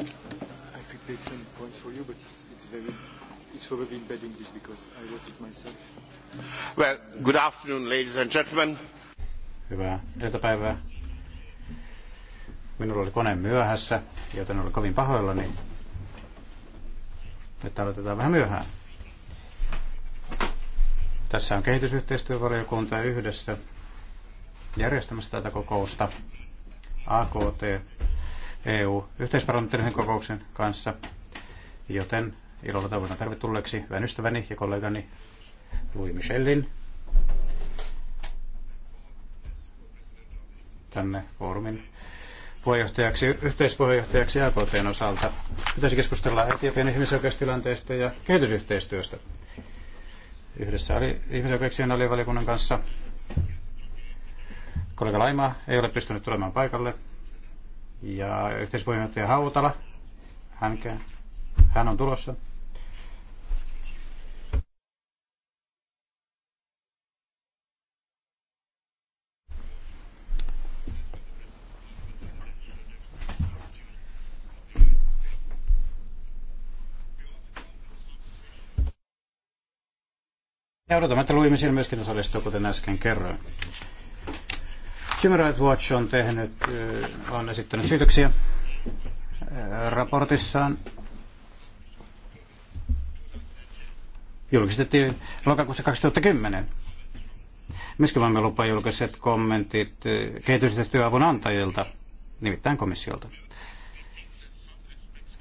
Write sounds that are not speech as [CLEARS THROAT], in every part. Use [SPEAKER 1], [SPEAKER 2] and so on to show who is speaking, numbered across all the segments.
[SPEAKER 1] I prepared some points for you, but it's very, it's probably in bad English because I wrote it myself. Well, good afternoon, ladies and gentlemen. Hyvää iltapäivää. Minulla oli kone myöhässä, joten olen kovin pahoillani, että aloitetaan vähän myöhään. Tässä on kehitysyhteistyövaliokunta yhdessä järjestämässä tätä kokousta. AKT EU-yhteisparlamentaarisen kokouksen kanssa, joten ilolla toivotan tervetulleeksi hyvän ystäväni ja kollegani Louis Michelin tänne foorumin puheenjohtajaksi, yhteispuheenjohtajaksi AKTn osalta. Pitäisi keskustella Etiopian ihmisoikeustilanteesta ja kehitysyhteistyöstä. Yhdessä oli ihmisoikeuksien alivaliokunnan kanssa. Kollega Laima ei ole pystynyt tulemaan paikalle, ja yhteispuheenjohtaja Hautala, hän, hän on tulossa. Ja odotamme, että luimme siinä myöskin osallistua, kuten äsken kerroin. Human Rights Watch on tehnyt, on esittänyt syytöksiä raportissaan. Julkistettiin lokakuussa 2010. Myöskin lupa julkiset kommentit kehitysyhteistyöavun antajilta, nimittäin komissiolta.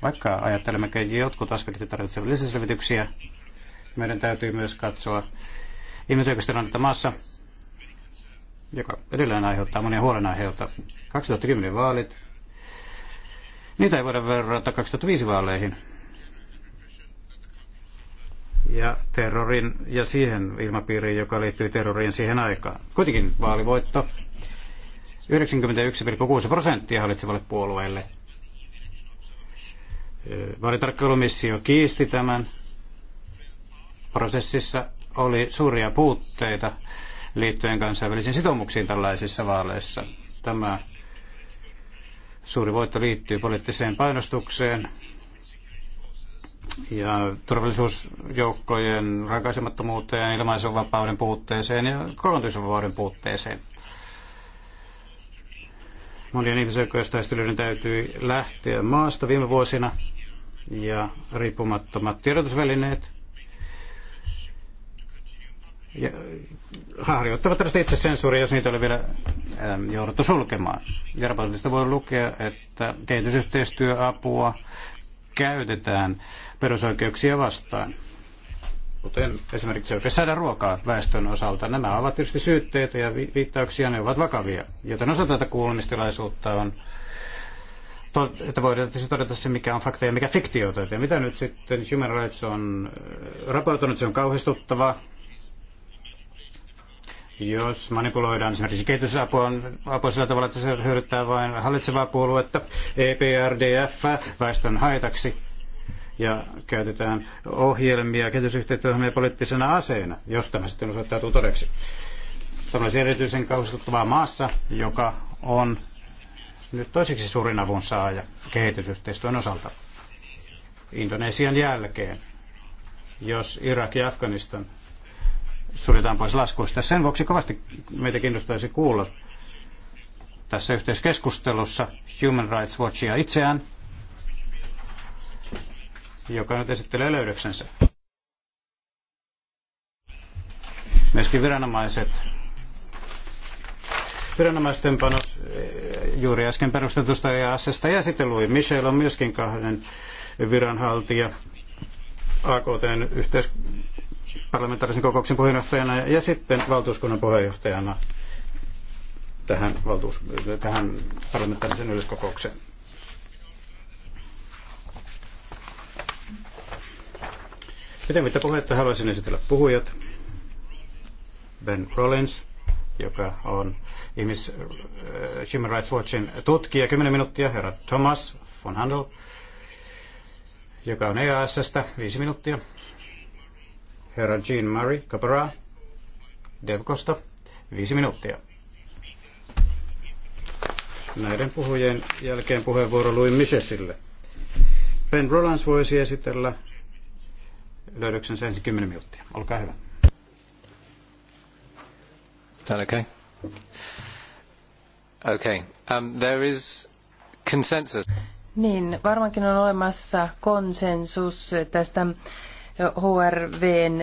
[SPEAKER 1] Vaikka ajattelemme, että jotkut aspektit tarvitsevat lisäselvityksiä, meidän täytyy myös katsoa ihmisoikeustilannetta maassa joka edelleen aiheuttaa monia huolenaiheita. 2010 vaalit, niitä ei voida verrata 2005 vaaleihin. Ja terrorin ja siihen ilmapiiriin, joka liittyy terroriin siihen aikaan. Kuitenkin vaalivoitto 91,6 prosenttia hallitsevalle puolueelle. Vaalitarkkailumissio kiisti tämän. Prosessissa oli suuria puutteita liittyen kansainvälisiin sitoumuksiin tällaisissa vaaleissa. Tämä suuri voitto liittyy poliittiseen painostukseen ja turvallisuusjoukkojen rankaisemattomuuteen, ilmaisuvapauden puutteeseen ja kokoontumisvapauden puutteeseen. Monien ihmisoikeustaistelijoiden täytyy lähteä maasta viime vuosina ja riippumattomat tiedotusvälineet ja harjoittavat tällaista itsesensuuria, jos niitä oli vielä äm, jouduttu sulkemaan. Ja voi lukea, että kehitysyhteistyöapua käytetään perusoikeuksia vastaan, kuten esimerkiksi oikeus saada ruokaa väestön osalta. Nämä ovat tietysti syytteitä ja viittauksia, ne ovat vakavia, joten osa tätä kuulumistilaisuutta on että voidaan tietysti todeta se, mikä on fakta ja mikä fiktiota. Ja mitä nyt sitten Human Rights on äh, raportoinut, se on kauhistuttavaa jos manipuloidaan esimerkiksi kehitysapua apua sillä tavalla, että se hyödyttää vain hallitsevaa puoluetta, EPRDF väestön haitaksi, ja käytetään ohjelmia, kehitysyhteistyöhjelmiä poliittisena aseena, jos tämä sitten osoittautuu todeksi. Sanoisin erityisen kauhistuttavaa maassa, joka on nyt toiseksi suurin avun saaja kehitysyhteistyön osalta. Indonesian jälkeen, jos Irak ja Afganistan suljetaan pois laskuista. Sen vuoksi kovasti meitä kiinnostaisi kuulla tässä yhteiskeskustelussa Human Rights Watchia itseään, joka nyt esittelee löydöksensä. Myöskin viranomaiset viranomaisten panos eh, juuri äsken perustetusta EASesta ja sitten Louis Michel on myöskin kahden viranhaltija AKTn yhteis- parlamentaarisen kokouksen puheenjohtajana ja sitten valtuuskunnan puheenjohtajana tähän, valtuus, tähän parlamentaarisen yleiskokoukseen. mitä puhetta haluaisin esitellä puhujat. Ben Rollins, joka on ihmis, äh, Human Rights Watchin tutkija, 10 minuuttia. Herra Thomas von Handel, joka on EASstä, 5 minuuttia herra Jean Murray Capra Devkosta. Viisi minuuttia. Näiden puhujien jälkeen puheenvuoro luin Misesille. Ben Rollins voisi esitellä löydöksensä ensin 10 minuuttia. Olkaa hyvä. Is that okay? Okay. Um, there is consensus.
[SPEAKER 2] Niin, varmaankin on olemassa konsensus tästä HRVn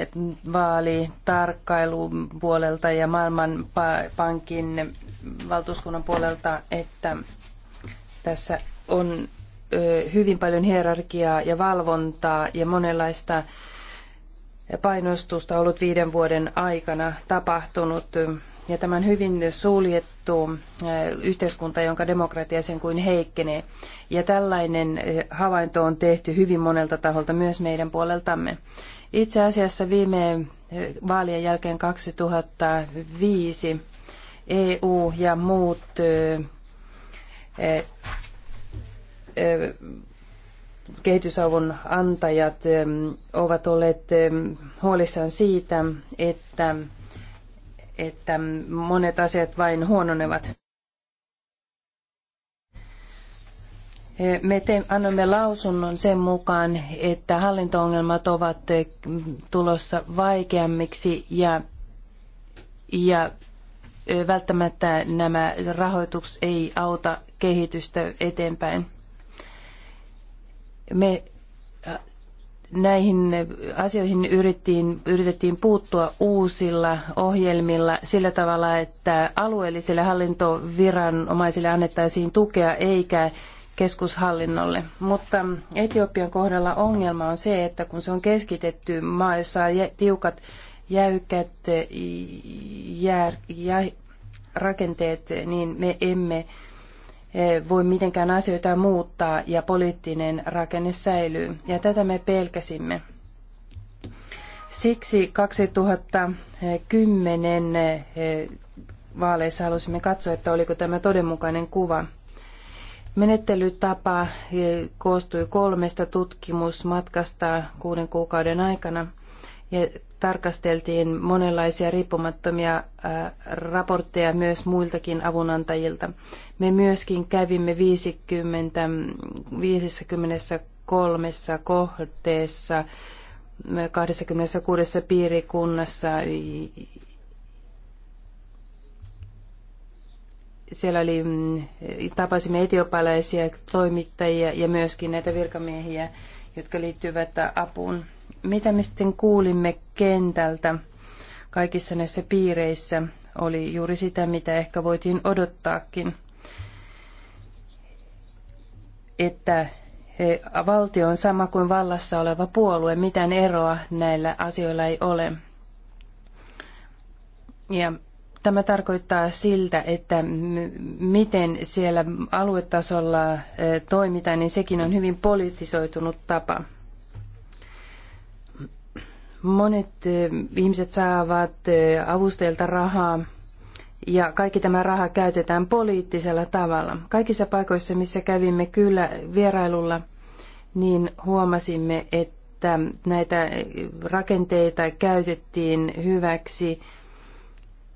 [SPEAKER 2] vaalitarkkailun puolelta ja Maailmanpankin valtuuskunnan puolelta, että tässä on hyvin paljon hierarkiaa ja valvontaa ja monenlaista painostusta ollut viiden vuoden aikana tapahtunut ja tämä on hyvin suljettu eh, yhteiskunta, jonka demokratia sen kuin heikkenee. Ja tällainen eh, havainto on tehty hyvin monelta taholta myös meidän puoleltamme. Itse asiassa viime eh, vaalien jälkeen 2005 EU ja muut kehitysavun antajat ovat olleet huolissaan siitä, että että monet asiat vain huononevat. Eh, me te, annamme lausunnon sen mukaan, että hallintoongelmat ovat eh, tulossa vaikeammiksi ja, ja eh, välttämättä nämä rahoitus ei auta kehitystä eteenpäin. Me näihin asioihin yrittiin, yritettiin puuttua uusilla ohjelmilla sillä tavalla, että alueellisille hallintoviranomaisille annettaisiin tukea eikä keskushallinnolle. Mutta Etiopian kohdalla ongelma on se, että kun se on keskitetty maa, jossa on tiukat jäykät jär, jä, rakenteet, niin me emme Eh, voi mitenkään asioita muuttaa ja poliittinen rakenne säilyy. Ja tätä me pelkäsimme. Siksi 2010 eh, vaaleissa halusimme katsoa, että oliko tämä todenmukainen kuva. Menettelytapa eh, koostui kolmesta tutkimusmatkasta kuuden kuukauden aikana. Ja tarkasteltiin monenlaisia riippumattomia raportteja myös muiltakin avunantajilta. Me myöskin kävimme 50, 53 kohteessa 26 piirikunnassa. Siellä oli, mm, tapasimme etiopalaisia toimittajia ja myöskin näitä virkamiehiä, jotka liittyvät apuun. Mitä me sitten kuulimme kentältä kaikissa näissä piireissä oli juuri sitä, mitä ehkä voitiin odottaakin, että valtio on sama kuin vallassa oleva puolue, mitään eroa näillä asioilla ei ole. Ja tämä tarkoittaa siltä, että miten siellä aluetasolla eh, toimitaan, niin sekin on hyvin politisoitunut tapa. Monet e, ihmiset saavat e, avustajilta rahaa ja kaikki tämä raha käytetään poliittisella tavalla. Kaikissa paikoissa, missä kävimme kyllä vierailulla, niin huomasimme, että näitä rakenteita käytettiin hyväksi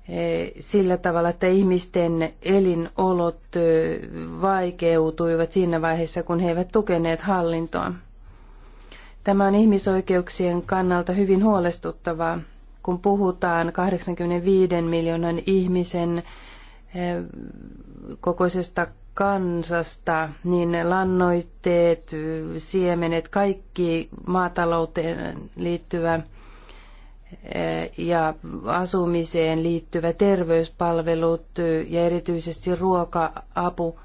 [SPEAKER 2] e, sillä tavalla, että ihmisten elinolot vaikeutuivat siinä vaiheessa, kun he eivät tukeneet hallintoa. Tämä on ihmisoikeuksien kannalta hyvin huolestuttavaa, kun puhutaan 85 miljoonan ihmisen eh, kokoisesta kansasta, niin lannoitteet, siemenet, kaikki maatalouteen liittyvä eh, ja asumiseen liittyvä terveyspalvelut ja erityisesti ruoka-apu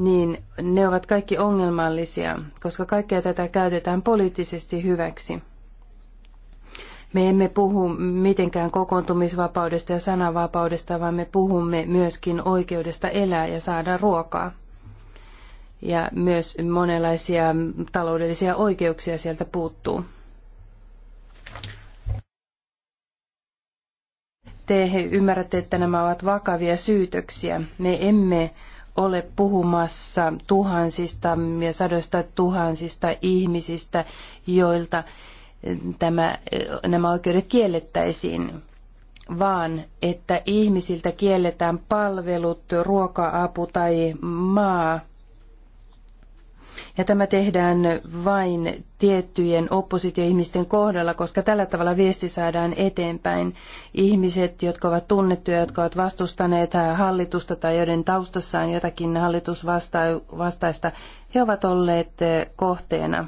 [SPEAKER 2] niin ne ovat kaikki ongelmallisia, koska kaikkea tätä käytetään poliittisesti hyväksi. Me emme puhu mitenkään kokoontumisvapaudesta ja sananvapaudesta, vaan me puhumme myöskin oikeudesta elää ja saada ruokaa. Ja myös monenlaisia taloudellisia oikeuksia sieltä puuttuu. Te ymmärrätte, että nämä ovat vakavia syytöksiä. Me emme ole puhumassa tuhansista ja sadoista tuhansista ihmisistä, joilta tämä, nämä oikeudet kiellettäisiin, vaan että ihmisiltä kielletään palvelut, ruoka-apu tai maa ja tämä tehdään vain tiettyjen oppositioihmisten kohdalla, koska tällä tavalla viesti saadaan eteenpäin. Ihmiset, jotka ovat tunnettuja, jotka ovat vastustaneet hallitusta tai joiden taustassa on jotakin hallitusvastaista, he ovat olleet kohteena.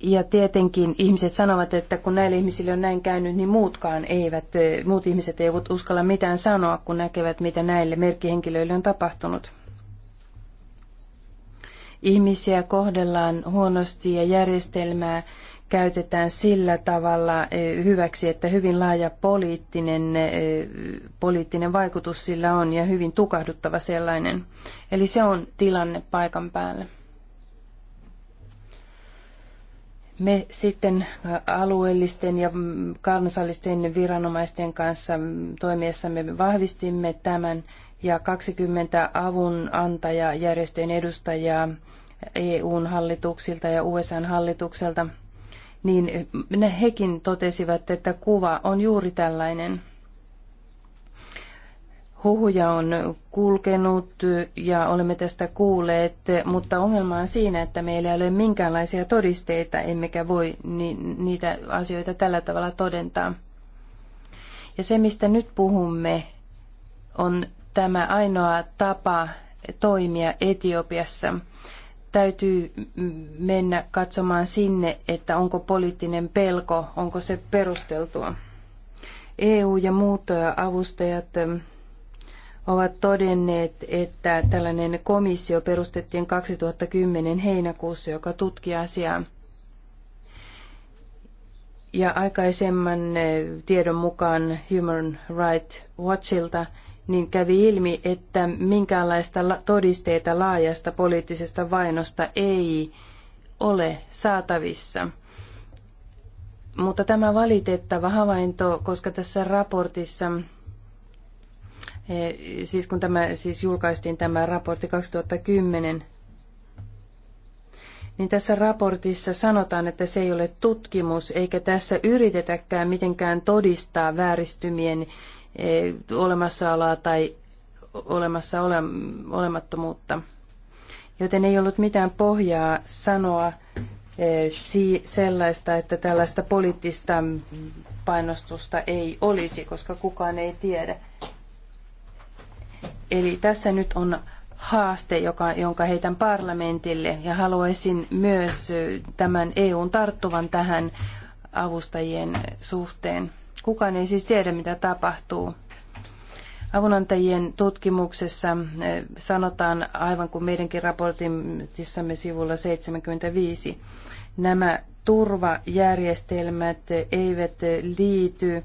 [SPEAKER 2] Ja tietenkin ihmiset sanovat, että kun näille ihmisille on näin käynyt, niin muutkaan eivät, eh, muut ihmiset eivät uskalla mitään sanoa, kun näkevät, mitä näille merkkihenkilöille on tapahtunut. Ihmisiä kohdellaan huonosti ja järjestelmää käytetään sillä tavalla eh, hyväksi, että hyvin laaja poliittinen, eh, poliittinen vaikutus sillä on ja hyvin tukahduttava sellainen. Eli se on tilanne paikan päällä. Me sitten alueellisten ja kansallisten viranomaisten kanssa toimiessamme vahvistimme tämän ja 20 avunantajajärjestöjen edustajaa EUn hallituksilta ja USAn hallitukselta, niin hekin totesivat, että kuva on juuri tällainen – huhuja on kulkenut ja olemme tästä kuulleet, mutta ongelma on siinä, että meillä ei ole minkäänlaisia todisteita, emmekä voi niitä asioita tällä tavalla todentaa. Ja se, mistä nyt puhumme, on tämä ainoa tapa toimia Etiopiassa. Täytyy mennä katsomaan sinne, että onko poliittinen pelko, onko se perusteltua. EU ja muut avustajat ovat todenneet, että tällainen komissio perustettiin 2010 heinäkuussa, joka tutki asiaa. Ja aikaisemman eh, tiedon mukaan Human Rights Watchilta niin kävi ilmi, että minkäänlaista todisteita laajasta poliittisesta vainosta ei ole saatavissa. Mutta tämä valitettava havainto, koska tässä raportissa Eh, siis kun tämä, siis julkaistiin tämä raportti 2010, niin tässä raportissa sanotaan, että se ei ole tutkimus, eikä tässä yritetäkään mitenkään todistaa vääristymien eh, olemassaoloa tai olemassa ole, olemattomuutta. Joten ei ollut mitään pohjaa sanoa eh, sellaista, että tällaista poliittista painostusta ei olisi, koska kukaan ei tiedä. Eli tässä nyt on haaste, joka, jonka heitän parlamentille ja haluaisin myös tämän EUn tarttuvan tähän avustajien suhteen. Kukaan ei siis tiedä, mitä tapahtuu. Avunantajien tutkimuksessa sanotaan, aivan kuin meidänkin raportissamme sivulla 75, nämä turvajärjestelmät eivät liity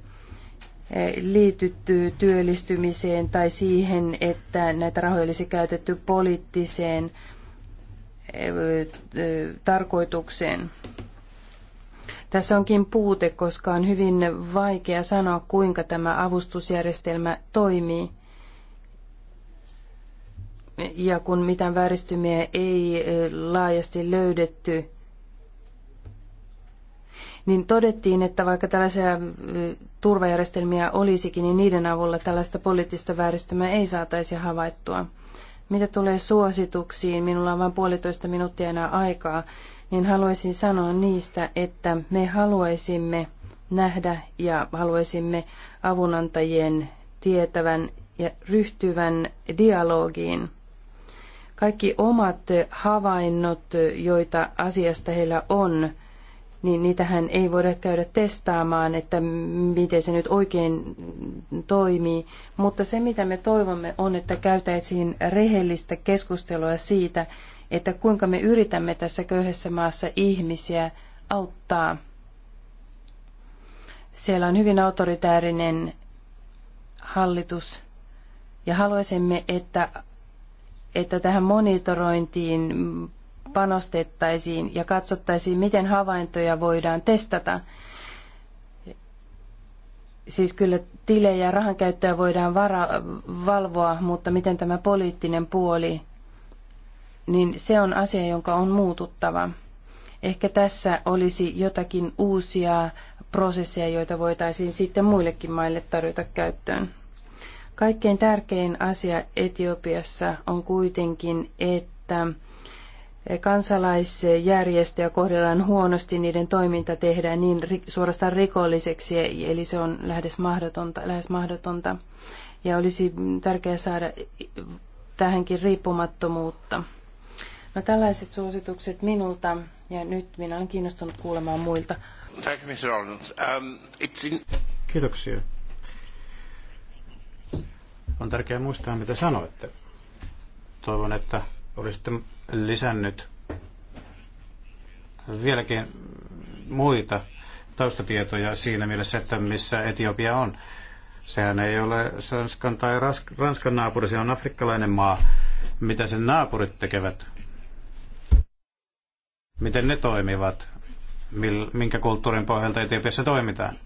[SPEAKER 2] liitytty työllistymiseen tai siihen, että näitä rahoja olisi käytetty poliittiseen eh, eh, tarkoitukseen. Tässä onkin puute, koska on hyvin vaikea sanoa, kuinka tämä avustusjärjestelmä toimii. Ja kun mitään vääristymiä ei eh, laajasti löydetty, niin todettiin, että vaikka tällaisia mm, turvajärjestelmiä olisikin, niin niiden avulla tällaista poliittista vääristymää ei saataisi havaittua. Mitä tulee suosituksiin, minulla on vain puolitoista minuuttia enää aikaa, niin haluaisin sanoa niistä, että me haluaisimme nähdä ja haluaisimme avunantajien tietävän ja ryhtyvän dialogiin. Kaikki omat havainnot, joita asiasta heillä on, niin niitähän ei voida käydä testaamaan, että miten se nyt oikein toimii. Mutta se, mitä me toivomme, on, että käytäisiin rehellistä keskustelua siitä, että kuinka me yritämme tässä köyhässä maassa ihmisiä auttaa. Siellä on hyvin autoritäärinen hallitus ja haluaisimme, että, että tähän monitorointiin panostettaisiin ja katsottaisiin, miten havaintoja voidaan testata. Siis kyllä tilejä ja rahankäyttöä voidaan vara, valvoa, mutta miten tämä poliittinen puoli, niin se on asia, jonka on muututtava. Ehkä tässä olisi jotakin uusia prosesseja, joita voitaisiin sitten muillekin maille tarjota käyttöön. Kaikkein tärkein asia Etiopiassa on kuitenkin, että kansalaisjärjestöjä kohdellaan huonosti, niiden toiminta tehdään niin ri, suorastaan rikolliseksi, eli se on lähes mahdotonta, lähes mahdotonta. Ja olisi tärkeää saada tähänkin riippumattomuutta. No tällaiset suositukset minulta, ja nyt minä olen kiinnostunut kuulemaan muilta.
[SPEAKER 1] Um, Kiitoksia. On tärkeää muistaa, mitä sanoitte. Toivon, että olisitte lisännyt vieläkin muita taustatietoja siinä mielessä, että missä Etiopia on. Sehän ei ole Ranskan tai Ranskan naapuri, se on afrikkalainen maa. Mitä sen naapurit tekevät? Miten ne toimivat? Minkä kulttuurin pohjalta Etiopiassa toimitaan?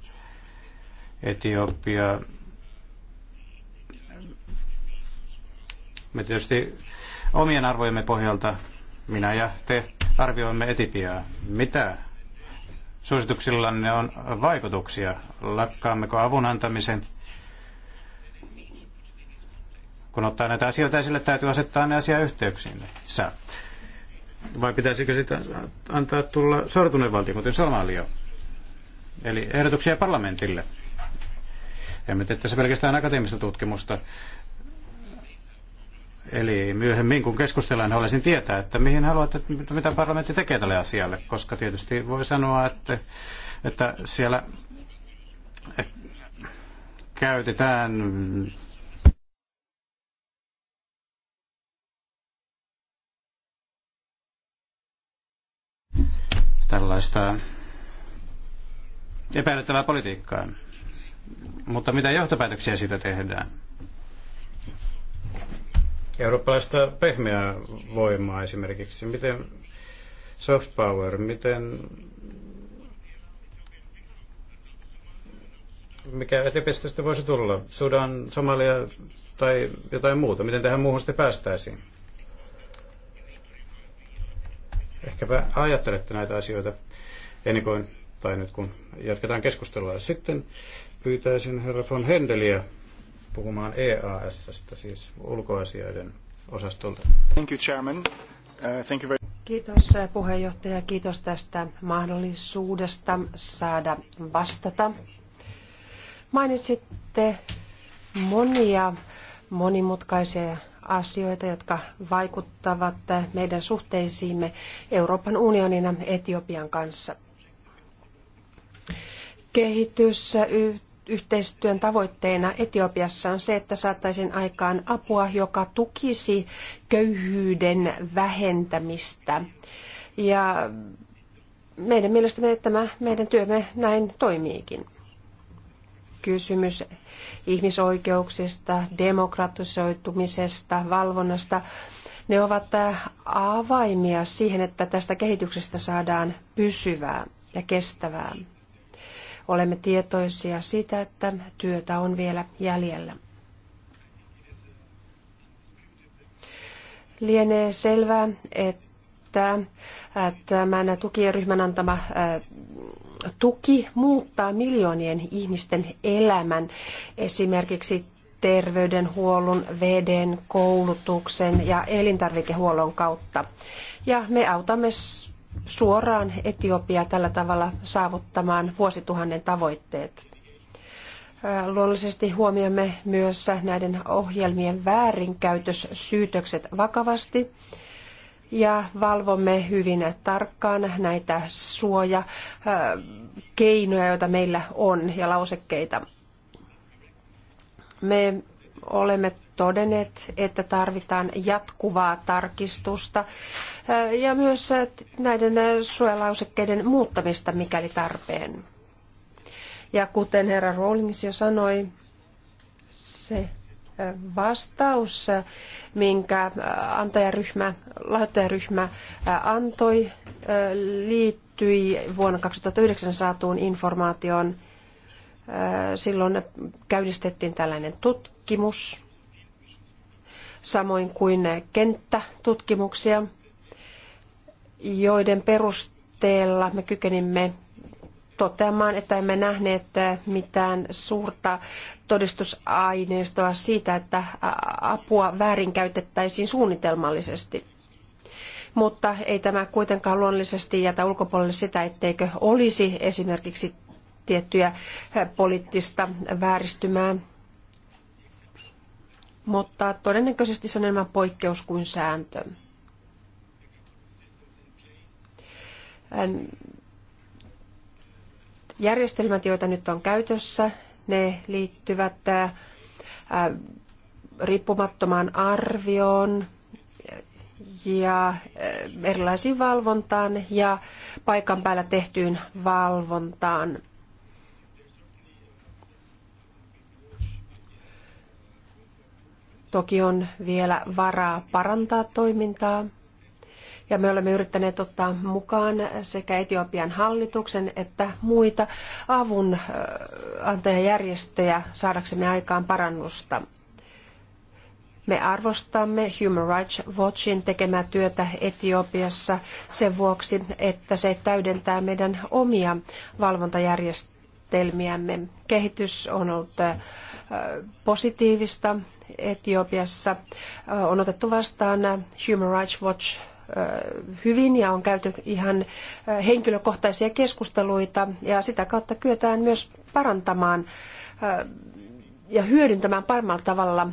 [SPEAKER 1] Etiopia. Me tietysti omien arvojemme pohjalta minä ja te arvioimme etipiaa. Mitä suosituksillanne on vaikutuksia? Lakkaammeko avun antamisen? Kun ottaa näitä asioita esille, täytyy asettaa ne asia yhteyksiin. Vai pitäisikö sitä antaa tulla sortuneen valtion, kuten Somalia? Eli ehdotuksia parlamentille. Emme tee tässä pelkästään akateemista tutkimusta, Eli myöhemmin, kun keskustellaan, haluaisin tietää, että mihin haluatte, mitä parlamentti tekee tälle asialle, koska tietysti voi sanoa, että, että siellä eh, käytetään tällaista epäilyttävää politiikkaa. Mutta mitä johtopäätöksiä siitä tehdään? eurooppalaista pehmeää voimaa esimerkiksi. Miten soft power, miten mikä etipistä voisi tulla? Sudan, Somalia tai jotain muuta? Miten tähän muuhun sitten päästäisiin? Ehkäpä ajattelette näitä asioita ennen kuin, tai nyt kun jatketaan keskustelua. Sitten pyytäisin herra von Hendeliä puhumaan EASstä, siis ulkoasioiden osastolta.
[SPEAKER 2] Thank you, Chairman. Uh, thank you very...
[SPEAKER 3] Kiitos eh, puheenjohtaja, kiitos tästä mahdollisuudesta saada vastata. Mainitsitte monia monimutkaisia asioita, jotka vaikuttavat eh, meidän suhteisiimme Euroopan unionina Etiopian kanssa. Kehitys, yhteistyön tavoitteena Etiopiassa on se, että saataisiin aikaan apua, joka tukisi köyhyyden vähentämistä. Ja meidän mielestämme tämä meidän työmme näin toimiikin. Kysymys ihmisoikeuksista, demokratisoitumisesta, valvonnasta, ne ovat avaimia siihen, että tästä kehityksestä saadaan pysyvää ja kestävää. Olemme tietoisia sitä, että työtä on vielä jäljellä. Lienee selvää, että tämän tukiryhmän antama tuki muuttaa miljoonien ihmisten elämän esimerkiksi terveydenhuollon, veden, koulutuksen ja elintarvikehuollon kautta. Ja me autamme suoraan Etiopia tällä tavalla saavuttamaan vuosituhannen tavoitteet. Luonnollisesti huomioimme myös näiden ohjelmien väärinkäytössyytökset vakavasti ja valvomme hyvin tarkkaan näitä suojakeinoja, joita meillä on ja lausekkeita. Me olemme todenneet, että tarvitaan jatkuvaa tarkistusta ja myös näiden suojalausekkeiden muuttamista, mikäli tarpeen. Ja kuten herra Rawlings jo sanoi, se vastaus, minkä antajaryhmä, lahjoittajaryhmä antoi, liittyi vuonna 2009 saatuun informaatioon. Silloin käynnistettiin tällainen tutkimus samoin kuin kenttätutkimuksia, joiden perusteella me kykenimme toteamaan, että emme nähneet mitään suurta todistusaineistoa siitä, että apua väärinkäytettäisiin suunnitelmallisesti. Mutta ei tämä kuitenkaan luonnollisesti jätä ulkopuolelle sitä, etteikö olisi esimerkiksi tiettyjä poliittista vääristymää mutta todennäköisesti se on enemmän poikkeus kuin sääntö. Järjestelmät, joita nyt on käytössä, ne liittyvät riippumattomaan arvioon ja erilaisiin valvontaan ja paikan päällä tehtyyn valvontaan. Toki on vielä varaa parantaa toimintaa. Ja me olemme yrittäneet ottaa mukaan sekä Etiopian hallituksen että muita avunantajajärjestöjä saadaksemme aikaan parannusta. Me arvostamme Human Rights Watchin tekemää työtä Etiopiassa sen vuoksi, että se täydentää meidän omia valvontajärjestelmiämme. Kehitys on ollut positiivista. Etiopiassa on otettu vastaan Human Rights Watch hyvin ja on käyty ihan henkilökohtaisia keskusteluita ja sitä kautta kyetään myös parantamaan ja hyödyntämään paremmalla tavalla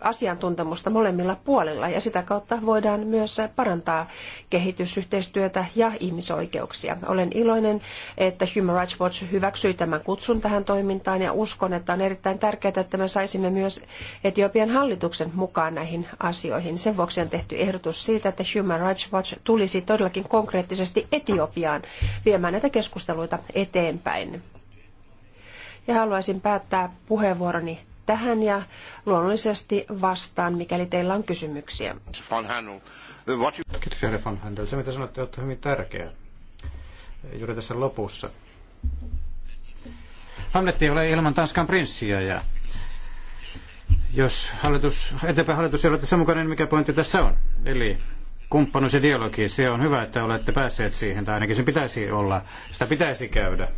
[SPEAKER 3] asiantuntemusta molemmilla puolilla ja sitä kautta voidaan myös parantaa kehitysyhteistyötä ja ihmisoikeuksia. Olen iloinen, että Human Rights Watch hyväksyi tämän kutsun tähän toimintaan ja uskon, että on erittäin tärkeää, että me saisimme myös Etiopian hallituksen mukaan näihin asioihin. Sen vuoksi on tehty ehdotus siitä, että Human Rights Watch tulisi todellakin konkreettisesti Etiopiaan viemään näitä keskusteluita eteenpäin. Ja haluaisin päättää puheenvuoroni tähän ja luonnollisesti vastaan, mikäli teillä on kysymyksiä.
[SPEAKER 1] Kiitos, herra Van Handel. Se, mitä sanotte, on hyvin tärkeää. Juuri tässä lopussa. Hamlet ei ole ilman Tanskan prinssiä ja jos hallitus, eteenpäin hallitus ei ole tässä mukana, niin mikä pointti tässä on? Eli kumppanuus ja dialogi, se on hyvä, että olette päässeet siihen, tai ainakin se pitäisi olla, sitä pitäisi käydä.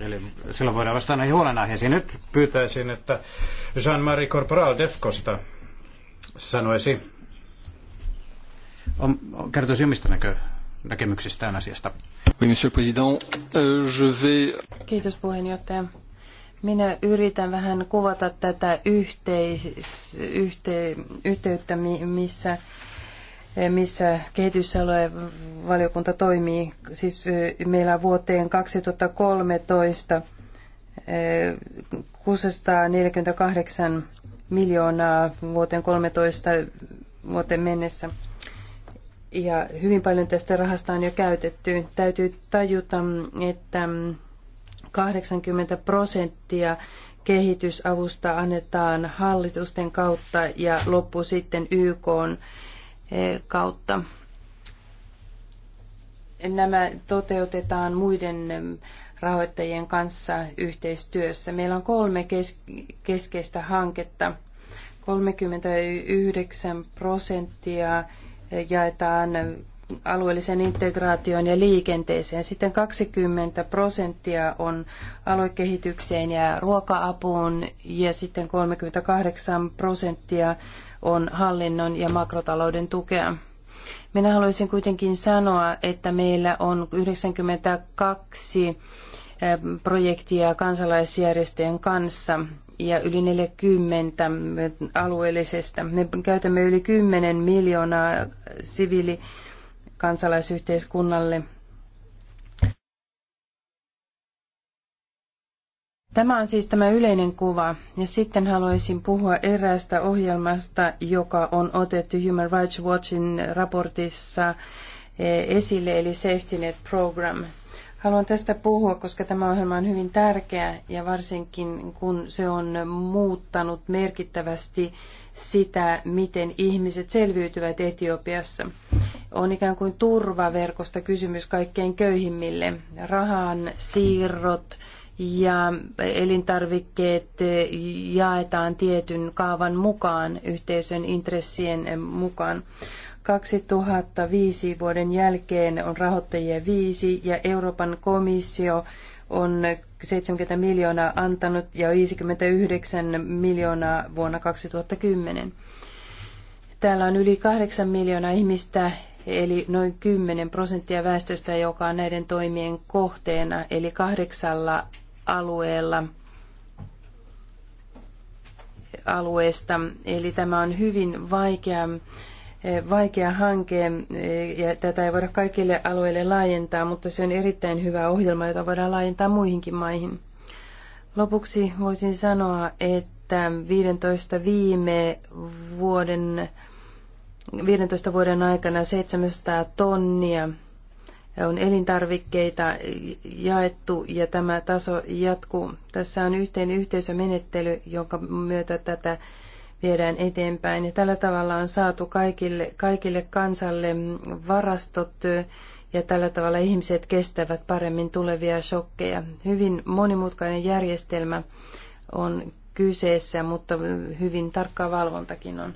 [SPEAKER 1] Eli silloin voidaan vastata näihin huolenaiheisiin. Nyt pyytäisin, että Jean-Marie Corporal Defkosta sanoisi, on, kertoisi omista näkö, näkemyksistään asiasta.
[SPEAKER 3] Oui, monsieur le président. Euh, je vais...
[SPEAKER 2] Kiitos puheenjohtaja. Minä yritän vähän kuvata tätä yhteis, yhte, yhteyttä, missä missä kehitysaluevaliokunta toimii. Siis meillä on vuoteen 2013 648 miljoonaa vuoteen 13 vuoteen mennessä. Ja hyvin paljon tästä rahasta on jo käytetty. Täytyy tajuta, että 80 prosenttia kehitysavusta annetaan hallitusten kautta ja loppu sitten YK on E, kautta. Nämä toteutetaan muiden rahoittajien kanssa yhteistyössä. Meillä on kolme keskeistä hanketta. 39 prosenttia jaetaan alueellisen integraation ja liikenteeseen. Sitten 20 prosenttia on aluekehitykseen ja ruoka-apuun ja sitten 38 prosenttia on hallinnon ja makrotalouden tukea. Minä haluaisin kuitenkin sanoa, että meillä on 92 projektia kansalaisjärjestöjen kanssa ja yli 40 alueellisesta. Me käytämme yli 10 miljoonaa siviilikansalaisyhteiskunnalle Tämä on siis tämä yleinen kuva. Ja sitten haluaisin puhua eräästä ohjelmasta, joka on otettu Human Rights Watchin raportissa eh, esille, eli Safety Net Program. Haluan tästä puhua, koska tämä ohjelma on hyvin tärkeä ja varsinkin kun se on muuttanut merkittävästi sitä, miten ihmiset selviytyvät Etiopiassa. On ikään kuin turvaverkosta kysymys kaikkein köyhimmille. Rahan siirrot, ja elintarvikkeet jaetaan tietyn kaavan mukaan, yhteisön intressien mukaan. 2005 vuoden jälkeen on rahoittajia viisi ja Euroopan komissio on 70 miljoonaa antanut ja 59 miljoonaa vuonna 2010. Täällä on yli 8 miljoonaa ihmistä, eli noin 10 prosenttia väestöstä, joka on näiden toimien kohteena, eli kahdeksalla alueella alueesta. Eli tämä on hyvin vaikea, vaikea hanke ja tätä ei voida kaikille alueille laajentaa, mutta se on erittäin hyvä ohjelma, jota voidaan laajentaa muihinkin maihin. Lopuksi voisin sanoa, että 15 viime vuoden 15 vuoden aikana 700 tonnia on elintarvikkeita jaettu ja tämä taso jatkuu. Tässä on yhteinen yhteisömenettely, jonka myötä tätä viedään eteenpäin. Ja tällä tavalla on saatu kaikille, kaikille kansalle varastot ja tällä tavalla ihmiset kestävät paremmin tulevia shokkeja. Hyvin monimutkainen järjestelmä on kyseessä, mutta hyvin tarkkaa valvontakin on.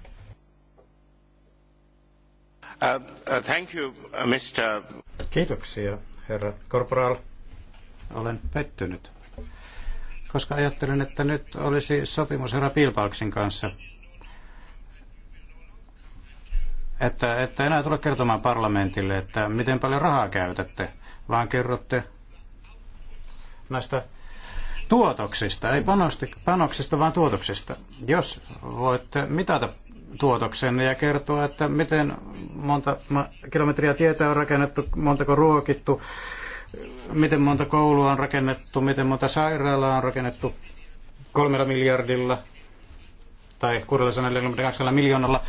[SPEAKER 1] Uh, uh, thank you, uh, Mr. Kiitoksia, herra korporaal, Olen pettynyt, koska ajattelin, että nyt olisi sopimus herra Pilpalksin kanssa. Että, että enää tule kertomaan parlamentille, että miten paljon rahaa käytätte, vaan kerrotte näistä tuotoksista, ei panoksista, vaan tuotoksista. Jos voitte mitata tuotoksenne ja kertoa, että miten monta kilometriä tietä on rakennettu, montako ruokittu, miten monta koulua on rakennettu, miten monta sairaalaa on rakennettu kolmella miljardilla tai 642 miljoonalla.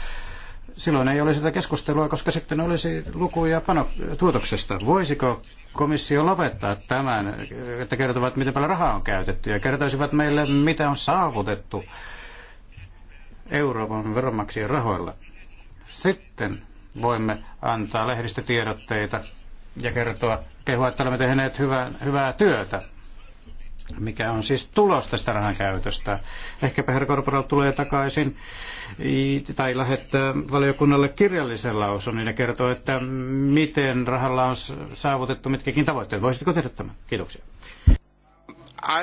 [SPEAKER 1] Silloin ei olisi sitä keskustelua, koska sitten olisi lukuja pano- tuotoksesta. Voisiko komissio lopettaa tämän, että kertovat, miten paljon rahaa on käytetty ja kertoisivat meille, mitä on saavutettu Euroopan veronmaksajien rahoilla. Sitten voimme antaa lehdistötiedotteita ja kertoa, kehua, että olemme tehneet hyvää, hyvää työtä. Mikä on siis tulos tästä rahan käytöstä? Ehkäpä herra Korporal tulee takaisin tai lähettää valiokunnalle kirjallisella lausunnon ja kertoo, että miten rahalla on saavutettu mitkäkin tavoitteet. Voisitko tehdä tämän? Kiitoksia.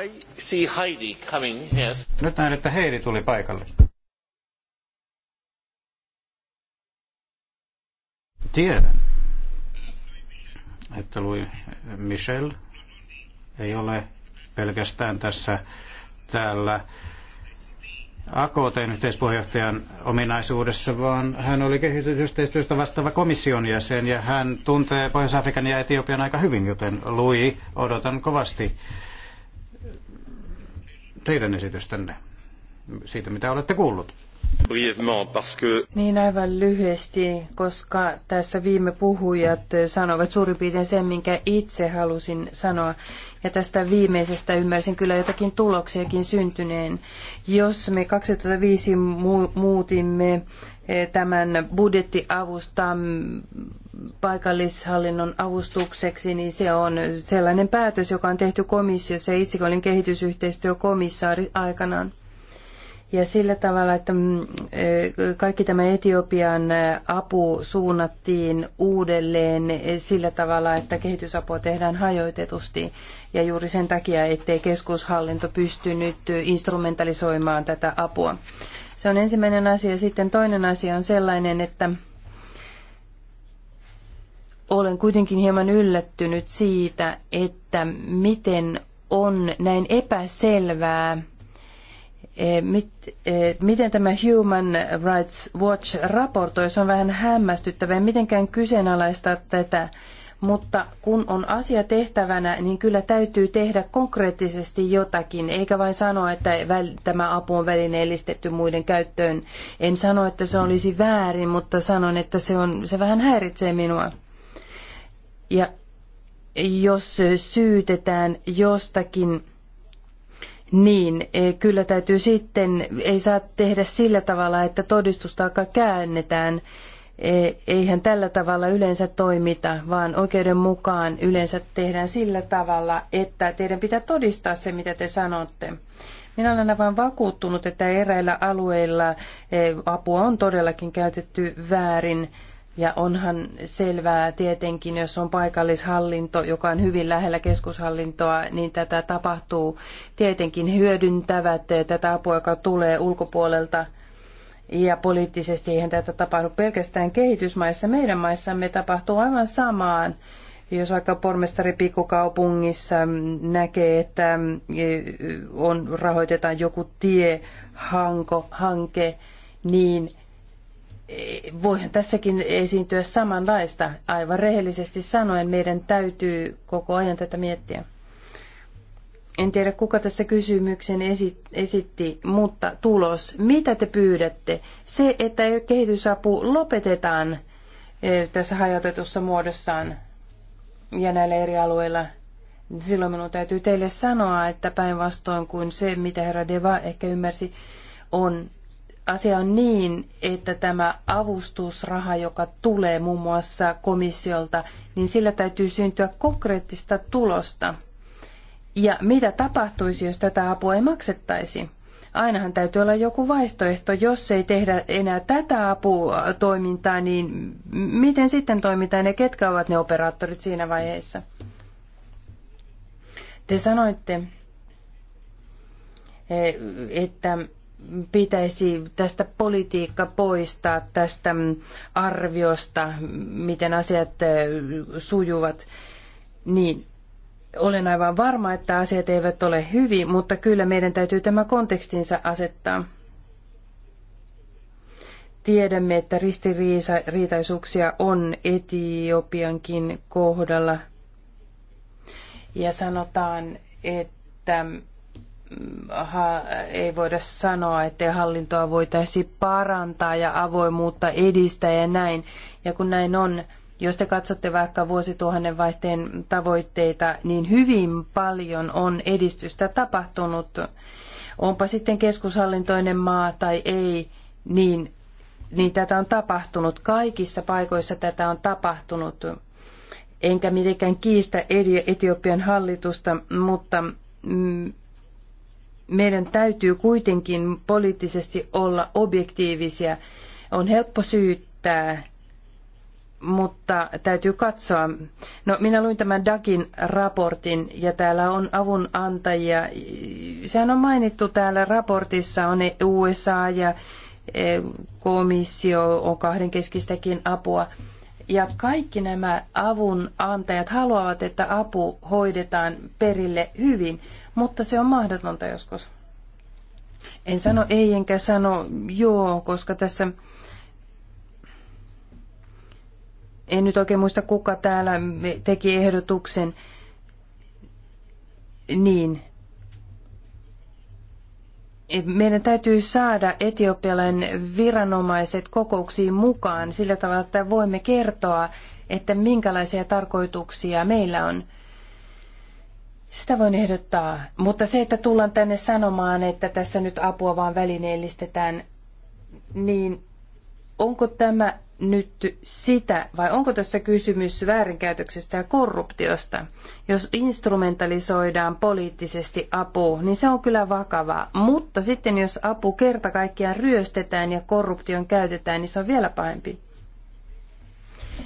[SPEAKER 2] I see Heidi coming, yes.
[SPEAKER 1] Nyt näen, että Heidi tuli paikalle. Tiedän, että Louis Michel ei ole pelkästään tässä täällä AKT yhteispuheenjohtajan ominaisuudessa, vaan hän oli kehitysyhteistyöstä vastaava komission jäsen ja hän tuntee Pohjois-Afrikan ja Etiopian aika hyvin, joten Lui, odotan kovasti teidän esitystänne siitä, mitä olette kuullut.
[SPEAKER 2] Niin aivan lyhyesti, koska tässä viime puhujat sanoivat suurin piirtein sen, minkä itse halusin sanoa. Ja tästä viimeisestä ymmärsin kyllä jotakin tuloksiakin syntyneen. Jos me 2005 muutimme eh, tämän budjettiavustan paikallishallinnon avustukseksi, niin se on sellainen päätös, joka on tehty komissiossa. Itse olin kehitysyhteistyökomissaari aikanaan ja sillä tavalla, että mm, eh, kaikki tämä Etiopian eh, apu suunnattiin uudelleen eh, sillä tavalla, että kehitysapua tehdään hajoitetusti ja juuri sen takia, ettei keskushallinto pystynyt instrumentalisoimaan tätä apua. Se on ensimmäinen asia. Sitten toinen asia on sellainen, että olen kuitenkin hieman yllättynyt siitä, että miten on näin epäselvää Eh, eh, miten tämä Human Rights Watch raportoi, se on vähän hämmästyttävää. Mitenkään kyseenalaista tätä, mutta kun on asia tehtävänä, niin kyllä täytyy tehdä konkreettisesti jotakin, eikä vain sanoa, että tämä apu on välineellistetty muiden käyttöön. En sano, että se olisi väärin, mutta sanon, että se, on, se vähän häiritsee minua. Ja jos syytetään jostakin, niin e, kyllä täytyy sitten, ei saa tehdä sillä tavalla, että todistustaakka käännetään. E, eihän tällä tavalla yleensä toimita, vaan oikeuden mukaan yleensä tehdään sillä tavalla, että teidän pitää todistaa se, mitä te sanotte. Minä olen aivan vakuuttunut, että eräillä alueilla e, apua on todellakin käytetty väärin ja onhan selvää tietenkin, jos on paikallishallinto, joka on hyvin lähellä keskushallintoa, niin tätä tapahtuu. Tietenkin hyödyntävät tätä apua, joka tulee ulkopuolelta. Ja poliittisesti eihän tätä tapahdu pelkästään kehitysmaissa. Meidän maissamme tapahtuu aivan samaan. Jos vaikka pormestari pikkukaupungissa näkee, että on, rahoitetaan joku tiehanko, hanke, niin – voihan tässäkin esiintyä samanlaista. Aivan rehellisesti sanoen meidän täytyy koko ajan tätä miettiä. En tiedä, kuka tässä kysymyksen esitti, mutta tulos. Mitä te pyydätte? Se, että kehitysapu lopetetaan e, tässä hajautetussa muodossaan ja näillä eri alueilla. Silloin minun täytyy teille sanoa, että päinvastoin kuin se, mitä herra Deva ehkä ymmärsi, on asia on niin, että tämä avustusraha, joka tulee muun muassa komissiolta, niin sillä täytyy syntyä konkreettista tulosta. Ja mitä tapahtuisi, jos tätä apua ei maksettaisi? Ainahan täytyy olla joku vaihtoehto. Jos ei tehdä enää tätä aputoimintaa, niin miten sitten toimitaan ja ketkä ovat ne operaattorit siinä vaiheessa? Te sanoitte, eh, että pitäisi tästä politiikka poistaa tästä arviosta, miten asiat sujuvat, niin olen aivan varma, että asiat eivät ole hyvin, mutta kyllä meidän täytyy tämä kontekstinsa asettaa. Tiedämme, että ristiriitaisuuksia on Etiopiankin kohdalla. Ja sanotaan, että ei voida sanoa, ettei hallintoa voitaisi parantaa ja avoimuutta edistää ja näin. Ja kun näin on, jos te katsotte vaikka vuosituhannen vaihteen tavoitteita, niin hyvin paljon on edistystä tapahtunut. Onpa sitten keskushallintoinen maa tai ei, niin, niin tätä on tapahtunut. Kaikissa paikoissa tätä on tapahtunut. Enkä mitenkään kiistä Etiopian hallitusta, mutta mm, meidän täytyy kuitenkin poliittisesti olla objektiivisia. On helppo syyttää, mutta täytyy katsoa. No, minä luin tämän DAGin raportin ja täällä on avunantajia. Sehän on mainittu täällä raportissa, on e- USA ja e- komissio on kahdenkeskistäkin apua. Ja kaikki nämä avunantajat haluavat, että apu hoidetaan perille hyvin mutta se on mahdotonta joskus. En sano ei enkä sano joo, koska tässä en nyt oikein muista kuka täällä teki ehdotuksen. Niin. Meidän täytyy saada etiopialainen viranomaiset kokouksiin mukaan sillä tavalla, että voimme kertoa, että minkälaisia tarkoituksia meillä on – sitä voin ehdottaa, mutta se, että tullaan tänne sanomaan, että tässä nyt apua vaan välineellistetään, niin onko tämä nyt sitä, vai onko tässä kysymys väärinkäytöksestä ja korruptiosta? Jos instrumentalisoidaan poliittisesti apu, niin se on kyllä vakavaa. Mutta sitten jos apu kerta kaikkiaan ryöstetään ja korruption käytetään, niin se on vielä pahempi.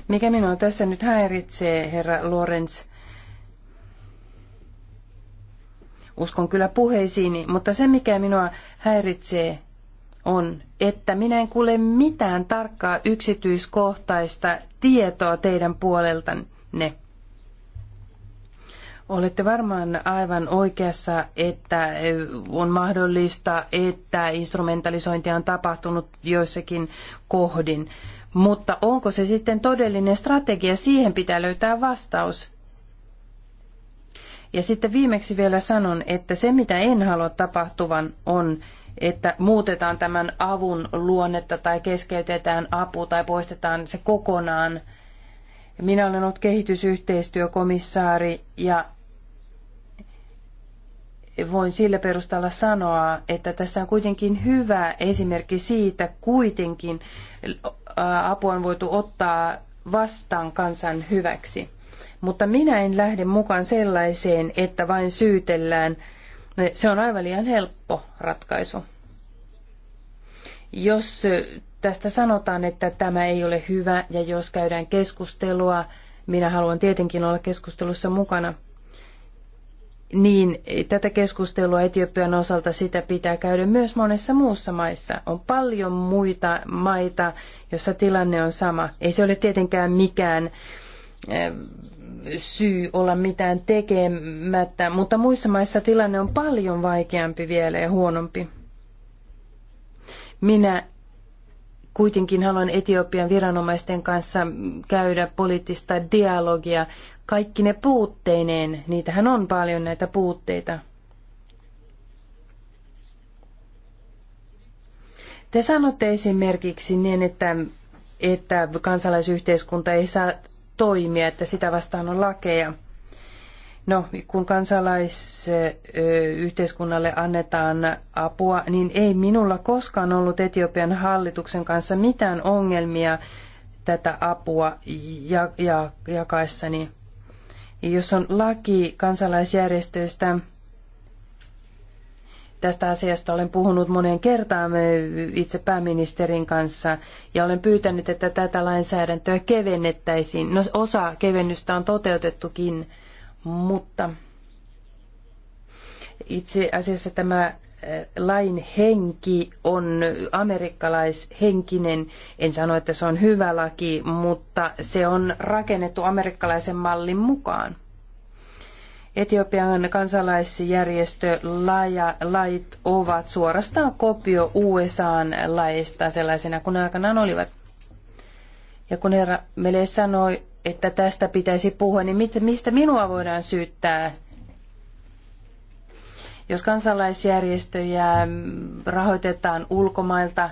[SPEAKER 2] Mikä minua tässä nyt häiritsee, herra Lorenz, uskon kyllä puheisiini, mutta se mikä minua häiritsee on, että minä en kuule mitään tarkkaa yksityiskohtaista tietoa teidän puoleltanne. Olette varmaan aivan oikeassa, että on mahdollista, että instrumentalisointia on tapahtunut joissakin kohdin. Mutta onko se sitten todellinen strategia? Siihen pitää löytää vastaus. Ja sitten viimeksi vielä sanon, että se mitä en halua tapahtuvan on, että muutetaan tämän avun luonnetta tai keskeytetään apu tai poistetaan se kokonaan. Minä olen ollut kehitysyhteistyökomissaari ja voin sillä perustalla sanoa, että tässä on kuitenkin hyvä esimerkki siitä kuitenkin apua on voitu ottaa vastaan kansan hyväksi. Mutta minä en lähde mukaan sellaiseen, että vain syytellään. Se on aivan liian helppo ratkaisu. Jos tästä sanotaan, että tämä ei ole hyvä ja jos käydään keskustelua, minä haluan tietenkin olla keskustelussa mukana, niin tätä keskustelua Etiopian osalta sitä pitää käydä myös monessa muussa maissa. On paljon muita maita, jossa tilanne on sama. Ei se ole tietenkään mikään eh, syy olla mitään tekemättä, mutta muissa maissa tilanne on paljon vaikeampi vielä ja huonompi. Minä kuitenkin haluan Etiopian viranomaisten kanssa käydä poliittista dialogia. Kaikki ne puutteineen, niitähän on paljon näitä puutteita. Te sanotte esimerkiksi niin, että, että kansalaisyhteiskunta ei saa toimia, että sitä vastaan on lakeja. No, kun kansalaisyhteiskunnalle annetaan apua, niin ei minulla koskaan ollut Etiopian hallituksen kanssa mitään ongelmia tätä apua ja, ja, jakaessani. Jos on laki kansalaisjärjestöistä, Tästä asiasta olen puhunut moneen kertaan itse pääministerin kanssa ja olen pyytänyt, että tätä lainsäädäntöä kevennettäisiin. No, osa kevennystä on toteutettukin, mutta itse asiassa tämä lain henki on amerikkalaishenkinen. En sano, että se on hyvä laki, mutta se on rakennettu amerikkalaisen mallin mukaan. Etiopian kansalaisjärjestö lait ovat suorastaan kopio USAn laista sellaisena kuin ne aikanaan olivat. Ja kun herra Mele sanoi, että tästä pitäisi puhua, niin mistä minua voidaan syyttää? Jos kansalaisjärjestöjä rahoitetaan ulkomailta,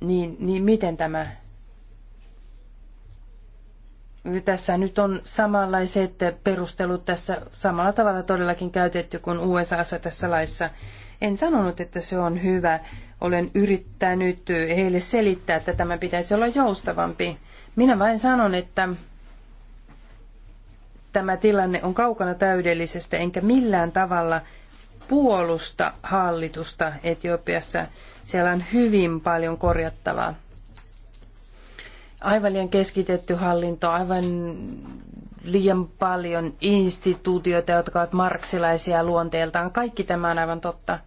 [SPEAKER 2] niin, niin miten tämä tässä nyt on samanlaiset perustelut tässä samalla tavalla todellakin käytetty kuin USAssa tässä laissa. En sanonut, että se on hyvä. Olen yrittänyt heille selittää, että tämä pitäisi olla joustavampi. Minä vain sanon, että tämä tilanne on kaukana täydellisestä, enkä millään tavalla puolusta hallitusta Etiopiassa. Siellä on hyvin paljon korjattavaa aivan liian keskitetty hallinto, aivan liian paljon instituutioita, jotka ovat marksilaisia luonteeltaan. Kaikki tämä on aivan totta.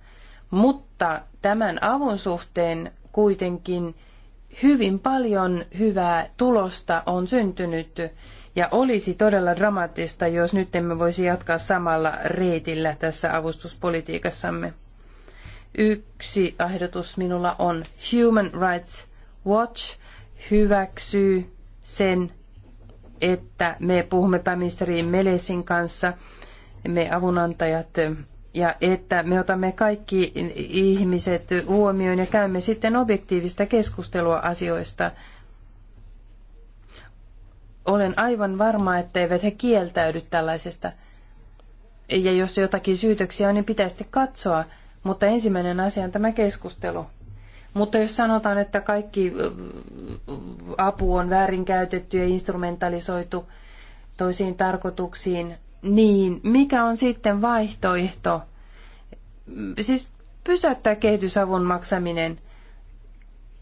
[SPEAKER 2] Mutta tämän avun suhteen kuitenkin hyvin paljon hyvää tulosta on syntynyt ja olisi todella dramaattista, jos nyt emme voisi jatkaa samalla reitillä tässä avustuspolitiikassamme. Yksi ehdotus minulla on Human Rights Watch – hyväksyy sen, että me puhumme pääministeri Melesin kanssa, me avunantajat, ja että me otamme kaikki ihmiset huomioon ja käymme sitten objektiivista keskustelua asioista. Olen aivan varma, että eivät he kieltäydy tällaisesta. Ja jos jotakin syytöksiä on, niin pitäisi katsoa, mutta ensimmäinen asia on tämä keskustelu. Mutta jos sanotaan, että kaikki apu on väärinkäytetty ja instrumentalisoitu toisiin tarkoituksiin, niin mikä on sitten vaihtoehto? Siis pysäyttää kehitysavun maksaminen.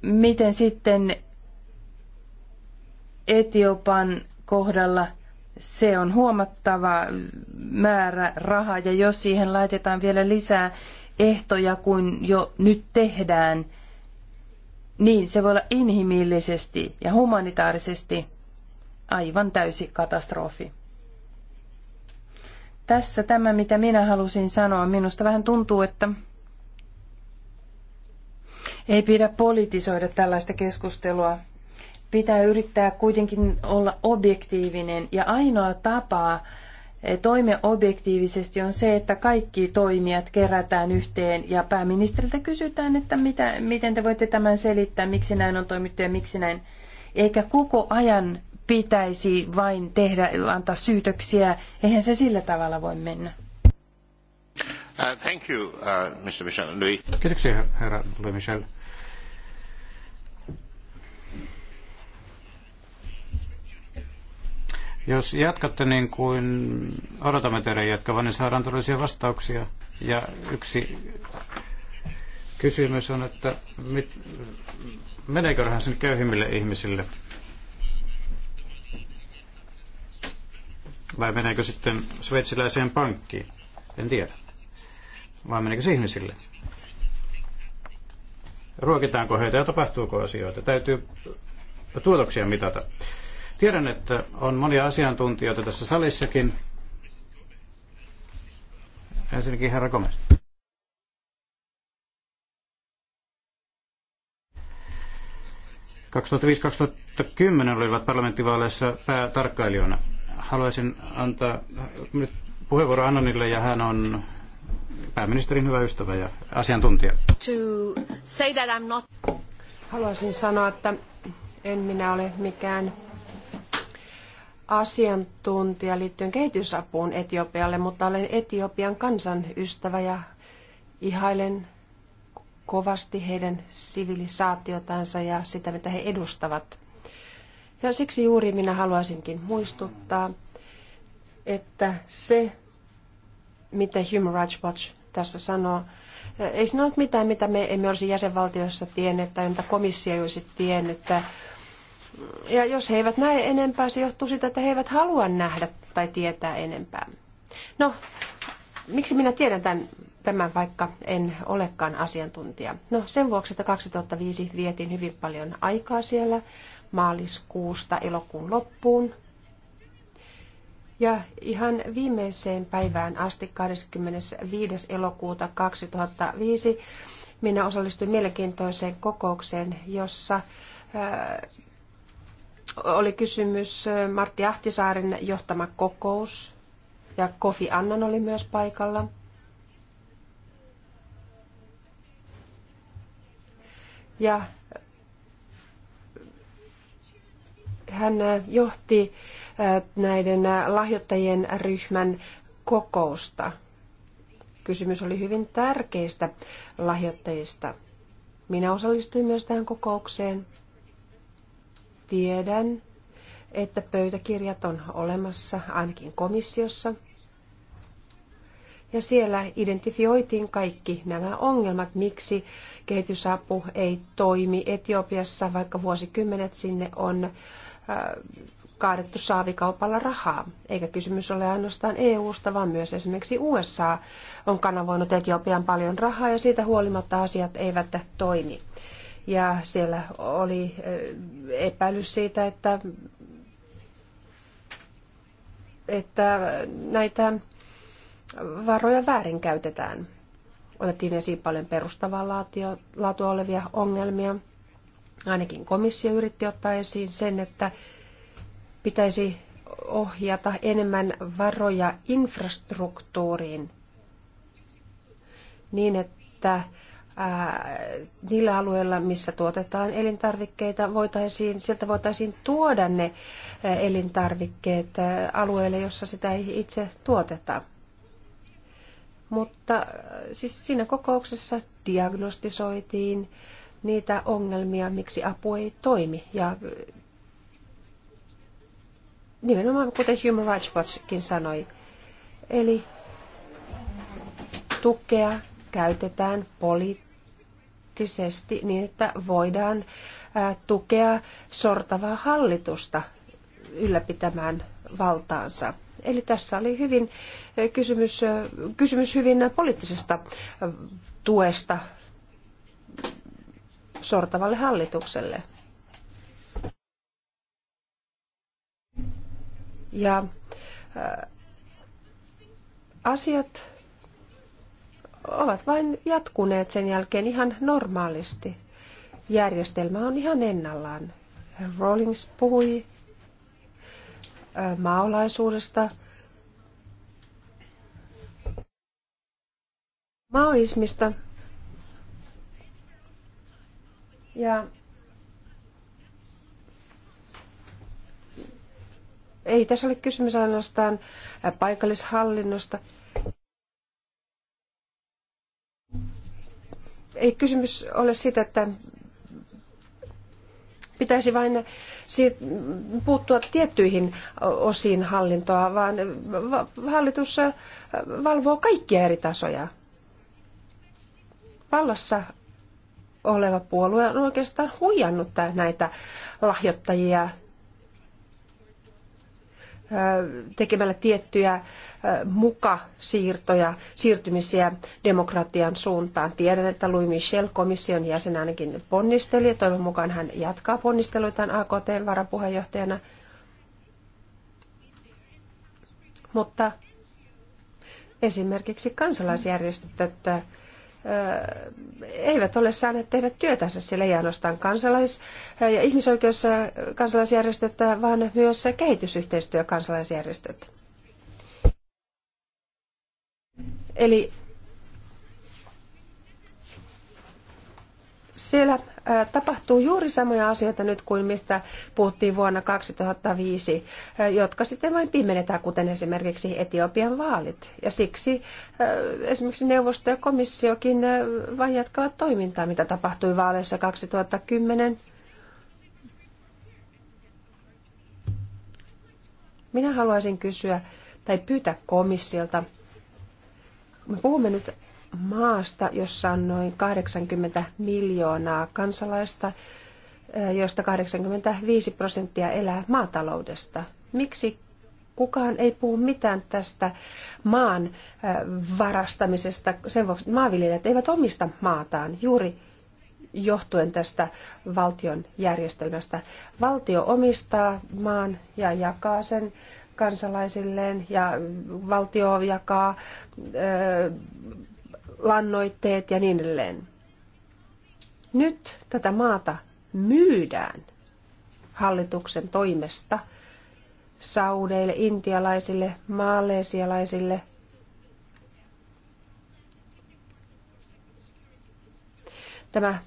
[SPEAKER 2] Miten sitten Etiopan kohdalla se on huomattava määrä rahaa ja jos siihen laitetaan vielä lisää ehtoja kuin jo nyt tehdään – niin se voi olla inhimillisesti ja humanitaarisesti aivan täysi katastrofi. Tässä tämä, mitä minä halusin sanoa. Minusta vähän tuntuu, että ei pidä politisoida tällaista keskustelua. Pitää yrittää kuitenkin olla objektiivinen ja ainoa tapa toime objektiivisesti on se, että kaikki toimijat kerätään yhteen ja pääministeriltä kysytään, että mitä, miten te voitte tämän selittää, miksi näin on toimittu ja miksi näin. Eikä koko ajan pitäisi vain tehdä, antaa syytöksiä. Eihän se sillä tavalla voi mennä. Uh, thank you, uh, Mr. Michel Louis.
[SPEAKER 1] Kiitoksia, herra Louis Michel. Jos jatkatte niin kuin odotamme teidän jatkavan, niin saadaan todellisia vastauksia. Ja yksi kysymys on, että mit, meneekö rahan sen köyhimmille ihmisille? Vai meneekö sitten sveitsiläiseen pankkiin? En tiedä. Vai meneekö se ihmisille? Ruokitaanko heitä ja tapahtuuko asioita? Täytyy tuotoksia mitata. Tiedän, että on monia asiantuntijoita tässä salissakin. Ensinnäkin herra Gomez. ...2005-2010 olivat parlamenttivaaleissa päätarkkailijoina. Haluaisin antaa nyt puheenvuoro Annanille ja hän on pääministerin hyvä ystävä ja asiantuntija.
[SPEAKER 3] Haluaisin sanoa, että en minä ole mikään asiantuntija liittyen kehitysapuun Etiopialle, mutta olen Etiopian kansan ystävä ja ihailen kovasti heidän sivilisaatiotansa ja sitä, mitä he edustavat. Ja siksi juuri minä haluaisinkin muistuttaa, että se, mitä Human Rights Watch tässä sanoo, ei ole mitään, mitä me emme olisi jäsenvaltiossa tienneet tai mitä komissio ei olisi tiennyt ja jos he eivät näe enempää, se johtuu siitä, että he eivät halua nähdä tai tietää enempää. No, miksi minä tiedän tämän, tämän, vaikka en olekaan asiantuntija? No, sen vuoksi, että 2005 vietin hyvin paljon aikaa siellä maaliskuusta elokuun loppuun. Ja ihan viimeiseen päivään asti 25. elokuuta 2005 minä osallistuin mielenkiintoiseen kokoukseen, jossa oli kysymys Martti Ahtisaarin johtama kokous ja Kofi Annan oli myös paikalla. Ja hän johti näiden lahjoittajien ryhmän kokousta. Kysymys oli hyvin tärkeistä lahjoittajista. Minä osallistuin myös tähän kokoukseen. Tiedän, että pöytäkirjat on olemassa ainakin komissiossa. Ja siellä identifioitiin kaikki nämä ongelmat, miksi kehitysapu ei toimi Etiopiassa, vaikka vuosikymmenet sinne on äh, kaadettu saavikaupalla rahaa. Eikä kysymys ole ainoastaan EU-sta, vaan myös esimerkiksi USA on kanavoinut Etiopian paljon rahaa ja siitä huolimatta asiat eivät toimi ja siellä oli epäilys siitä, että, että näitä varoja väärinkäytetään. Otettiin esiin paljon perustavaa laatua olevia ongelmia. Ainakin komissio yritti ottaa esiin sen, että pitäisi ohjata enemmän varoja infrastruktuuriin niin, että niillä alueilla, missä tuotetaan elintarvikkeita, voitaisiin, sieltä voitaisiin tuoda ne elintarvikkeet alueelle, jossa sitä ei itse tuoteta. Mutta siis siinä kokouksessa diagnostisoitiin niitä ongelmia, miksi apu ei toimi. Ja nimenomaan kuten Human Rights Watchkin sanoi, eli tukea käytetään poliittisesti poliittisesti niin, että voidaan tukea sortavaa hallitusta ylläpitämään valtaansa. Eli tässä oli hyvin kysymys, kysymys hyvin poliittisesta tuesta sortavalle hallitukselle. Ja asiat ovat vain jatkuneet sen jälkeen ihan normaalisti. Järjestelmä on ihan ennallaan. Rawlings puhui maolaisuudesta, maoismista ja ei tässä ole kysymys ainoastaan paikallishallinnosta, ei kysymys ole siitä, että pitäisi vain puuttua tiettyihin osiin hallintoa, vaan hallitus valvoo kaikkia eri tasoja. Vallassa oleva puolue on oikeastaan huijannut näitä lahjoittajia tekemällä tiettyjä mukasiirtoja, siirtymisiä demokratian suuntaan. Tiedän, että Louis Michel komission jäsen ainakin ponnisteli ja toivon mukaan hän jatkaa ponnisteluitaan AKT-varapuheenjohtajana. Mutta esimerkiksi kansalaisjärjestöt eivät ole saaneet tehdä työtänsä siellä ei ainoastaan kansalais- ja ihmisoikeuskansalaisjärjestöt, vaan myös kehitysyhteistyökansalaisjärjestöt. Eli siellä tapahtuu juuri samoja asioita nyt kuin mistä puhuttiin vuonna 2005, jotka sitten vain pimenetään, kuten esimerkiksi Etiopian vaalit. Ja siksi esimerkiksi neuvosto ja komissiokin vain jatkavat toimintaa, mitä tapahtui vaaleissa 2010. Minä haluaisin kysyä tai pyytää komissiolta, me puhumme nyt maasta, jossa on noin 80 miljoonaa kansalaista, josta 85 prosenttia elää maataloudesta. Miksi kukaan ei puhu mitään tästä maan varastamisesta? Sen vuoksi maanviljelijät eivät omista maataan juuri johtuen tästä valtion järjestelmästä. Valtio omistaa maan ja jakaa sen kansalaisilleen ja valtio jakaa lannoitteet ja niin edelleen. Nyt tätä maata myydään hallituksen toimesta saudeille, intialaisille, maaleesialaisille. Tämä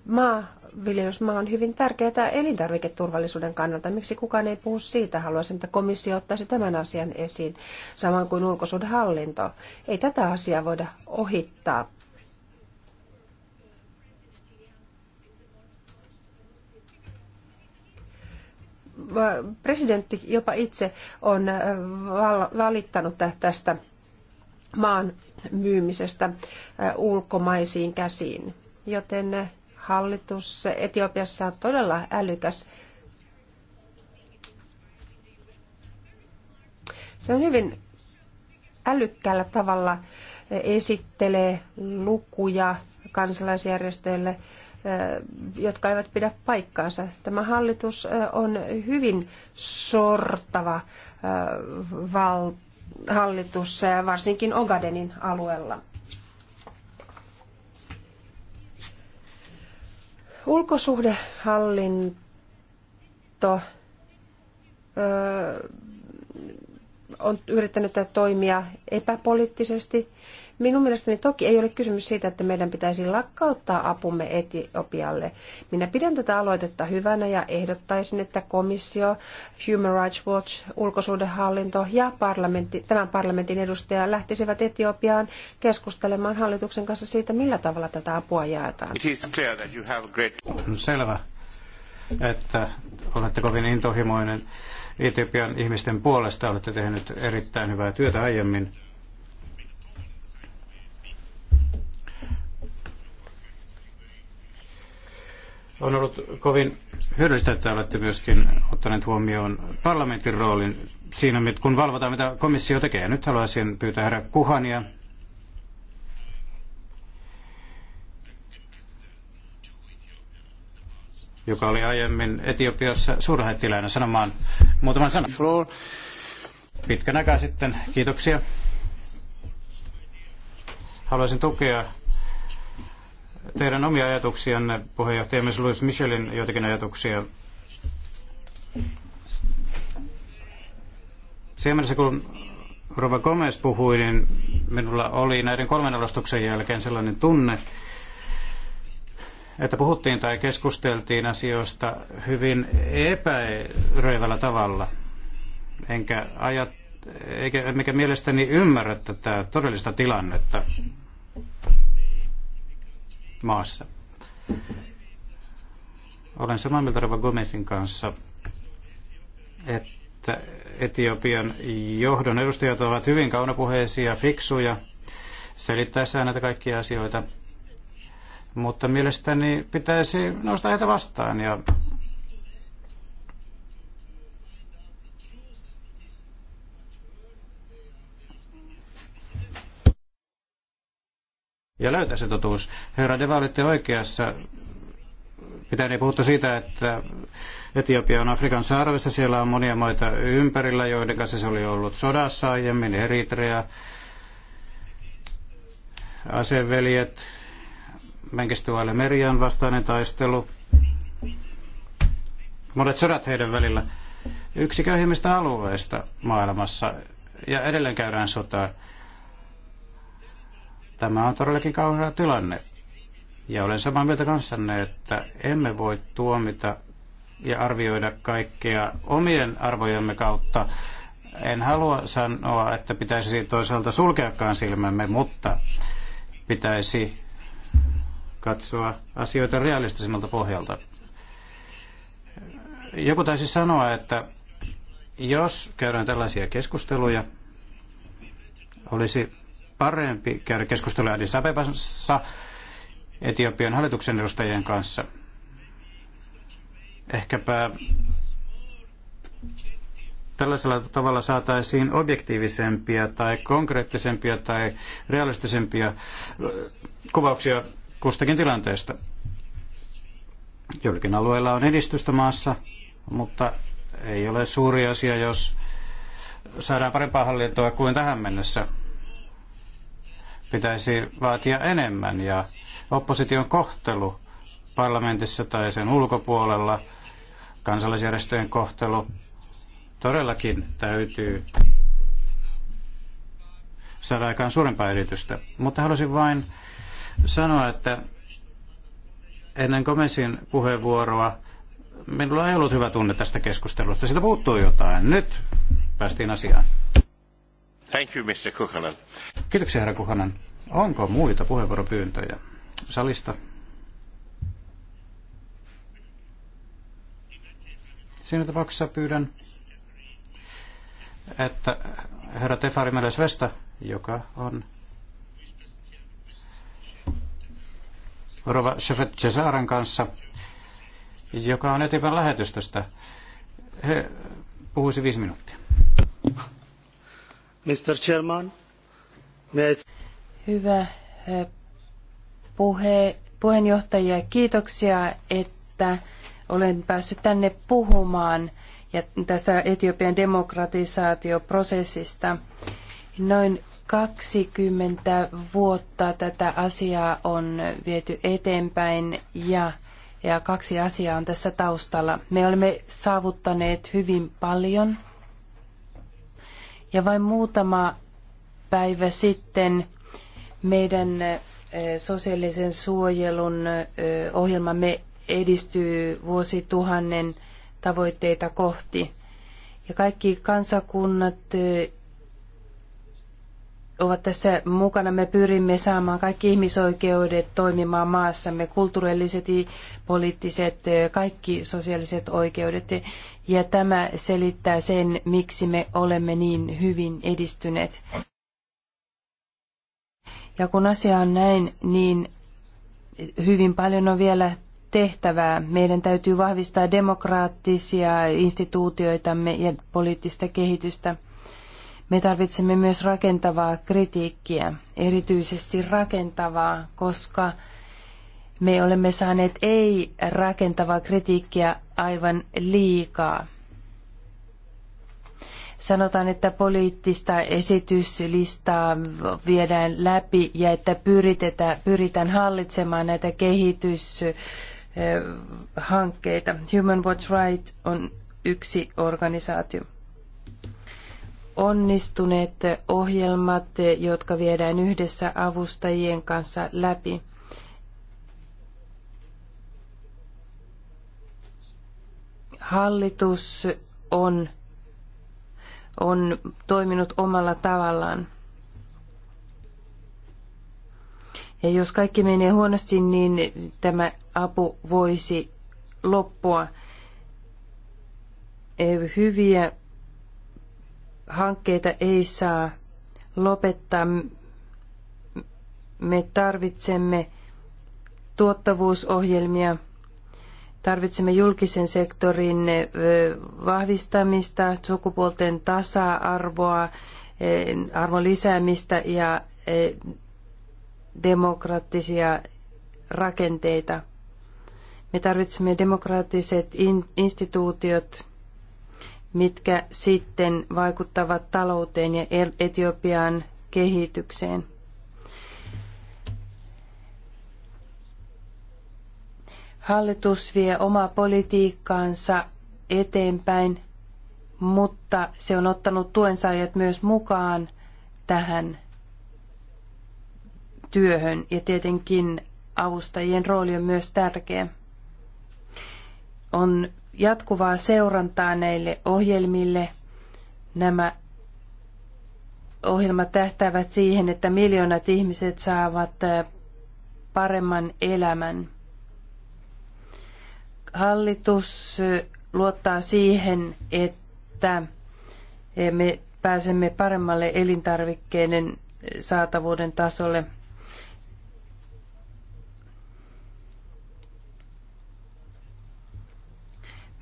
[SPEAKER 3] viljelysmaa on hyvin tärkeää elintarviketurvallisuuden kannalta. Miksi kukaan ei puhu siitä? Haluaisin, että komissio ottaisi tämän asian esiin, samoin kuin hallinto. Ei tätä asiaa voida ohittaa. presidentti jopa itse on äh, valittanut tästä maan myymisestä äh, ulkomaisiin käsiin. Joten äh, hallitus Etiopiassa on todella älykäs. Se on hyvin älykkäällä tavalla esittelee lukuja kansalaisjärjestöille jotka eivät pidä paikkaansa. Tämä hallitus on hyvin sortava val- hallitus, varsinkin Ogadenin alueella. Ulkosuhdehallinto on yrittänyt toimia epäpoliittisesti Minun mielestäni toki ei ole kysymys siitä, että meidän pitäisi lakkauttaa apumme Etiopialle. Minä pidän tätä aloitetta hyvänä ja ehdottaisin, että komissio, Human Rights Watch, ulkosuudenhallinto ja parlamentti, tämän parlamentin edustaja lähtisivät Etiopiaan keskustelemaan hallituksen kanssa siitä, millä tavalla tätä apua jaetaan.
[SPEAKER 1] Great... Selvä, että olette kovin intohimoinen Etiopian ihmisten puolesta. Olette tehnyt erittäin hyvää työtä aiemmin On ollut kovin hyödyllistä, että olette myöskin ottaneet huomioon parlamentin roolin siinä, kun valvotaan, mitä komissio tekee. Nyt haluaisin pyytää herra Kuhania joka oli aiemmin Etiopiassa suurlähettiläänä sanomaan muutaman sanan. Floor. Pitkän aikaa sitten. Kiitoksia. Haluaisin tukea teidän omia ajatuksianne, puheenjohtaja myös Louis Michelin joitakin ajatuksia. Siinä mielessä, kun Rova Gomez puhui, niin minulla oli näiden kolmen alustuksen jälkeen sellainen tunne, että puhuttiin tai keskusteltiin asioista hyvin epäröivällä tavalla. Enkä ajat, eikä, mikä mielestäni ymmärrä tätä todellista tilannetta maassa. Olen samaa mieltä Rava Gomezin kanssa, että Etiopian johdon edustajat ovat hyvin kaunopuheisia, fiksuja, selittäessään näitä kaikkia asioita. Mutta mielestäni pitäisi nousta heitä vastaan ja ja löytää se totuus. Herra Deva, olitte oikeassa. Pitää ei puhuttu siitä, että Etiopia on Afrikan sarvessa. Siellä on monia maita ympärillä, joiden kanssa se oli ollut sodassa aiemmin. Eritrea, aseveljet, Menkistuaille Merian vastainen taistelu. Monet sodat heidän välillä. Yksi köyhimmistä alueista maailmassa. Ja edelleen käydään sotaa. Tämä on todellakin kauhea tilanne. Ja olen samaa mieltä kanssanne, että emme voi tuomita ja arvioida kaikkea omien arvojemme kautta. En halua sanoa, että pitäisi toisaalta sulkeakaan silmämme, mutta pitäisi katsoa asioita realistisemmalta pohjalta. Joku taisi sanoa, että jos käydään tällaisia keskusteluja, olisi parempi käydä keskustelua Addis Abebassa Etiopian hallituksen edustajien kanssa. Ehkäpä tällaisella tavalla saataisiin objektiivisempia tai konkreettisempia tai realistisempia äh, kuvauksia kustakin tilanteesta. Jollakin alueella on edistystä maassa, mutta ei ole suuri asia, jos saadaan parempaa hallintoa kuin tähän mennessä pitäisi vaatia enemmän ja opposition kohtelu parlamentissa tai sen ulkopuolella, kansalaisjärjestöjen kohtelu todellakin täytyy saada aikaan suurempaa yritystä. Mutta halusin vain sanoa, että ennen komission puheenvuoroa minulla ei ollut hyvä tunne tästä keskustelusta. Sitä puuttuu jotain. Nyt päästiin asiaan. Thank you, Mr. Kiitoksia, herra Kukanen. Onko muita puheenvuoropyyntöjä salista? Siinä tapauksessa pyydän, että herra Tefari Meles-Vesta, joka on Rova Shefet Cesaran kanssa, joka on eteenpäin lähetystöstä, he puhuisi viisi minuuttia. Mr. Chairman,
[SPEAKER 2] Hyvä eh, puhe, kiitoksia, että olen päässyt tänne puhumaan ja tästä Etiopian demokratisaatioprosessista. Noin 20 vuotta tätä asiaa on viety eteenpäin ja, ja kaksi asiaa on tässä taustalla. Me olemme saavuttaneet hyvin paljon – ja vain muutama päivä sitten meidän sosiaalisen suojelun ohjelmamme edistyy vuosituhannen tavoitteita kohti. Ja kaikki kansakunnat ovat tässä mukana. Me pyrimme saamaan kaikki ihmisoikeudet toimimaan maassamme, kulttuurilliset, poliittiset, kaikki sosiaaliset oikeudet. Ja tämä selittää sen, miksi me olemme niin hyvin edistyneet. Ja kun asia on näin, niin hyvin paljon on vielä tehtävää. Meidän täytyy vahvistaa demokraattisia instituutioitamme ja poliittista kehitystä. Me tarvitsemme myös rakentavaa kritiikkiä, erityisesti rakentavaa, koska me olemme saaneet ei-rakentavaa kritiikkiä aivan liikaa. Sanotaan, että poliittista esityslistaa viedään läpi ja että pyritään hallitsemaan näitä kehityshankkeita. Human Rights Right on yksi organisaatio onnistuneet ohjelmat, jotka viedään yhdessä avustajien kanssa läpi. Hallitus on, on toiminut omalla tavallaan. Ja jos kaikki menee huonosti, niin tämä apu voisi loppua. Hyviä hankkeita ei saa lopettaa. Me tarvitsemme tuottavuusohjelmia, tarvitsemme julkisen sektorin vahvistamista, sukupuolten tasa-arvoa, arvon lisäämistä ja demokraattisia rakenteita. Me tarvitsemme demokraattiset instituutiot, mitkä sitten vaikuttavat talouteen ja Etiopian kehitykseen. Hallitus vie omaa politiikkaansa eteenpäin, mutta se on ottanut tuensaajat myös mukaan tähän työhön ja tietenkin avustajien rooli on myös tärkeä. On jatkuvaa seurantaa näille ohjelmille. Nämä ohjelmat tähtäävät siihen, että miljoonat ihmiset saavat paremman elämän. Hallitus luottaa siihen, että me pääsemme paremmalle elintarvikkeiden saatavuuden tasolle –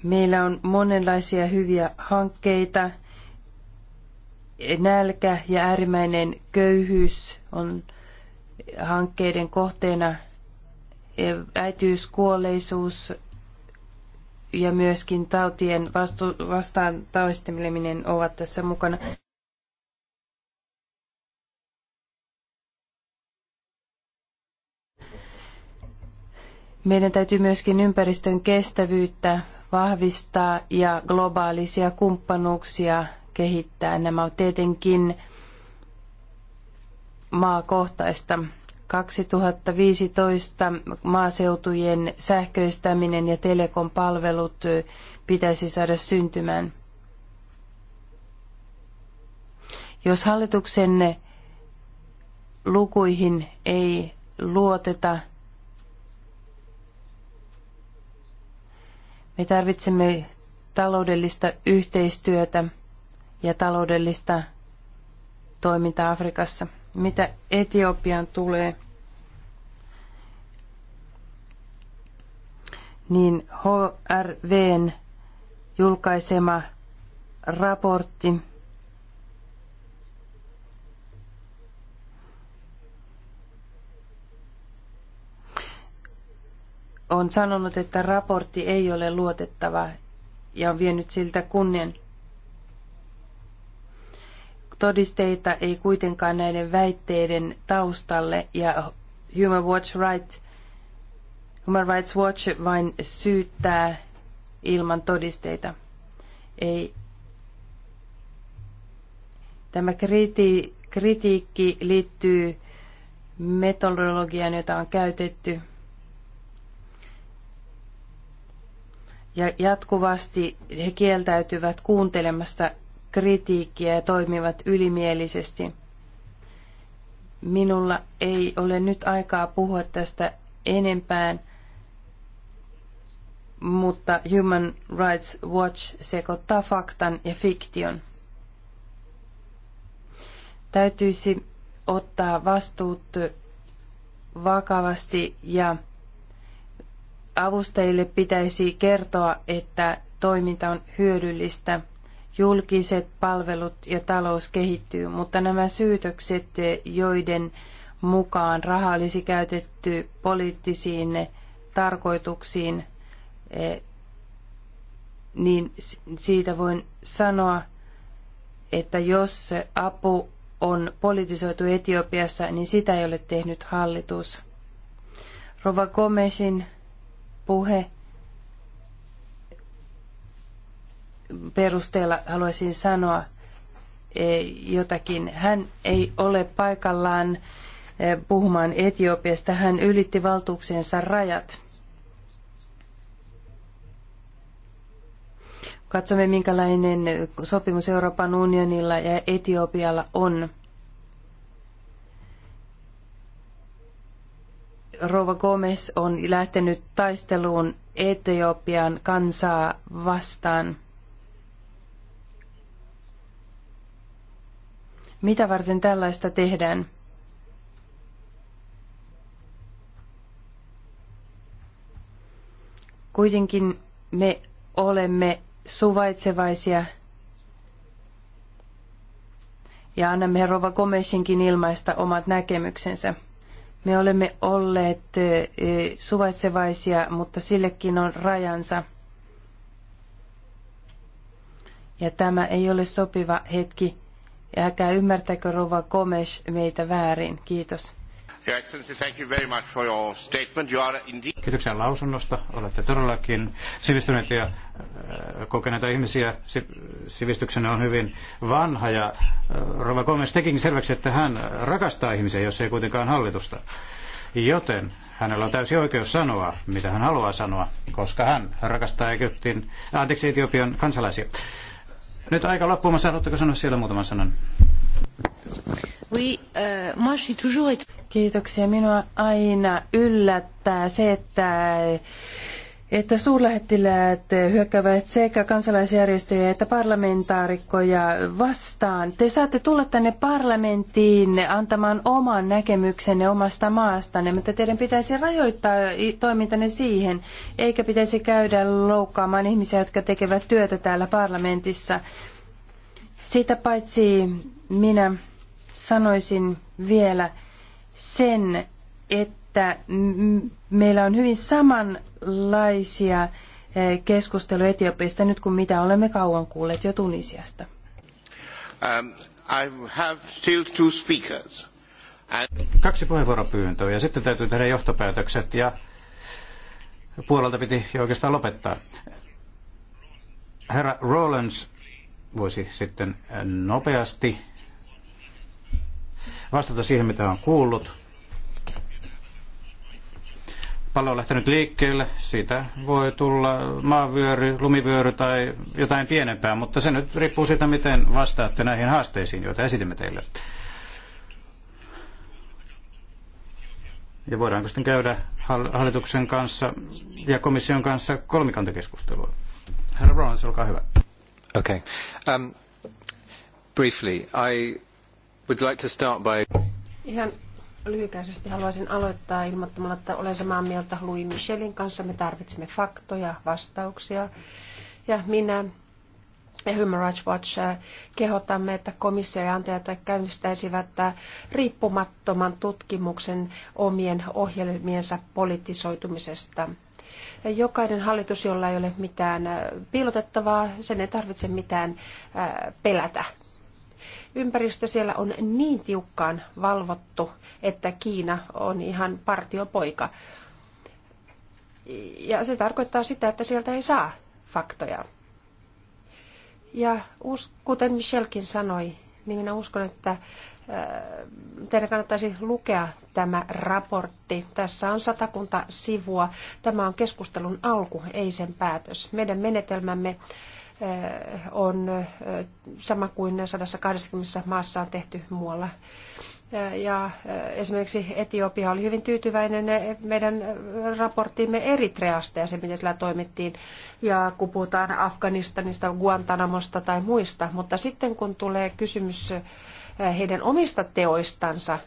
[SPEAKER 2] Meillä on monenlaisia hyviä hankkeita. Nälkä ja äärimmäinen köyhyys on hankkeiden kohteena. Äitiyskuolleisuus ja myöskin tautien vastu- vastaan taisteleminen ovat tässä mukana. Meidän täytyy myöskin ympäristön kestävyyttä vahvistaa ja globaalisia kumppanuuksia kehittää. Nämä on tietenkin maakohtaista. 2015 maaseutujen sähköistäminen ja telekompalvelut pitäisi saada syntymään. Jos hallituksen lukuihin ei luoteta, Me tarvitsemme taloudellista yhteistyötä ja taloudellista toimintaa Afrikassa. Mitä Etiopian tulee, niin HRVn julkaisema raportti on sanonut, että raportti ei ole luotettava ja on vienyt siltä kunnian. Todisteita ei kuitenkaan näiden väitteiden taustalle ja Human, Watch right, Human Rights Watch vain syyttää ilman todisteita. Ei. Tämä kriti, kritiikki liittyy metodologiaan, jota on käytetty – ja jatkuvasti he kieltäytyvät kuuntelemasta kritiikkiä ja toimivat ylimielisesti. Minulla ei ole nyt aikaa puhua tästä enempään, mutta Human Rights Watch sekoittaa faktan ja fiktion. Täytyisi ottaa vastuut vakavasti ja avustajille pitäisi kertoa, että toiminta on hyödyllistä, julkiset palvelut ja talous kehittyy, mutta nämä syytökset, joiden mukaan raha olisi käytetty poliittisiin tarkoituksiin, eh, niin siitä voin sanoa, että jos apu on politisoitu Etiopiassa, niin sitä ei ole tehnyt hallitus. Rova Gomesin puhe perusteella haluaisin sanoa e, jotakin. Hän ei ole paikallaan e, puhumaan Etiopiasta. Hän ylitti valtuuksiensa rajat. Katsomme, minkälainen sopimus Euroopan unionilla ja Etiopialla on. Rova Gomez on lähtenyt taisteluun Etiopian kansaa vastaan. Mitä varten tällaista tehdään? Kuitenkin me olemme suvaitsevaisia ja annamme Rova Gomesinkin ilmaista omat näkemyksensä. Me olemme olleet suvaitsevaisia, mutta sillekin on rajansa. Ja tämä ei ole sopiva hetki. Älkää ymmärtäkö Rova Komes meitä väärin. Kiitos.
[SPEAKER 1] Kiitoksia lausunnosta. Olette todellakin sivistyneitä ja äh, kokeneita ihmisiä. Sivistyksen on hyvin vanha ja äh, Rova Gomez tekikin selväksi, että hän rakastaa ihmisiä, jos ei kuitenkaan hallitusta. Joten hänellä on täysi oikeus sanoa, mitä hän haluaa sanoa, koska hän rakastaa Egyptin, anteeksi, Etiopian kansalaisia. Nyt aika loppumassa, haluatteko sanoa siellä muutaman sanan?
[SPEAKER 2] Oui, euh, moi Kiitoksia. Minua aina yllättää se, että että suurlähettiläät hyökkäävät sekä kansalaisjärjestöjä että parlamentaarikkoja vastaan. Te saatte tulla tänne parlamenttiin antamaan oman näkemyksenne omasta maastanne, mutta teidän pitäisi rajoittaa toimintanne siihen, eikä pitäisi käydä loukkaamaan ihmisiä, jotka tekevät työtä täällä parlamentissa. Siitä paitsi minä sanoisin vielä, sen, että meillä on hyvin samanlaisia eh, keskusteluja Etiopiasta nyt kuin mitä olemme kauan kuulleet jo Tunisiasta.
[SPEAKER 1] Um, I have still two speakers. And... Kaksi puheenvuoropyyntöä ja sitten täytyy tehdä johtopäätökset ja puolelta piti jo oikeastaan lopettaa. Herra Rollins voisi sitten nopeasti vastata siihen, mitä on kuullut. Pallo on lähtenyt liikkeelle, siitä voi tulla maavyöry, lumivyöry tai jotain pienempää, mutta se nyt riippuu siitä, miten vastaatte näihin haasteisiin, joita esitimme teille. Ja voidaanko sitten käydä hallituksen kanssa ja komission kanssa kolmikantakeskustelua? Herra Browns, olkaa hyvä. Okay. Um, briefly, I Would like to start by...
[SPEAKER 3] Ihan lyhykäisesti haluaisin aloittaa ilmoittamalla, että olen samaa mieltä Louis Michelin kanssa. Me tarvitsemme faktoja, vastauksia. Ja minä ja Human Rights Watch äh, kehotamme, että komissio ja antajat käynnistäisivät äh, riippumattoman tutkimuksen omien ohjelmiensa politisoitumisesta. Jokainen hallitus, jolla ei ole mitään äh, piilotettavaa, sen ei tarvitse mitään pelätä ympäristö siellä on niin tiukkaan valvottu, että Kiina on ihan partiopoika. Ja se tarkoittaa sitä, että sieltä ei saa faktoja. Ja kuten Michelkin sanoi, niin minä uskon, että äh, teidän kannattaisi lukea tämä raportti. Tässä on satakunta sivua. Tämä on keskustelun alku, ei sen päätös. Meidän menetelmämme Eh, on eh, sama kuin 120 maassa on tehty muualla. Eh, ja esimerkiksi Etiopia oli hyvin tyytyväinen meidän raporttiimme Eritreasta ja se, miten sillä toimittiin. Ja kun puhutaan Afganistanista, Guantanamosta tai muista. Mutta sitten kun tulee kysymys heidän omista teoistansa,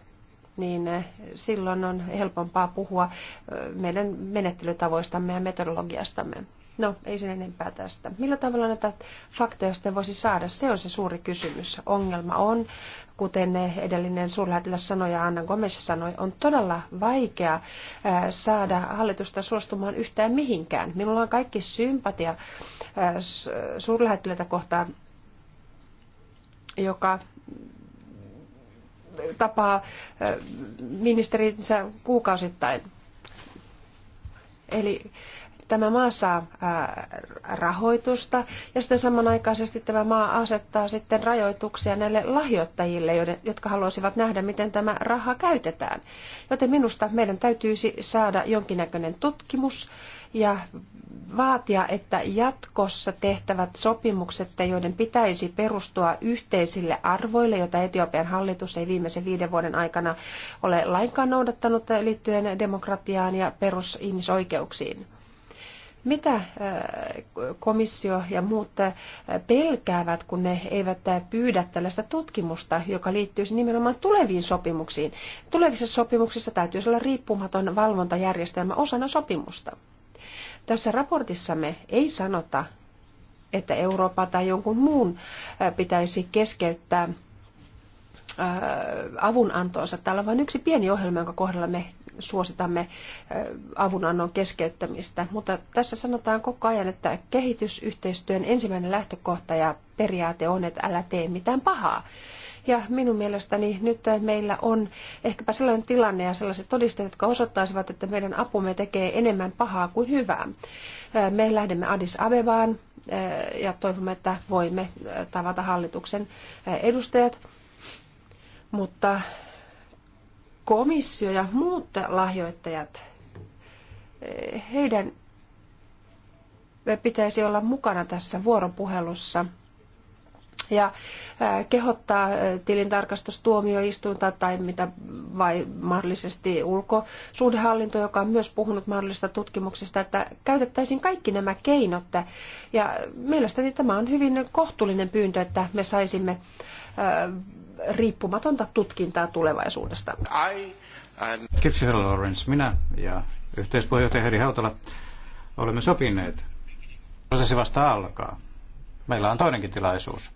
[SPEAKER 3] niin silloin on helpompaa puhua meidän menettelytavoistamme ja metodologiastamme. No, ei sen enempää tästä. Millä tavalla näitä faktoja sitten voisi saada? Se on se suuri kysymys. Ongelma on, kuten edellinen suurlähettiläs sanoi ja Anna Gomes sanoi, on todella vaikea saada hallitusta suostumaan yhtään mihinkään. Minulla on kaikki sympatia suurlähettilätä kohtaan, joka tapaa ministerinsä kuukausittain. Eli tämä maa saa rahoitusta ja sitten samanaikaisesti tämä maa asettaa sitten rajoituksia näille lahjoittajille, jotka haluaisivat nähdä, miten tämä raha käytetään. Joten minusta meidän täytyisi saada jonkinnäköinen tutkimus ja vaatia, että jatkossa tehtävät sopimukset, joiden pitäisi perustua yhteisille arvoille, joita Etiopian hallitus ei viimeisen viiden vuoden aikana ole lainkaan noudattanut liittyen demokratiaan ja perusihmisoikeuksiin. Mitä äh, komissio ja muut äh, pelkäävät, kun ne eivät äh, pyydä tällaista tutkimusta, joka liittyisi nimenomaan tuleviin sopimuksiin? Tulevissa sopimuksissa täytyisi olla riippumaton valvontajärjestelmä osana sopimusta. Tässä raportissamme ei sanota, että Eurooppa tai jonkun muun pitäisi keskeyttää avunantoonsa. Täällä on vain yksi pieni ohjelma, jonka kohdalla me suositamme avunannon keskeyttämistä. Mutta tässä sanotaan koko ajan, että kehitysyhteistyön ensimmäinen lähtökohta ja periaate on, että älä tee mitään pahaa. Ja minun mielestäni nyt meillä on ehkäpä sellainen tilanne ja sellaiset todisteet, jotka osoittaisivat, että meidän apumme tekee enemmän pahaa kuin hyvää. Me lähdemme Addis Abebaan ja toivomme, että voimme tavata hallituksen edustajat. Mutta komissio ja muut lahjoittajat, heidän pitäisi olla mukana tässä vuoropuhelussa ja kehottaa tilintarkastustuomioistuinta tai mitä vai mahdollisesti ulkosuhdehallinto, joka on myös puhunut mahdollisista tutkimuksista, että käytettäisiin kaikki nämä keinot. Ja mielestäni tämä on hyvin kohtuullinen pyyntö, että me saisimme riippumatonta tutkintaa tulevaisuudesta.
[SPEAKER 1] Kiitoksia, Lawrence. Minä ja yhteispuheenjohtaja Heidi Hautala olemme sopineet. Prosessi vasta alkaa. Meillä on toinenkin tilaisuus.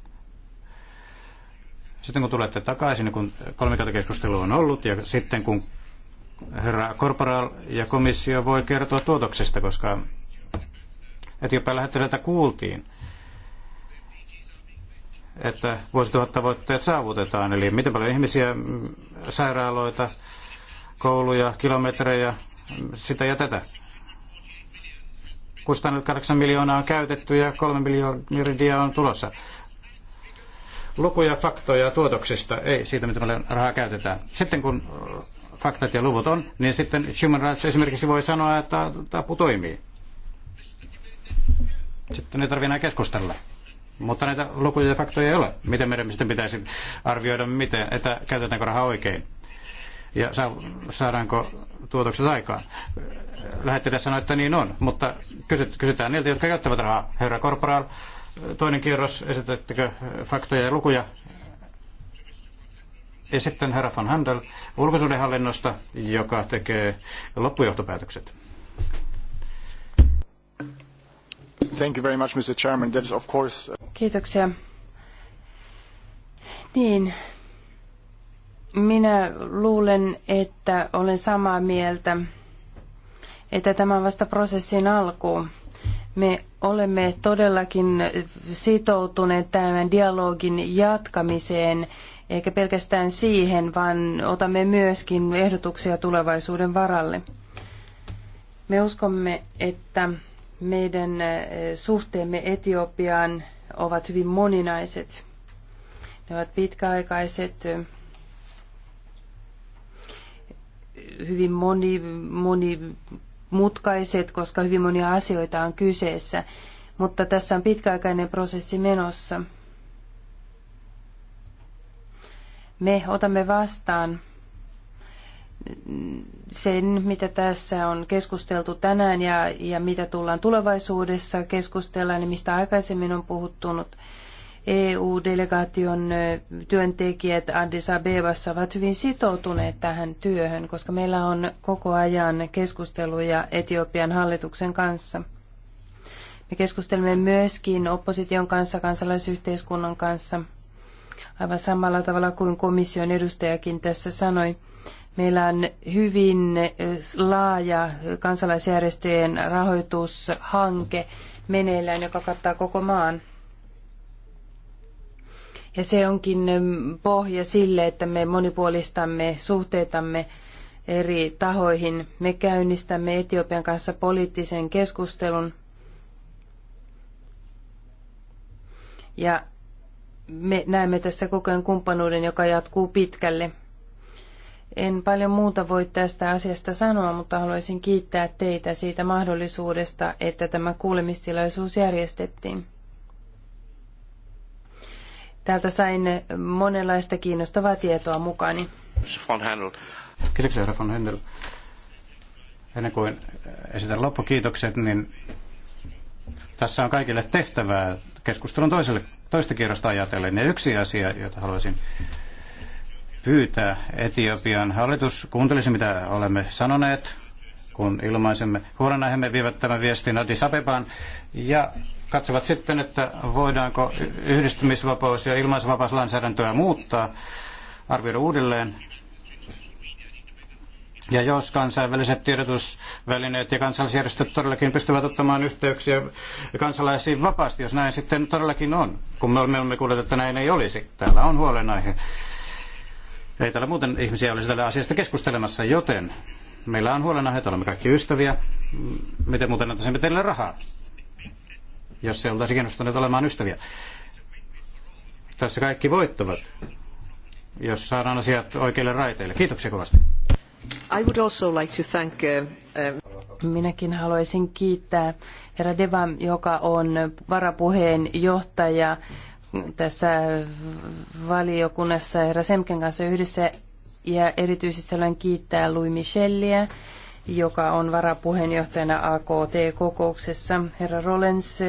[SPEAKER 1] Sitten kun tulette takaisin, niin kun kolmikantakeskustelu on ollut, ja sitten kun herra korporaal ja komissio voi kertoa tuotoksesta, koska Etiopian lähettiläitä kuultiin – että vuosituhattavoitteet saavutetaan. Eli miten paljon ihmisiä, sairaaloita, kouluja, kilometrejä, sitä ja tätä. Kustannut 8 miljoonaa on käytetty ja 3 miljoonaa on tulossa. Lukuja, faktoja tuotoksista, ei siitä, miten paljon rahaa käytetään. Sitten kun faktat ja luvut on, niin sitten Human Rights esimerkiksi voi sanoa, että tapu toimii. Sitten ei tarvitse enää keskustella. Mutta näitä lukuja ja faktoja ei ole. Miten meidän sitten pitäisi arvioida, miten, että käytetäänkö rahaa oikein? Ja saadaanko tuotokset aikaan? Lähettiläs sanoi, että niin on, mutta kysytään niiltä, jotka käyttävät rahaa. Herra Korporaal, toinen kierros, esitettekö faktoja ja lukuja? Ja sitten herra von Handel ulkosuudenhallinnosta, joka tekee loppujohtopäätökset.
[SPEAKER 2] Thank you very much, Mr. Chairman. That is of course... Uh, Kiitoksia. Niin, minä luulen, että olen samaa mieltä, että tämä on vasta prosessin alku. Me olemme todellakin sitoutuneet tämän dialogin jatkamiseen, eikä pelkästään siihen, vaan otamme myöskin ehdotuksia tulevaisuuden varalle. Me uskomme, että meidän eh, suhteemme Etiopiaan ovat hyvin moninaiset. Ne ovat pitkäaikaiset, eh, hyvin moni, monimutkaiset, koska hyvin monia asioita on kyseessä. Mutta tässä on pitkäaikainen prosessi menossa. Me otamme vastaan sen, mitä tässä on keskusteltu tänään ja, ja mitä tullaan tulevaisuudessa keskustella, niin mistä aikaisemmin on puhuttunut. EU-delegaation työntekijät Addis Abebassa ovat hyvin sitoutuneet tähän työhön, koska meillä on koko ajan keskusteluja Etiopian hallituksen kanssa. Me keskustelemme myöskin opposition kanssa, kansalaisyhteiskunnan kanssa, aivan samalla tavalla kuin komission edustajakin tässä sanoi. Meillä on hyvin laaja kansalaisjärjestöjen rahoitushanke meneillään, joka kattaa koko maan. Ja se onkin pohja sille, että me monipuolistamme suhteitamme eri tahoihin. Me käynnistämme Etiopian kanssa poliittisen keskustelun. Ja me näemme tässä koko ajan kumppanuuden, joka jatkuu pitkälle. En paljon muuta voi tästä asiasta sanoa, mutta haluaisin kiittää teitä siitä mahdollisuudesta, että tämä kuulemistilaisuus järjestettiin. Täältä sain monenlaista kiinnostavaa tietoa mukani.
[SPEAKER 1] Von Händel. Kiitoksia, herra von Händel. Ennen kuin esitän loppukiitokset, niin tässä on kaikille tehtävää keskustelun toiselle, toista kierrosta ajatellen. Ja yksi asia, jota haluaisin pyytää Etiopian hallitus kuuntelisi, mitä olemme sanoneet, kun ilmaisemme huolenaiheemme, vievät tämän viestin Addis Abebaan ja katsovat sitten, että voidaanko yhdistymisvapaus- ja ilmaisuvapauslainsäädäntöä muuttaa, arvioida uudelleen. Ja jos kansainväliset tiedotusvälineet ja kansalaisjärjestöt todellakin pystyvät ottamaan yhteyksiä kansalaisiin vapaasti, jos näin sitten todellakin on, kun me olemme kuulleet, että näin ei olisi. Täällä on huolenaihe ei täällä muuten ihmisiä olisi tällä asiasta keskustelemassa, joten meillä on huolena, että olemme kaikki ystäviä. Mm, miten muuten antaisimme teille rahaa, jos ei oltaisi kiinnostuneet olemaan ystäviä? Tässä kaikki voittavat, jos saadaan asiat oikeille raiteille. Kiitoksia kovasti.
[SPEAKER 2] I would also like to thank, uh, uh Minäkin haluaisin kiittää herra Deva, joka on varapuheenjohtaja tässä valiokunnassa herra Semken kanssa yhdessä ja erityisesti haluan kiittää Louis Michelia, joka on varapuheenjohtajana AKT-kokouksessa, herra Rollens,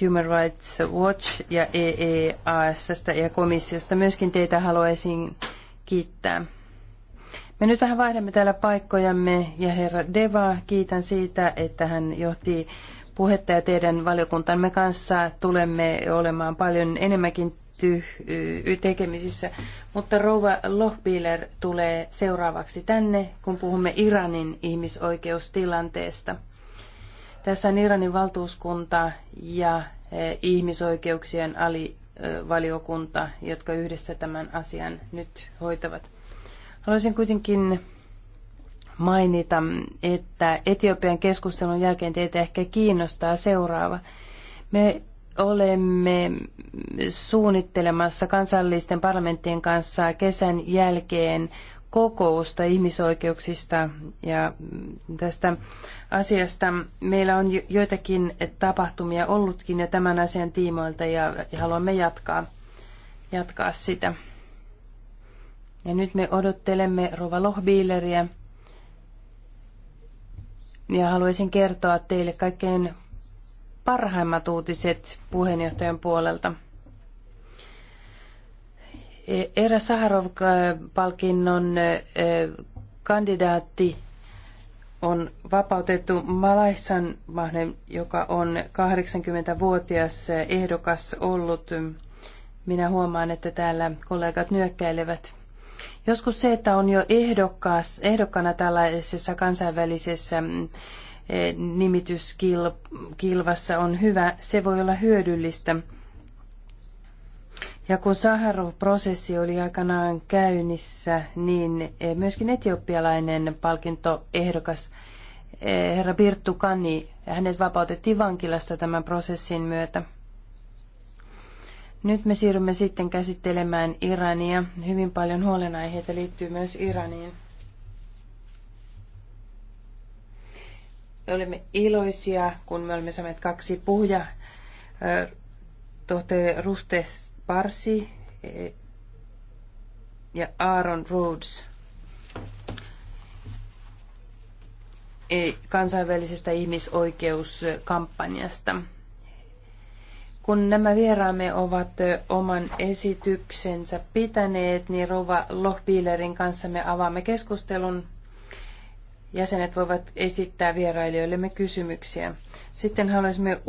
[SPEAKER 2] Human Rights Watch ja EEAS ja komissiosta. Myöskin teitä haluaisin kiittää. Me nyt vähän vaihdamme täällä paikkojamme ja herra Deva, kiitän siitä, että hän johti puhetta ja teidän valiokuntanne kanssa tulemme olemaan paljon enemmänkin tekemisissä. Mutta rouva Lohbiler tulee seuraavaksi tänne, kun puhumme Iranin ihmisoikeustilanteesta. Tässä on Iranin valtuuskunta ja eh, ihmisoikeuksien alivaliokunta, jotka yhdessä tämän asian nyt hoitavat. Haluaisin kuitenkin mainita, että Etiopian keskustelun jälkeen teitä ehkä kiinnostaa seuraava. Me olemme suunnittelemassa kansallisten parlamenttien kanssa kesän jälkeen kokousta ihmisoikeuksista ja tästä asiasta. Meillä on joitakin tapahtumia ollutkin jo tämän asian tiimoilta ja haluamme jatkaa, jatkaa sitä. Ja nyt me odottelemme Rova Lohbiileriä ja haluaisin kertoa teille kaikkein parhaimmat uutiset puheenjohtajan puolelta. E, Era Saharov-palkinnon e, kandidaatti on vapautettu Malaisan Mahden, joka on 80-vuotias ehdokas ollut. Minä huomaan, että täällä kollegat nyökkäilevät. Joskus se, että on jo ehdokkaas, ehdokkana tällaisessa kansainvälisessä mm, eh, nimityskilvassa on hyvä, se voi olla hyödyllistä. Ja kun Saharov-prosessi oli aikanaan käynnissä, niin eh, myöskin etiopialainen palkintoehdokas eh, herra Birttu Kani, hänet vapautettiin vankilasta tämän prosessin myötä. Nyt me siirrymme sitten käsittelemään Irania. Hyvin paljon huolenaiheita liittyy myös Iraniin. Olemme iloisia, kun me olemme saaneet kaksi puhuja. Tohtori Rustes Parsi e, ja Aaron Rhodes e, kansainvälisestä ihmisoikeuskampanjasta. Kun nämä vieraamme ovat oman esityksensä pitäneet, niin Rova Lohpiilerin kanssa me avaamme keskustelun. Jäsenet voivat esittää vierailijoillemme kysymyksiä. Sitten haluaisimme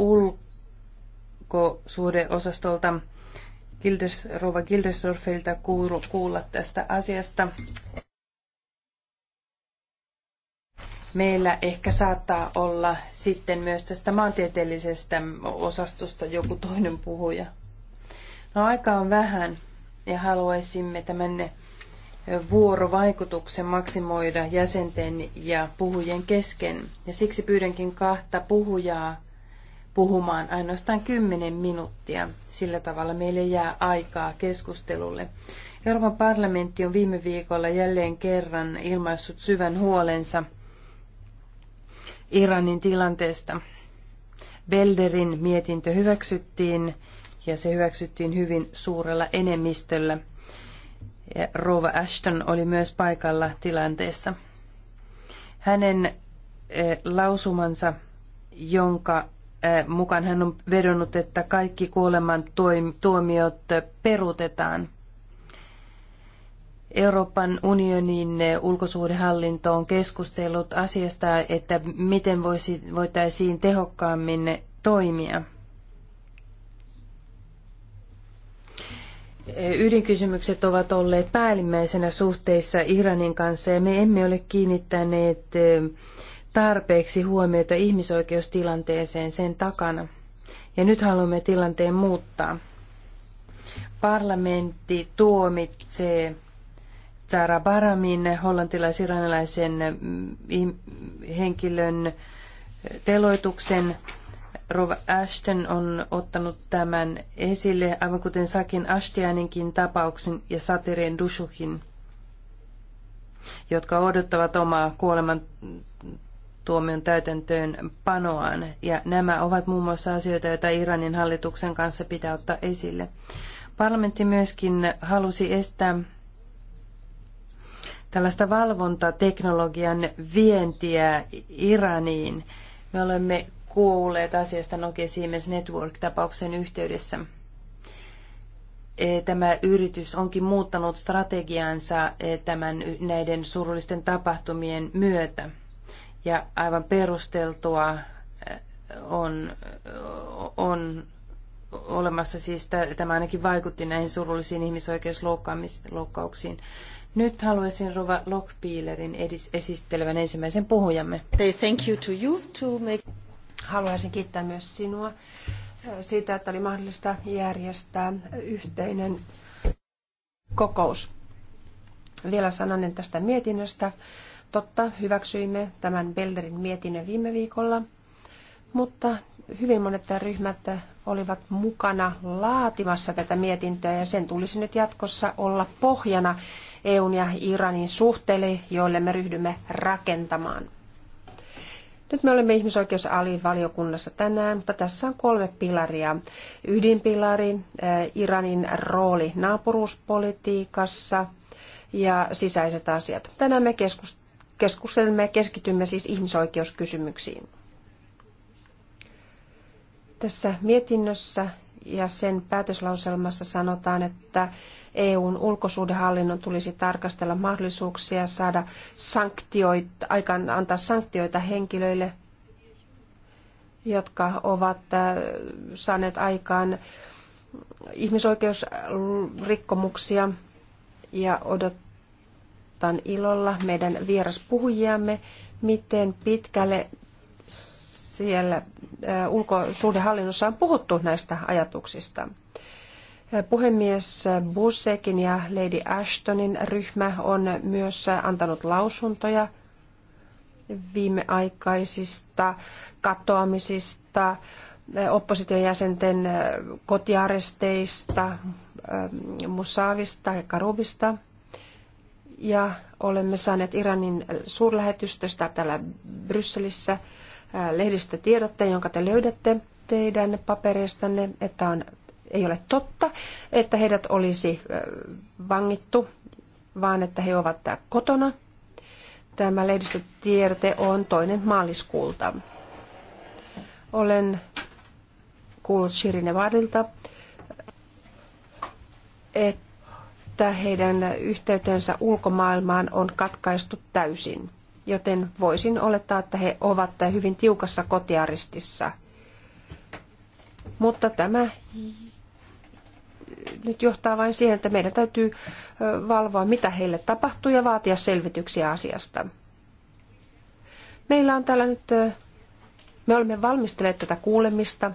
[SPEAKER 2] ulkosuhdeosastolta Gildes, Rova Gildesdorfilta kuulla tästä asiasta meillä ehkä saattaa olla sitten myös tästä maantieteellisestä osastosta joku toinen puhuja. No aika on vähän ja haluaisimme tämän eh, vuorovaikutuksen maksimoida jäsenten ja puhujien kesken. Ja siksi pyydänkin kahta puhujaa puhumaan ainoastaan 10 minuuttia. Sillä tavalla meille jää aikaa keskustelulle. Euroopan parlamentti on viime viikolla jälleen kerran ilmaissut syvän huolensa – Iranin tilanteesta. Belderin mietintö hyväksyttiin ja se hyväksyttiin hyvin suurella enemmistöllä. Ja Rova Ashton oli myös paikalla tilanteessa. Hänen eh, lausumansa, jonka eh, mukaan hän on vedonnut, että kaikki kuoleman tuomiot peruutetaan – Euroopan unionin ulkosuhdehallinto on keskustellut asiasta, että miten voisi, voitaisiin tehokkaammin toimia. Ydinkysymykset ovat olleet päällimmäisenä suhteissa Iranin kanssa ja me emme ole kiinnittäneet eh, tarpeeksi huomiota ihmisoikeustilanteeseen sen takana. Ja nyt haluamme tilanteen muuttaa. Parlamentti tuomitsee Tara Baramin, hollantilais-iranilaisen mm, henkilön eh, teloituksen. Rova Ashton on ottanut tämän esille, aivan kuten Sakin Ashtianinkin tapauksen ja Satirien Dushukin, jotka odottavat omaa kuoleman tuomion täytäntöön panoaan. Ja nämä ovat muun muassa asioita, joita Iranin hallituksen kanssa pitää ottaa esille. Parlamentti myöskin halusi estää tällaista valvontateknologian vientiä Iraniin. Me olemme kuulleet asiasta Nokia Siemens Network-tapauksen yhteydessä. E, tämä yritys onkin muuttanut strategiansa e, tämän, näiden surullisten tapahtumien myötä. Ja aivan perusteltua e, on, on olemassa siis, tämä ainakin vaikutti näihin surullisiin ihmisoikeusloukkauksiin. Nyt haluaisin Rova Lockpiilerin
[SPEAKER 3] esittelevän ensimmäisen puhujamme. Thank you to you to make... Haluaisin kiittää myös sinua äh, siitä, että oli mahdollista järjestää yhteinen kokous. Vielä sananen tästä mietinnöstä. Totta, hyväksyimme tämän Belderin mietinnön viime viikolla, mutta hyvin monet ryhmät olivat mukana laatimassa tätä mietintöä ja sen tulisi nyt jatkossa olla pohjana EUn ja Iranin suhteille, joille me ryhdymme rakentamaan. Nyt me olemme ihmisoikeusalivaliokunnassa tänään, mutta tässä on kolme pilaria. Ydinpilari, eh, Iranin rooli naapuruuspolitiikassa ja sisäiset asiat. Tänään me keskustelemme ja keskitymme siis ihmisoikeuskysymyksiin. Tässä mietinnössä ja sen päätöslauselmassa sanotaan, että EUn ulkosuhdehallinnon tulisi tarkastella mahdollisuuksia saada sanktioita, aikaan antaa sanktioita henkilöille, jotka ovat äh, saaneet aikaan ihmisoikeusrikkomuksia ja odotan ilolla meidän vieraspuhujiamme, miten pitkälle siellä äh, ulkosuhdehallinnossa on puhuttu näistä ajatuksista. Puhemies Bussekin ja Lady Ashtonin ryhmä on myös antanut lausuntoja viimeaikaisista katoamisista, opposition jäsenten kotiaresteista, Musaavista ja Karubista. Ja olemme saaneet Iranin suurlähetystöstä täällä Brysselissä lehdistötiedotteen, jonka te löydätte teidän paperistanne, että on ei ole totta, että heidät olisi vangittu, vaan että he ovat kotona. Tämä lehdistötiedote on toinen maaliskuulta. Olen kuullut Shirine Vadilta, että heidän yhteytensä ulkomaailmaan on katkaistu täysin, joten voisin olettaa, että he ovat hyvin tiukassa kotiaristissa. Mutta tämä nyt johtaa vain siihen, että meidän täytyy valvoa, mitä heille tapahtuu ja vaatia selvityksiä asiasta. Meillä on täällä nyt, me olemme valmistelleet tätä kuulemista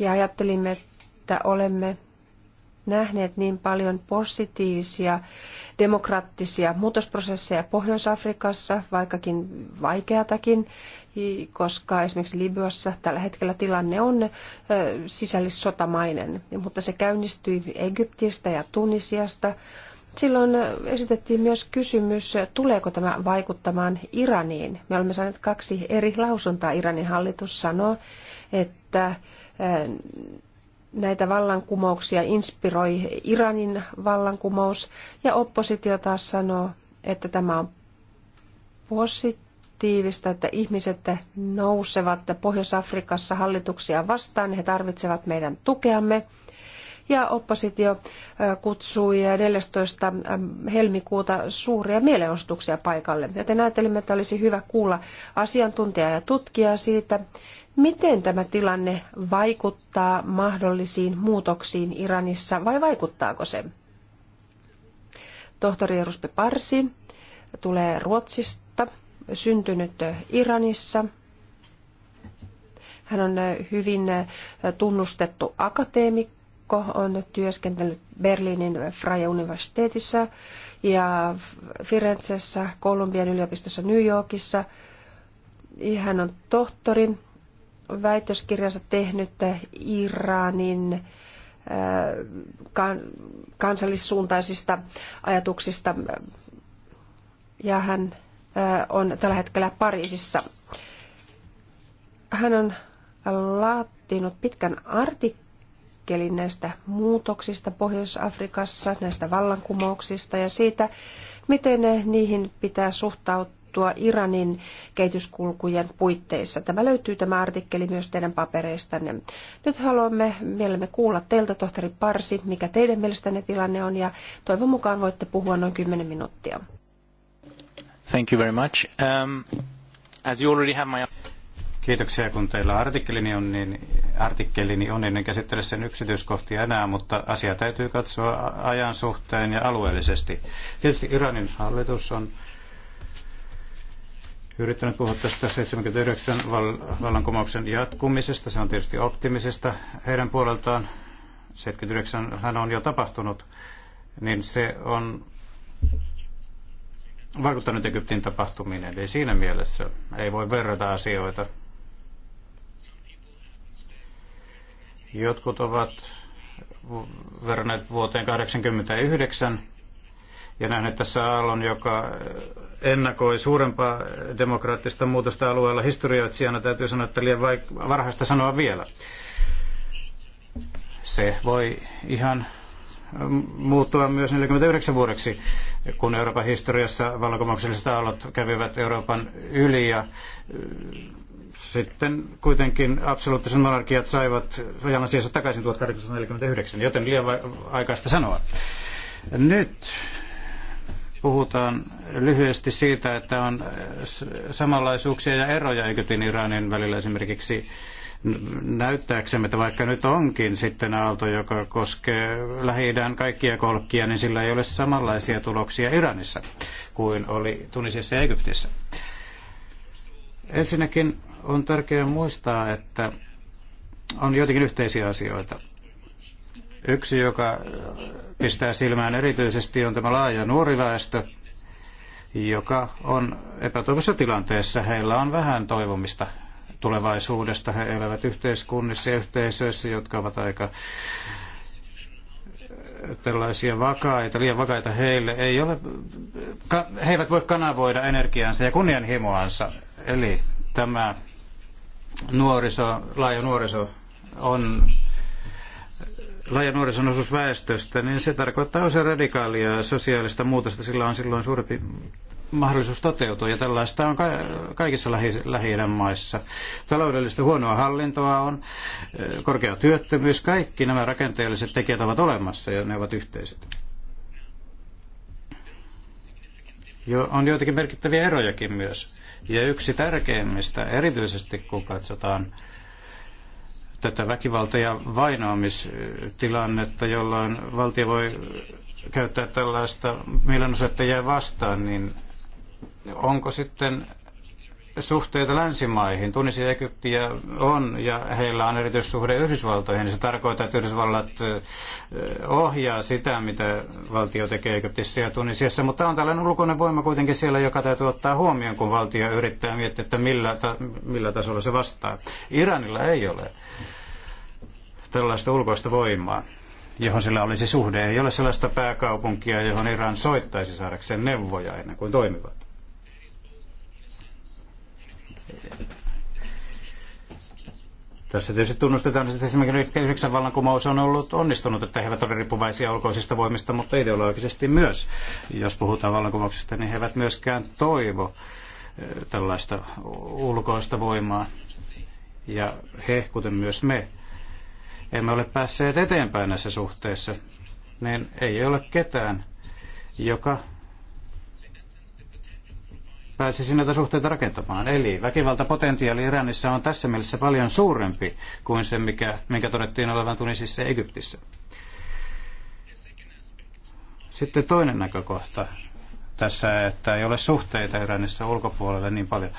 [SPEAKER 3] ja ajattelimme, että olemme nähneet niin paljon positiivisia demokraattisia muutosprosesseja Pohjois-Afrikassa, vaikkakin vaikeatakin, koska esimerkiksi Libyassa tällä hetkellä tilanne on sisällissotamainen, mutta se käynnistyi Egyptistä ja Tunisiasta. Silloin esitettiin myös kysymys, tuleeko tämä vaikuttamaan Iraniin. Me olemme saaneet kaksi eri lausuntaa. Iranin hallitus sanoo, että näitä vallankumouksia inspiroi Iranin vallankumous ja oppositio taas sanoo, että tämä on positiivista, että ihmiset nousevat Pohjois-Afrikassa hallituksia vastaan, he tarvitsevat meidän tukeamme. Ja oppositio kutsui 14. helmikuuta suuria mielenosoituksia paikalle. Joten ajattelimme, että olisi hyvä kuulla asiantuntijaa ja tutkijaa siitä, Miten tämä tilanne vaikuttaa mahdollisiin muutoksiin Iranissa vai vaikuttaako se? Tohtori Ruspe Parsi tulee Ruotsista, syntynyt Iranissa. Hän on hyvin tunnustettu akateemikko, on työskentellyt Berliinin Freie Universitetissa ja Firenzessä, Kolumbian yliopistossa New Yorkissa. Hän on tohtori väitöskirjansa tehnyt Iranin äh, kansallissuuntaisista ajatuksista ja hän äh, on tällä hetkellä Pariisissa. Hän on laatinut pitkän artikkelin näistä muutoksista Pohjois-Afrikassa, näistä vallankumouksista ja siitä, miten niihin pitää suhtautua puuttua Iranin kehityskulkujen puitteissa. Tämä löytyy tämä artikkeli myös teidän papereistanne. Nyt haluamme mielemme kuulla teiltä, tohtori Parsi, mikä teidän mielestänne tilanne on ja toivon mukaan voitte puhua noin 10 minuuttia.
[SPEAKER 1] Thank you very much. Um, as you already have my... Kiitoksia, kun teillä artikkelini on, niin artikkelini on, niin en käsittele sen yksityiskohtia enää, mutta asia täytyy katsoa ajan suhteen ja alueellisesti. Tietysti Iranin hallitus on yrittänyt puhua tästä 79 vallankumouksen jatkumisesta. Se on tietysti optimisesta heidän puoleltaan. 79 hän on jo tapahtunut, niin se on vaikuttanut Egyptin tapahtumiin. Eli siinä mielessä ei voi verrata asioita. Jotkut ovat verranneet vuoteen 1989 ja nähnyt tässä aallon, joka ennakoi suurempaa demokraattista muutosta alueella historioitsijana. Täytyy sanoa, että liian vaik- varhaista sanoa vielä. Se voi ihan muuttua myös 49 vuodeksi, kun Euroopan historiassa vallankumoukselliset aallot kävivät Euroopan yli ja sitten kuitenkin absoluuttiset monarkiat saivat jalan siis takaisin 1849, joten liian aikaista sanoa. Nyt puhutaan lyhyesti siitä, että on samanlaisuuksia ja eroja Egyptin Iranin välillä esimerkiksi näyttääksemme, että vaikka nyt onkin sitten aalto, joka koskee lähi kaikkia kolkkia, niin sillä ei ole samanlaisia tuloksia Iranissa kuin oli Tunisiassa ja Egyptissä. Ensinnäkin on tärkeää muistaa, että on joitakin yhteisiä asioita. Yksi, joka pistää silmään erityisesti, on tämä laaja nuori väestö, joka on epätoivossa tilanteessa. Heillä on vähän toivomista tulevaisuudesta. He elävät yhteiskunnissa ja yhteisöissä, jotka ovat aika äh, tällaisia vakaita, liian vakaita heille. Ei ole, he eivät voi kanavoida energiaansa ja kunnianhimoansa. Eli tämä nuoriso, laaja nuoriso on laaja nuorison osuus väestöstä, niin se tarkoittaa osa radikaalia sosiaalista muutosta. Sillä on silloin suurempi mahdollisuus toteutua, ja tällaista on kaikissa lähi maissa. Taloudellista huonoa hallintoa on, korkea työttömyys, kaikki nämä rakenteelliset tekijät ovat olemassa, ja ne ovat yhteiset. Jo, on joitakin merkittäviä erojakin myös. Ja yksi tärkeimmistä, erityisesti kun katsotaan tätä väkivalta- ja vainoamistilannetta, jolloin valtio voi käyttää tällaista mielenosoittajia vastaan, niin onko sitten suhteita länsimaihin. Tunisi ja Egyptiä on ja heillä on erityissuhde Yhdysvaltoihin. Se tarkoittaa, että Yhdysvallat ohjaa sitä, mitä valtio tekee Egyptissä ja Tunisiassa. Mutta on tällainen ulkoinen voima kuitenkin siellä, joka täytyy ottaa huomioon, kun valtio yrittää miettiä, että millä, ta- millä tasolla se vastaa. Iranilla ei ole tällaista ulkoista voimaa johon sillä olisi suhde. Ei ole sellaista pääkaupunkia, johon Iran soittaisi saadakseen neuvoja ennen kuin toimivat. Tässä tietysti tunnustetaan, että esimerkiksi yhdeksän vallankumous on ollut onnistunut, että he eivät ole riippuvaisia ulkoisista voimista, mutta ideologisesti myös. Jos puhutaan vallankumouksista, niin he eivät myöskään toivo tällaista ulkoista voimaa. Ja he, kuten myös me, emme ole päässeet eteenpäin näissä suhteissa, niin ei ole ketään, joka pääsisi näitä suhteita rakentamaan. Eli väkivaltapotentiaali Iranissa on tässä mielessä paljon suurempi kuin se, mikä, minkä todettiin olevan Tunisissa ja Egyptissä. Sitten toinen näkökohta tässä, että ei ole suhteita Iranissa ulkopuolelle niin paljon.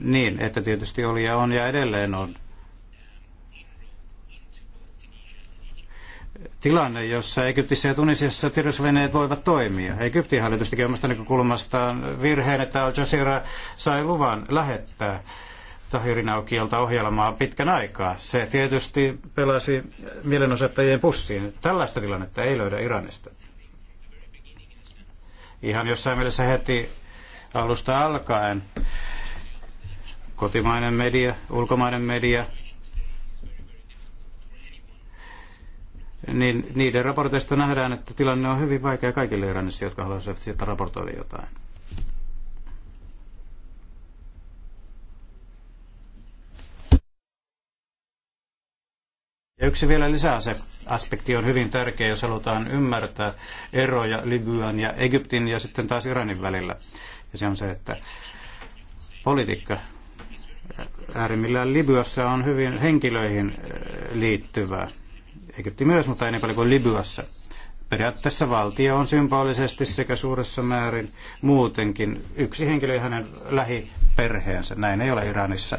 [SPEAKER 1] Niin, että tietysti oli ja on ja edelleen on tilanne, jossa Egyptissä ja Tunisiassa tiedotusveneet voivat toimia. Egyptin hallitus teki omasta näkökulmastaan virheen, että Al Jazeera sai luvan lähettää Tahirin aukiolta ohjelmaa pitkän aikaa. Se tietysti pelasi mielenosoittajien pussiin. Tällaista tilannetta ei löydä Iranista. Ihan jossain mielessä heti alusta alkaen kotimainen media, ulkomainen media, niin niiden raporteista nähdään, että tilanne on hyvin vaikea kaikille Iranissa, jotka haluaisivat sieltä raportoida jotain. Ja yksi vielä lisäaspekti on hyvin tärkeä, jos halutaan ymmärtää eroja Libyan ja Egyptin ja sitten taas Iranin välillä. Ja se on se, että politiikka äärimmillään Libyassa on hyvin henkilöihin eh, liittyvää. Egypti myös, mutta ei niin paljon kuin Libyassa. Periaatteessa valtio on symbolisesti sekä suuressa määrin muutenkin yksi henkilö ja hänen lähiperheensä. Näin ei ole Iranissa.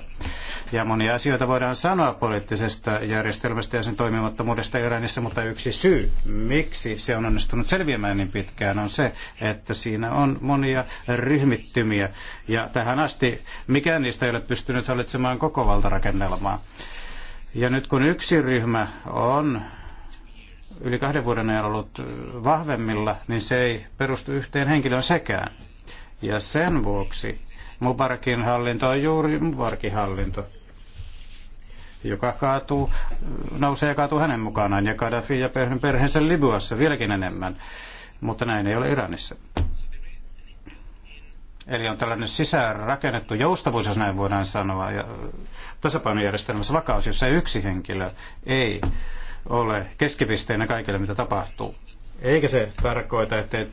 [SPEAKER 1] Ja monia asioita voidaan sanoa poliittisesta järjestelmästä ja sen toimimattomuudesta Iranissa, mutta yksi syy, miksi se on onnistunut selviämään niin pitkään, on se, että siinä on monia ryhmittymiä. Ja tähän asti mikään niistä ei ole pystynyt hallitsemaan koko valtarakennelmaa. Ja nyt kun yksi ryhmä on yli kahden vuoden ajan ollut vahvemmilla, niin se ei perustu yhteen henkilöön sekään. Ja sen vuoksi Mubarakin hallinto on juuri Mubarakin hallinto, joka kaatuu, nousee ja kaatuu hänen mukanaan, ja Gaddafi ja perheensä Libyassa vieläkin enemmän. Mutta näin ei ole Iranissa. Eli on tällainen sisäänrakennettu joustavuus, jos näin voidaan sanoa, ja tasapainojärjestelmässä vakaus, jossa yksi henkilö ei ole keskipisteenä kaikille, mitä tapahtuu. Eikä se tarkoita, että äh,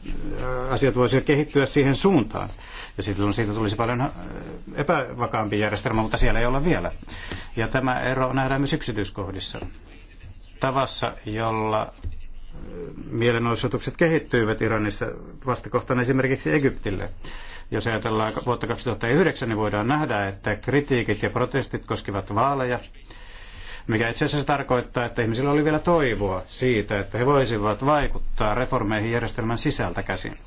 [SPEAKER 1] asiat voisivat kehittyä siihen suuntaan. Ja silloin siitä tulisi paljon äh, epävakaampi järjestelmä, mutta siellä ei olla vielä. Ja tämä ero nähdään myös yksityiskohdissa. Tavassa, jolla äh, mielenosoitukset kehittyivät Iranissa vastakohtana esimerkiksi Egyptille. Jos ajatellaan vuotta 2009, niin voidaan nähdä, että kritiikit ja protestit koskivat vaaleja, mikä itse asiassa tarkoittaa, että ihmisillä oli vielä toivoa siitä, että he voisivat vaikuttaa reformeihin järjestelmän sisältä käsin.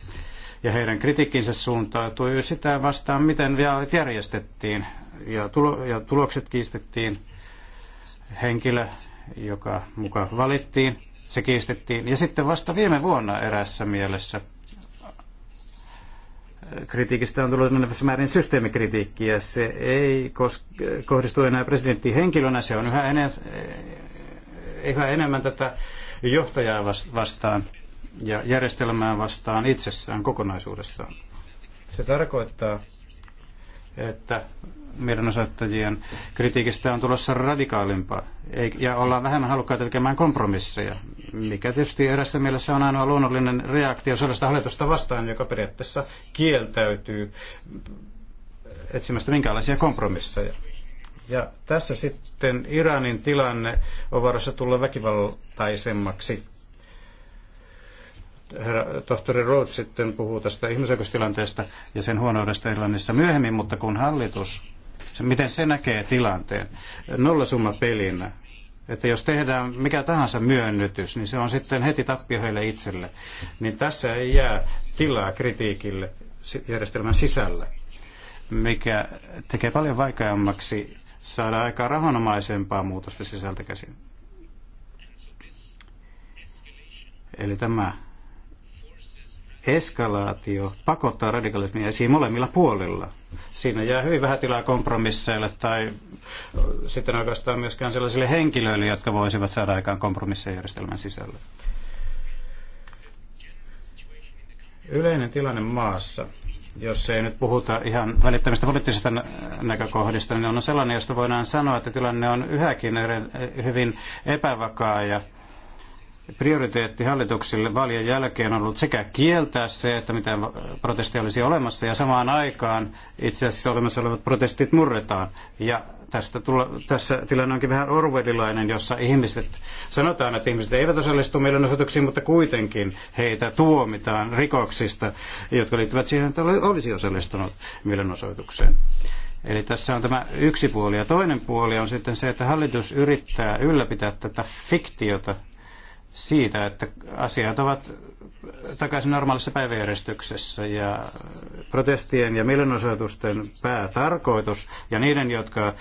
[SPEAKER 1] Ja heidän kritiikkinsä suuntautui sitä vastaan, miten vaalit järjestettiin ja, tulo, ja tulokset kiistettiin. Henkilö, joka mukaan valittiin, se kiistettiin. Ja sitten vasta viime vuonna erässä mielessä kritiikistä on tullut enenevässä määrin systeemikritiikkiä. Se ei kohdistu enää presidenttiin henkilönä, se on yhä, ene- yhä enemmän tätä johtajaa vastaan ja järjestelmää vastaan itsessään kokonaisuudessaan. Se tarkoittaa, että mielenosoittajien kritiikistä on tulossa radikaalimpaa ja ollaan vähemmän halukkaita tekemään kompromisseja, mikä tietysti erässä mielessä on ainoa luonnollinen reaktio sellaista hallitusta vastaan, joka periaatteessa kieltäytyy etsimästä minkäänlaisia kompromisseja. Ja tässä sitten Iranin tilanne on varassa tulla väkivaltaisemmaksi herra tohtori Roth sitten puhuu tästä ihmisoikeustilanteesta ja sen huonoudesta Irlannissa myöhemmin, mutta kun hallitus, se, miten se näkee tilanteen nollasumma pelinä, että jos tehdään mikä tahansa myönnytys, niin se on sitten heti tappio heille itselle. Niin tässä ei jää tilaa kritiikille järjestelmän sisällä, mikä tekee paljon vaikeammaksi saada aika rahanomaisempaa muutosta sisältä käsin. Eli tämä eskalaatio pakottaa radikalismia esiin molemmilla puolilla. Siinä jää hyvin vähän tilaa kompromisseille tai sitten oikeastaan myöskään sellaisille henkilöille, jotka voisivat saada aikaan kompromissejärjestelmän sisällä. Yleinen tilanne maassa, jos ei nyt puhuta ihan välittömistä poliittisista näkökohdista, niin on sellainen, josta voidaan sanoa, että tilanne on yhäkin hyvin epävakaa ja prioriteetti hallituksille vaalien jälkeen on ollut sekä kieltää se, että mitään protesteja olisi olemassa, ja samaan aikaan itse asiassa olemassa olevat protestit murretaan. Ja tästä tulla, tässä tilanne onkin vähän orwellilainen, jossa ihmiset, sanotaan, että ihmiset eivät osallistu mielenosoituksiin, mutta kuitenkin heitä tuomitaan rikoksista, jotka liittyvät siihen, että olisi osallistunut mielenosoitukseen. Eli tässä on tämä yksi puoli. Ja toinen puoli on sitten se, että hallitus yrittää ylläpitää tätä fiktiota, siitä, että asiat ovat takaisin normaalissa päiväjärjestyksessä ja protestien ja mielenosoitusten päätarkoitus ja niiden, jotka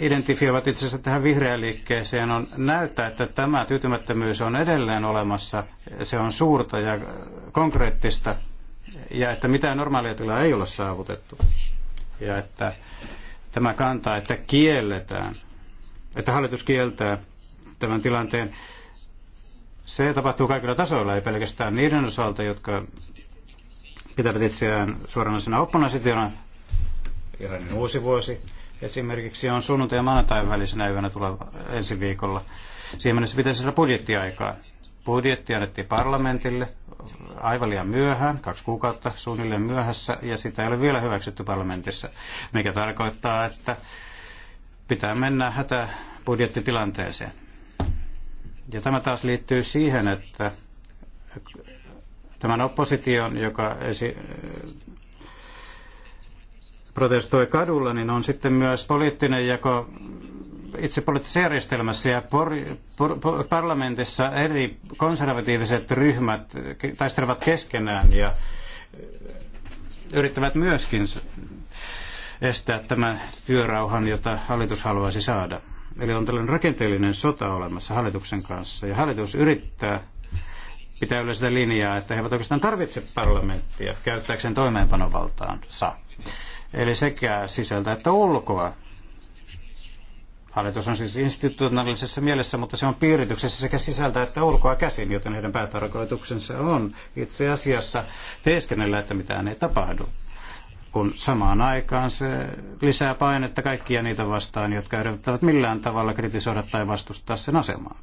[SPEAKER 1] identifioivat asiassa tähän vihreään liikkeeseen, on näyttää, että tämä tyytymättömyys on edelleen olemassa. Se on suurta ja konkreettista ja että mitään normaalia tilaa ei ole saavutettu. Ja että tämä kantaa, että kielletään, että hallitus kieltää tämän tilanteen. Se tapahtuu kaikilla tasoilla, ei pelkästään niiden osalta, jotka pitävät itseään suoranaisena opponaisitiona. Iranin uusi vuosi esimerkiksi on sunnuntai ja maanantain välisenä yönä tuleva ensi viikolla. Siihen mennessä pitäisi saada budjettiaikaa. Budjetti annettiin parlamentille aivan liian myöhään, kaksi kuukautta suunnilleen myöhässä, ja sitä ei ole vielä hyväksytty parlamentissa, mikä tarkoittaa, että pitää mennä hätä budjettitilanteeseen. Ja tämä taas liittyy siihen, että tämän opposition, joka esi- protestoi kadulla, niin on sitten myös poliittinen jako itse poliittisessa järjestelmässä ja parlamentissa eri konservatiiviset ryhmät taistelevat keskenään ja yrittävät myöskin estää tämän työrauhan, jota hallitus haluaisi saada. Eli on tällainen rakenteellinen sota olemassa hallituksen kanssa. Ja hallitus yrittää pitää yllä sitä linjaa, että he eivät oikeastaan tarvitse parlamenttia käyttääkseen toimeenpanovaltaansa. Eli sekä sisältä että ulkoa. Hallitus on siis institutionaalisessa mielessä, mutta se on piirityksessä sekä sisältä että ulkoa käsin, joten heidän päätarkoituksensa on itse asiassa teeskennellä, että mitään ei tapahdu kun samaan aikaan se lisää painetta kaikkia niitä vastaan, jotka yrittävät millään tavalla kritisoida tai vastustaa sen asemaa.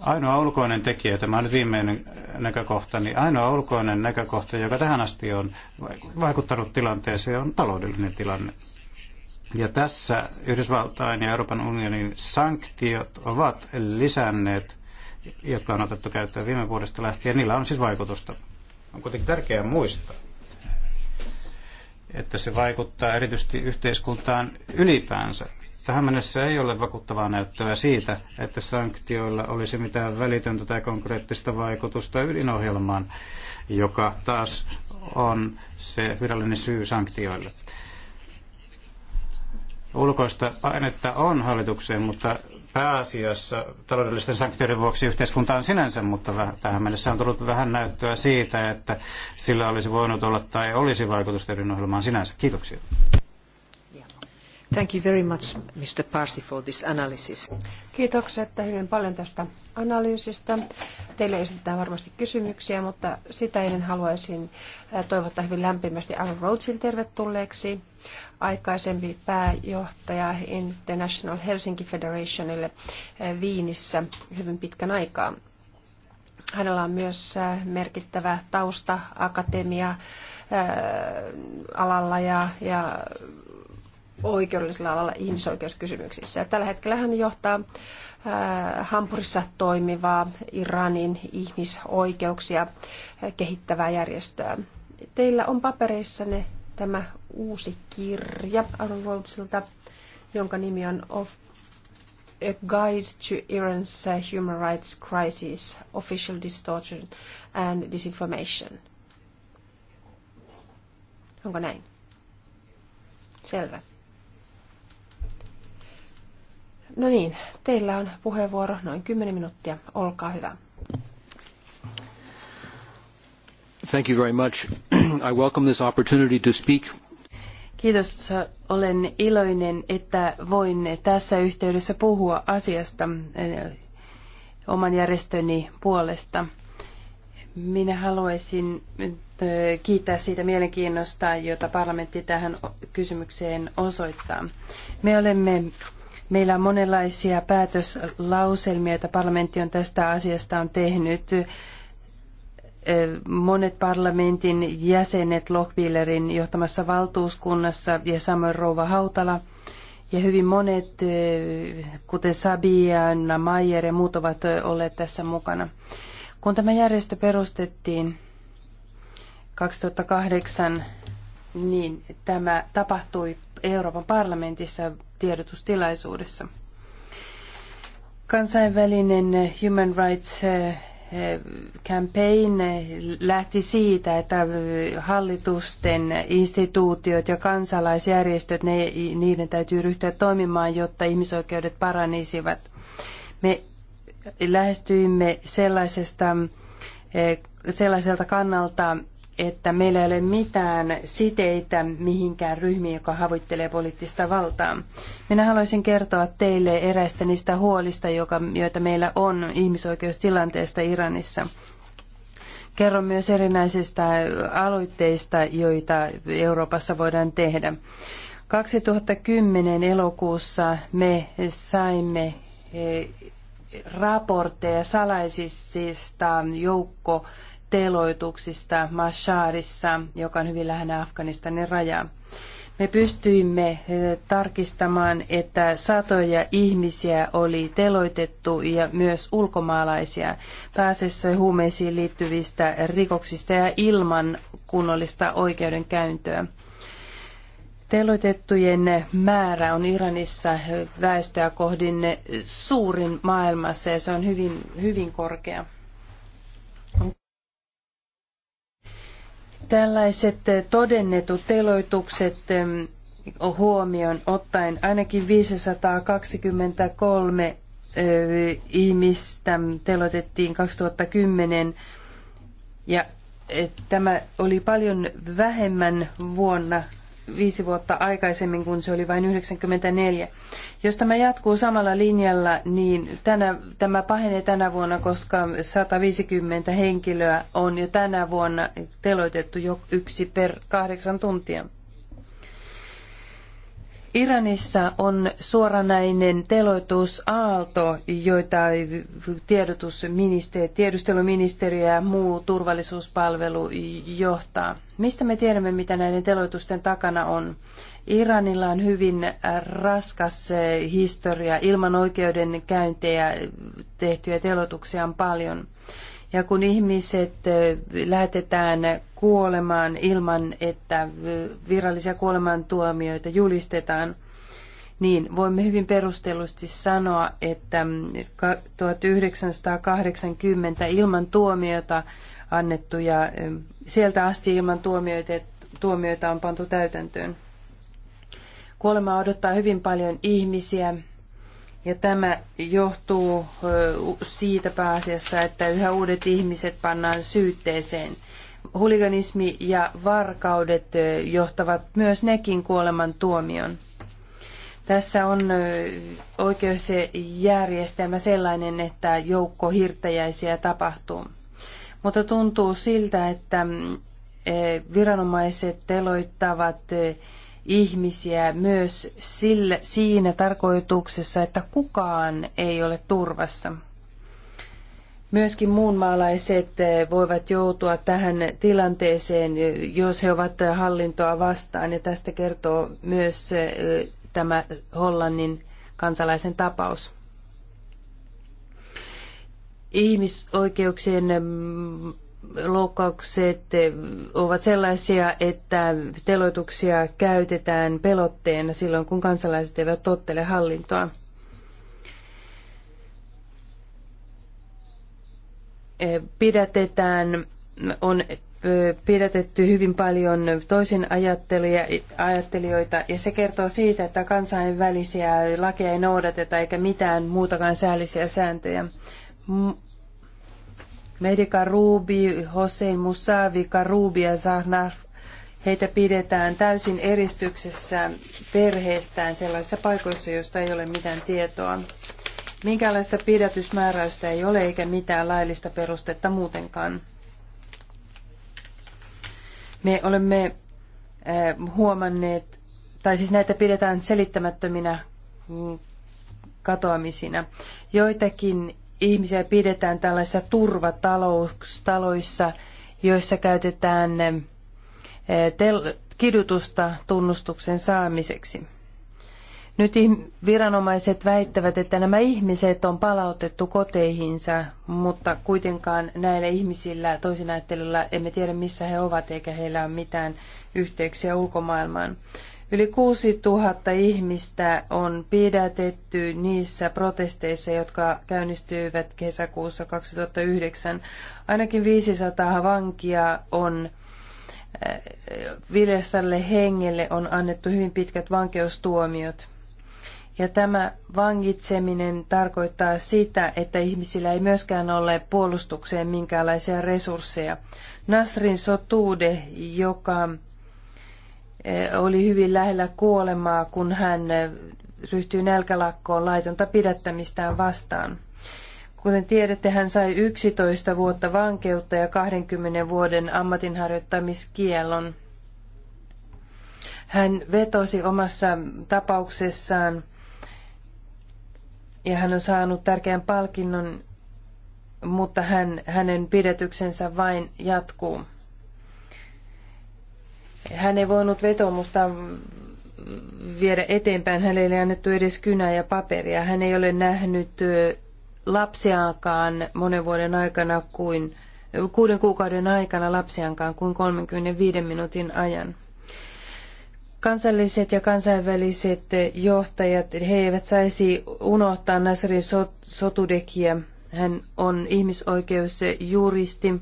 [SPEAKER 1] Ainoa ulkoinen tekijä, tämä on nyt viimeinen näkökohta, niin ainoa ulkoinen näkökohta, joka tähän asti on vaikuttanut tilanteeseen, on taloudellinen tilanne. Ja tässä Yhdysvaltain ja Euroopan unionin sanktiot ovat lisänneet, jotka on otettu käyttöön viime vuodesta lähtien, niillä on siis vaikutusta. On kuitenkin tärkeää muistaa, että se vaikuttaa erityisesti yhteiskuntaan ylipäänsä. Tähän mennessä ei ole vakuuttavaa näyttöä siitä, että sanktioilla olisi mitään välitöntä tai konkreettista vaikutusta ydinohjelmaan, joka taas on se virallinen syy sanktioille. Ulkoista painetta on hallitukseen, mutta pääasiassa taloudellisten sanktioiden vuoksi yhteiskuntaan sinänsä, mutta tähän mennessä on tullut vähän näyttöä siitä, että sillä olisi voinut olla tai olisi vaikutusta ydinohjelmaan sinänsä. Kiitoksia.
[SPEAKER 3] Thank you very much, Mr. Parsi, for this analysis. hyvin paljon tästä analyysistä. Teille esitetään varmasti kysymyksiä, mutta sitä ennen haluaisin äh, toivottaa hyvin lämpimästi Aaron Rhodesin tervetulleeksi, aikaisempi pääjohtaja International Helsinki Federationille äh, Viinissä hyvin pitkän aikaa. Hänellä on myös äh, merkittävä tausta akatemia alalla ja, ja oikeudellisella alalla ihmisoikeuskysymyksissä. Ja tällä hetkellä hän johtaa Hampurissa toimivaa Iranin ihmisoikeuksia kehittävää järjestöä. Teillä on papereissanne tämä uusi kirja Aaron Rhodesilta, jonka nimi on Of A Guide to Iran's Human Rights Crisis, Official Distortion and Disinformation. Onko näin? Selvä. No niin, teillä on puheenvuoro noin 10 minuuttia. Olkaa hyvä.
[SPEAKER 1] Thank you very much. [CLEARS THROAT] I welcome this opportunity to speak.
[SPEAKER 2] Kiitos. Olen iloinen, että voin tässä yhteydessä puhua asiasta eh, oman järjestöni puolesta. Minä haluaisin eh, kiittää siitä mielenkiinnosta, jota parlamentti tähän kysymykseen osoittaa. Me olemme Meillä on monenlaisia päätöslauselmia, joita parlamentti on tästä asiasta on tehnyt. Monet parlamentin jäsenet Lochbillerin johtamassa valtuuskunnassa ja samoin Rouva Hautala. Ja hyvin monet, kuten Sabia, Anna Mayer ja muut ovat olleet tässä mukana. Kun tämä järjestö perustettiin 2008, niin tämä tapahtui Euroopan parlamentissa tiedotustilaisuudessa. Kansainvälinen Human Rights eh, campaign lähti siitä, että hallitusten, instituutiot ja kansalaisjärjestöt, ne, niiden täytyy ryhtyä toimimaan, jotta ihmisoikeudet paranisivat. Me lähestyimme sellaisesta, eh, sellaiselta kannalta, että meillä ei ole mitään siteitä mihinkään ryhmiin, joka havoittelee poliittista valtaa. Minä haluaisin kertoa teille eräistä niistä huolista, joka, joita meillä on ihmisoikeustilanteesta Iranissa. Kerron myös erinäisistä aloitteista, joita Euroopassa voidaan tehdä. 2010 elokuussa me saimme eh, raportteja salaisista joukko teloituksista Mashadissa, joka on hyvin lähellä Afganistanin rajaa. Me pystyimme eh, tarkistamaan, että satoja ihmisiä oli teloitettu ja myös ulkomaalaisia pääsessä huumeisiin liittyvistä rikoksista ja ilman kunnollista oikeudenkäyntöä. Teloitettujen määrä on Iranissa eh, väestöä kohdin suurin maailmassa ja se on hyvin, hyvin korkea. Tällaiset eh, todennetut teloitukset huomioon ottaen ainakin 523 eh, ihmistä teloitettiin 2010 ja eh, tämä oli paljon vähemmän vuonna viisi vuotta aikaisemmin, kun se oli vain 94. Jos tämä jatkuu samalla linjalla, niin tänä, tämä pahenee tänä vuonna, koska 150 henkilöä on jo tänä vuonna teloitettu jo yksi per kahdeksan tuntia. Iranissa on suoranainen teloitusaalto, joita tiedusteluministeriö ja muu turvallisuuspalvelu johtaa. Mistä me tiedämme, mitä näiden teloitusten takana on? Iranilla on hyvin raskas eh, historia. Ilman oikeudenkäyntejä tehtyjä teloituksia on paljon. Ja kun ihmiset lähetetään kuolemaan ilman, että virallisia kuolemantuomioita julistetaan, niin voimme hyvin perustellusti sanoa, että 1980 mm, ilman tuomiota annettuja, sieltä asti ilman tuomioita, tuomioita on pantu täytäntöön. Kuolema odottaa hyvin paljon ihmisiä ja tämä johtuu siitä pääasiassa, että yhä uudet ihmiset pannaan syytteeseen. Huliganismi ja varkaudet johtavat myös nekin kuoleman tuomion. Tässä on oikeusjärjestelmä sellainen, että joukko hirttäjäisiä tapahtuu. Mutta tuntuu siltä, että mm, viranomaiset teloittavat ihmisiä myös siinä tarkoituksessa, että kukaan ei ole turvassa. Myöskin muunmaalaiset eh, voivat joutua tähän tilanteeseen, jos he ovat hallintoa vastaan, ja tästä kertoo myös eh, tämä Hollannin kansalaisen
[SPEAKER 3] tapaus.
[SPEAKER 2] Ihmisoikeuksien mm, loukkaukset ovat sellaisia, että teloituksia käytetään pelotteena silloin, kun kansalaiset eivät tottele hallintoa. Pidätetään, on pidätetty hyvin paljon toisin ajattelijoita ja se kertoo siitä, että kansainvälisiä lakeja ei noudateta eikä mitään muutakaan säällisiä sääntöjä Mehdi Karubi, Hossein Musavi, Karubi ja Zahnaf, heitä pidetään täysin eristyksessä perheestään sellaisissa paikoissa, joista ei ole mitään tietoa. Minkäänlaista pidätysmääräystä ei ole eikä mitään laillista perustetta muutenkaan. Me olemme eh, huomanneet, tai siis näitä pidetään selittämättöminä mm, katoamisina. Joitakin ihmisiä pidetään tällaisissa turvataloissa, joissa käytetään eh, kidutusta tunnustuksen saamiseksi. Nyt viranomaiset väittävät, että nämä ihmiset on palautettu koteihinsa, mutta kuitenkaan näillä ihmisillä, toisin emme tiedä missä he ovat, eikä heillä ole mitään yhteyksiä ulkomaailmaan. Yli 6000 ihmistä on pidätetty niissä protesteissa, jotka käynnistyivät kesäkuussa 2009. Ainakin 500 vankia on eh, viljastalle hengelle on annettu hyvin pitkät vankeustuomiot. Ja tämä vangitseminen tarkoittaa sitä, että ihmisillä ei myöskään ole puolustukseen minkäänlaisia resursseja. Nasrin Sotude, joka Eh, oli hyvin lähellä kuolemaa, kun hän eh, ryhtyi nälkälakkoon laitonta pidättämistään vastaan. Kuten tiedätte, hän sai 11 vuotta vankeutta ja 20 vuoden ammatinharjoittamiskielon. Hän vetosi omassa tapauksessaan ja hän on saanut tärkeän palkinnon, mutta hän, hänen pidätyksensä vain jatkuu. Hän ei voinut vetomusta viedä eteenpäin. Hänelle ei annettu edes kynää ja paperia. Hän ei ole nähnyt lapsiaankaan monen vuoden aikana kuin kuuden kuukauden aikana lapsiankaan kuin 35 minuutin ajan. Kansalliset ja kansainväliset johtajat, he eivät saisi unohtaa Nasrin Sotudekia. Hän on ihmisoikeusjuristi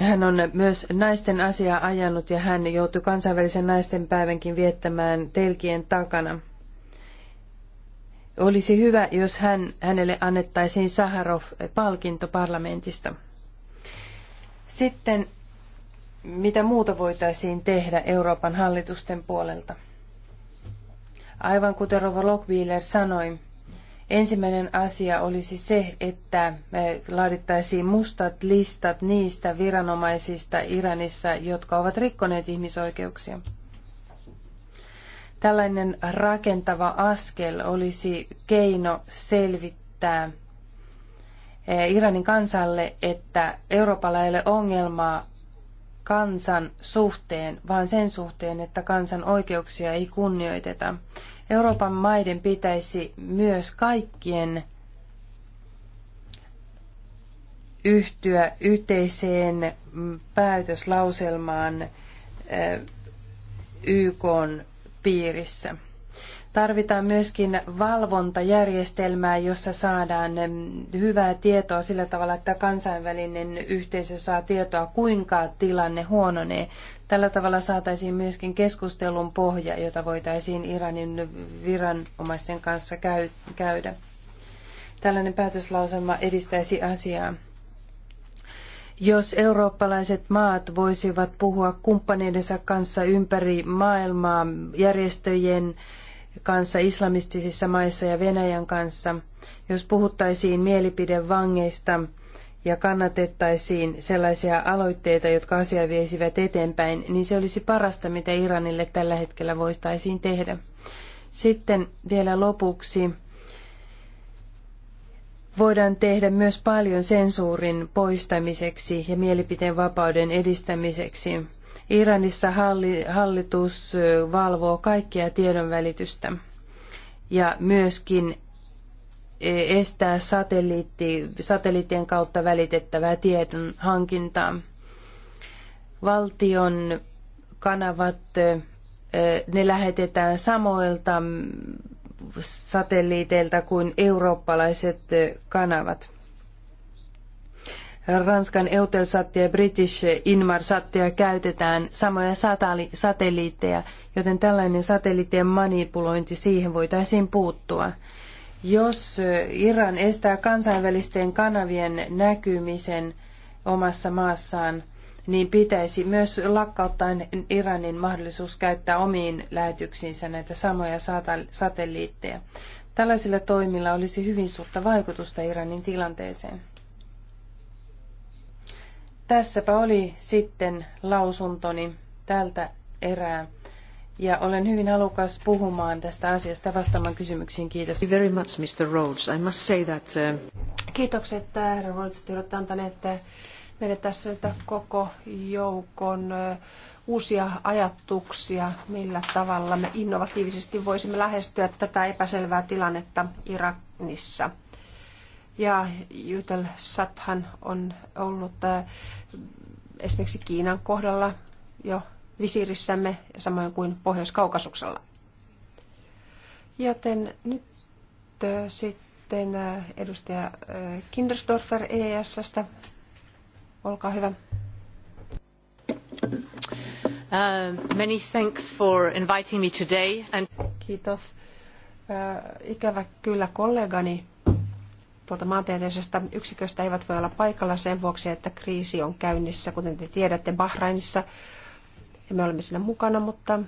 [SPEAKER 2] Hän on myös naisten asiaa ajanut ja hän joutui kansainvälisen naisten päivänkin viettämään telkien takana. Olisi hyvä, jos hän, hänelle annettaisiin Saharov-palkinto parlamentista. Sitten, mitä muuta voitaisiin tehdä Euroopan hallitusten puolelta? Aivan kuten Rova Lockwheeler sanoi, Ensimmäinen asia olisi se, että eh, laadittaisiin mustat listat niistä viranomaisista Iranissa, jotka ovat rikkoneet ihmisoikeuksia. Tällainen rakentava askel olisi keino selvittää eh, Iranin kansalle, että Euroopalla ei ole ongelmaa kansan suhteen, vaan sen suhteen, että kansan oikeuksia ei kunnioiteta. Euroopan maiden pitäisi myös kaikkien yhtyä yhteiseen päätöslauselmaan eh, YK piirissä. Tarvitaan myöskin valvontajärjestelmää, jossa saadaan eh, hyvää tietoa sillä tavalla, että kansainvälinen yhteisö saa tietoa, kuinka tilanne huononee. Tällä tavalla saataisiin myöskin keskustelun pohja, jota voitaisiin Iranin viranomaisten kanssa käydä. Tällainen päätöslauselma edistäisi asiaa. Jos eurooppalaiset maat voisivat puhua kumppaneidensa kanssa ympäri maailmaa järjestöjen kanssa islamistisissa maissa ja Venäjän kanssa, jos puhuttaisiin mielipidevangeista, ja kannatettaisiin sellaisia aloitteita, jotka asiaa viesivät eteenpäin, niin se olisi parasta, mitä Iranille tällä hetkellä voitaisiin tehdä. Sitten vielä lopuksi voidaan tehdä myös paljon sensuurin poistamiseksi ja mielipiteen vapauden edistämiseksi. Iranissa hallitus valvoo kaikkea tiedonvälitystä ja myöskin estää satelliitti, satelliittien kautta välitettävää tiedon hankintaa. Valtion kanavat, ne lähetetään samoilta satelliiteilta kuin eurooppalaiset kanavat. Ranskan Eutelsat ja British Inmarsattia käytetään samoja satelliitteja, joten tällainen satelliittien manipulointi, siihen voitaisiin puuttua. Jos Iran estää kansainvälisten kanavien näkymisen omassa maassaan, niin pitäisi myös lakkauttaa Iranin mahdollisuus käyttää omiin lähetyksiinsä näitä samoja satelliitteja. Tällaisilla toimilla olisi hyvin suurta vaikutusta Iranin tilanteeseen. Tässäpä oli sitten
[SPEAKER 3] lausuntoni
[SPEAKER 2] tältä erää ja olen hyvin halukas puhumaan tästä asiasta vastaamaan kysymyksiin. Kiitos.
[SPEAKER 3] Very much, Mr. Rhodes. I must say that, uh... Kiitokset, uh, herra Rhodes, että olette antaneet uh, meille tässä nyt koko joukon uh, uusia ajatuksia, millä tavalla me innovatiivisesti voisimme lähestyä tätä epäselvää tilannetta Irakissa. Ja Jutel Sathan on ollut esimerkiksi Kiinan kohdalla jo visiirissämme, samoin kuin Pohjois-Kaukasuksella. Joten nyt äh, sitten äh, edustaja äh, Kindersdorfer EESstä. Olkaa hyvä. Uh, many thanks for inviting me today. And... Kiitos. Uh, ikävä kyllä kollegani tuolta maantieteisestä yksiköstä eivät voi olla paikalla sen vuoksi, että kriisi on käynnissä, kuten te tiedätte, Bahrainissa. Uh, ja me olemme siinä mukana, mutta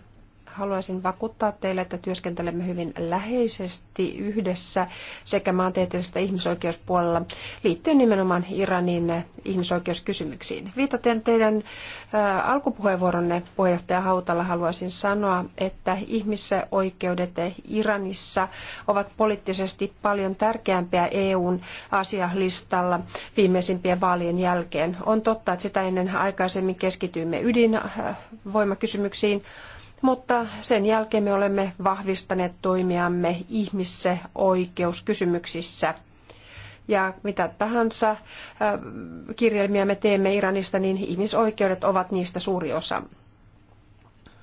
[SPEAKER 3] haluaisin vakuuttaa teille, että työskentelemme hyvin läheisesti yhdessä sekä maantieteellisestä ihmisoikeuspuolella liittyen nimenomaan Iranin ihmisoikeuskysymyksiin. Viitaten teidän alkupuheenvuoronne puheenjohtaja Hautala haluaisin sanoa, että ihmisoikeudet Iranissa ovat poliittisesti paljon tärkeämpiä EUn asialistalla viimeisimpien vaalien jälkeen. On totta, että sitä ennen aikaisemmin keskityimme ydinvoimakysymyksiin, mutta sen jälkeen me olemme vahvistaneet toimiamme oikeuskysymyksissä Ja mitä tahansa äh, kirjelmiä me teemme Iranista, niin ihmisoikeudet ovat niistä suuri osa.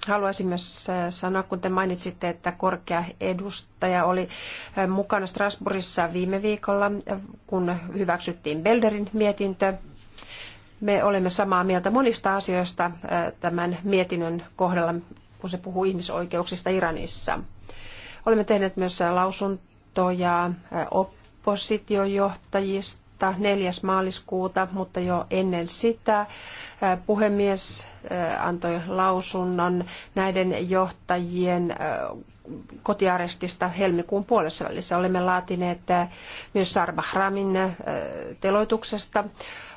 [SPEAKER 3] Haluaisin myös äh, sanoa, kun te mainitsitte, että korkea edustaja oli äh, mukana Strasbourgissa viime viikolla, kun hyväksyttiin Belderin mietintö. Me olemme samaa mieltä monista asioista tämän mietinnön kohdalla kun se puhuu ihmisoikeuksista Iranissa. Olemme tehneet myös lausuntoja oppositiojohtajista 4. maaliskuuta, mutta jo ennen sitä puhemies antoi lausunnon näiden johtajien kotiarestista helmikuun puolessa välissä. Olemme laatineet myös Sarbahramin teloituksesta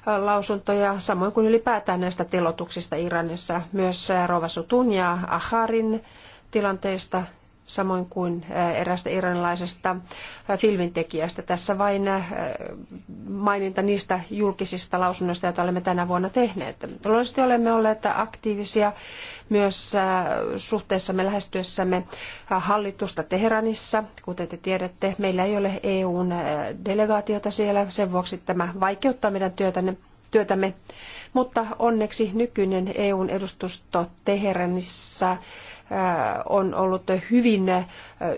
[SPEAKER 3] lausuntoja, samoin kuin ylipäätään näistä telotuksista Iranissa, myös Rova Sutun ja Aharin tilanteesta samoin kuin erästä iranilaisesta filmintekijästä. Tässä vain maininta niistä julkisista lausunnoista, joita olemme tänä vuonna tehneet. Luonnollisesti olemme olleet aktiivisia myös suhteessamme lähestyessämme hallitusta Teheranissa. Kuten te tiedätte, meillä ei ole EUn delegaatiota siellä, sen vuoksi tämä vaikeuttaa meidän työtänne työtämme, mutta onneksi nykyinen EUn edustusto Teheranissa on ollut hyvin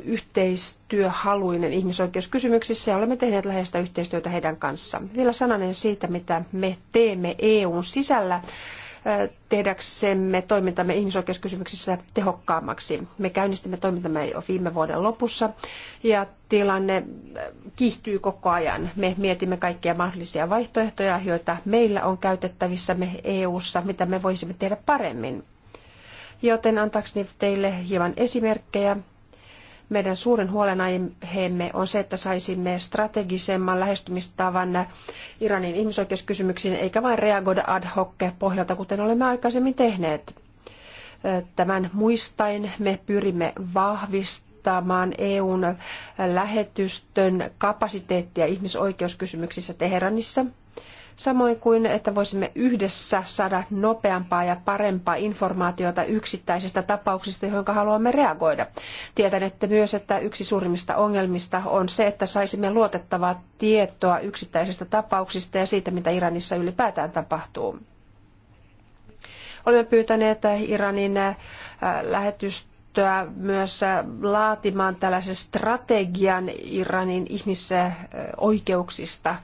[SPEAKER 3] yhteistyöhaluinen ihmisoikeuskysymyksissä ja olemme tehneet läheistä yhteistyötä heidän kanssaan. Vielä sananen siitä, mitä me teemme EUn sisällä tehdäksemme toimintamme ihmisoikeuskysymyksissä tehokkaammaksi. Me käynnistimme toimintamme jo viime vuoden lopussa ja tilanne kiihtyy koko ajan. Me mietimme kaikkia mahdollisia vaihtoehtoja, joita meillä on käytettävissämme EU-ssa, mitä me voisimme tehdä paremmin. Joten antaakseni teille hieman esimerkkejä. Meidän suuren huolenaiheemme on se, että saisimme strategisemman lähestymistavan Iranin ihmisoikeuskysymyksiin, eikä vain reagoida ad hoc pohjalta, kuten olemme aikaisemmin tehneet. Tämän muistain me pyrimme vahvistamaan EUn lähetystön kapasiteettia ihmisoikeuskysymyksissä Teheranissa – samoin kuin että voisimme yhdessä saada nopeampaa ja parempaa informaatiota yksittäisistä tapauksista, joihin haluamme reagoida. Tiedän, että myös, että yksi suurimmista ongelmista on se, että saisimme luotettavaa tietoa yksittäisistä tapauksista ja siitä, mitä Iranissa ylipäätään tapahtuu. Olemme pyytäneet Iranin äh, lähetystöä myös äh, laatimaan tällaisen strategian Iranin ihmisoikeuksista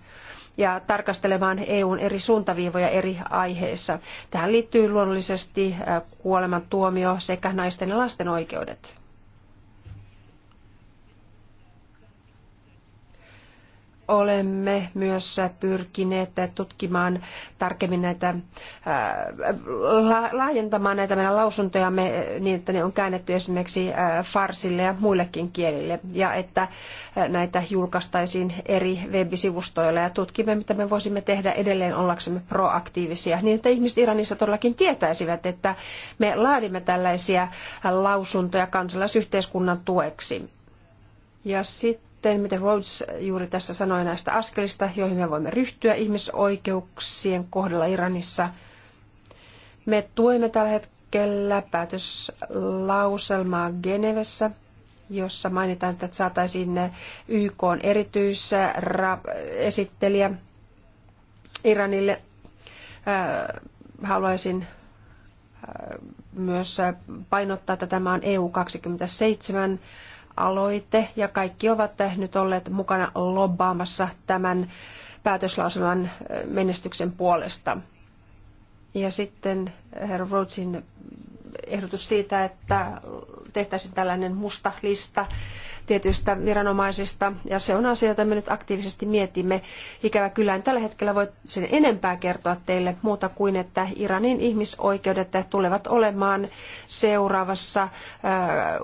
[SPEAKER 3] ja tarkastelemaan EUn eri suuntaviivoja eri aiheissa. Tähän liittyy luonnollisesti äh, kuolemantuomio sekä naisten ja lasten oikeudet. olemme myös pyrkineet tutkimaan tarkemmin näitä, laajentamaan näitä meidän lausuntojamme niin, että ne on käännetty esimerkiksi farsille ja muillekin kielille ja että näitä julkaistaisiin eri webisivustoilla ja tutkimme, mitä me voisimme tehdä edelleen ollaksemme proaktiivisia niin, että ihmiset Iranissa todellakin tietäisivät, että me laadimme tällaisia lausuntoja kansalaisyhteiskunnan tueksi. Ja sitten sitten, mitä Rhodes juuri tässä sanoi näistä askelista, joihin me voimme ryhtyä ihmisoikeuksien kohdalla Iranissa. Me tuemme tällä hetkellä päätöslauselmaa Genevessä, jossa mainitaan, että saataisiin YK erityisesittelijä Iranille. Äh, haluaisin äh, myös painottaa, että tämä on EU 27 aloite ja kaikki ovat nyt olleet mukana lobbaamassa tämän päätöslauselman menestyksen puolesta. Ja sitten herra Rootsin ehdotus siitä, että tehtäisiin tällainen musta lista tietyistä viranomaisista, ja se on asia, jota me nyt aktiivisesti mietimme. Ikävä kyllä en tällä hetkellä voi sen enempää kertoa teille muuta kuin, että Iranin ihmisoikeudet tulevat olemaan seuraavassa äh,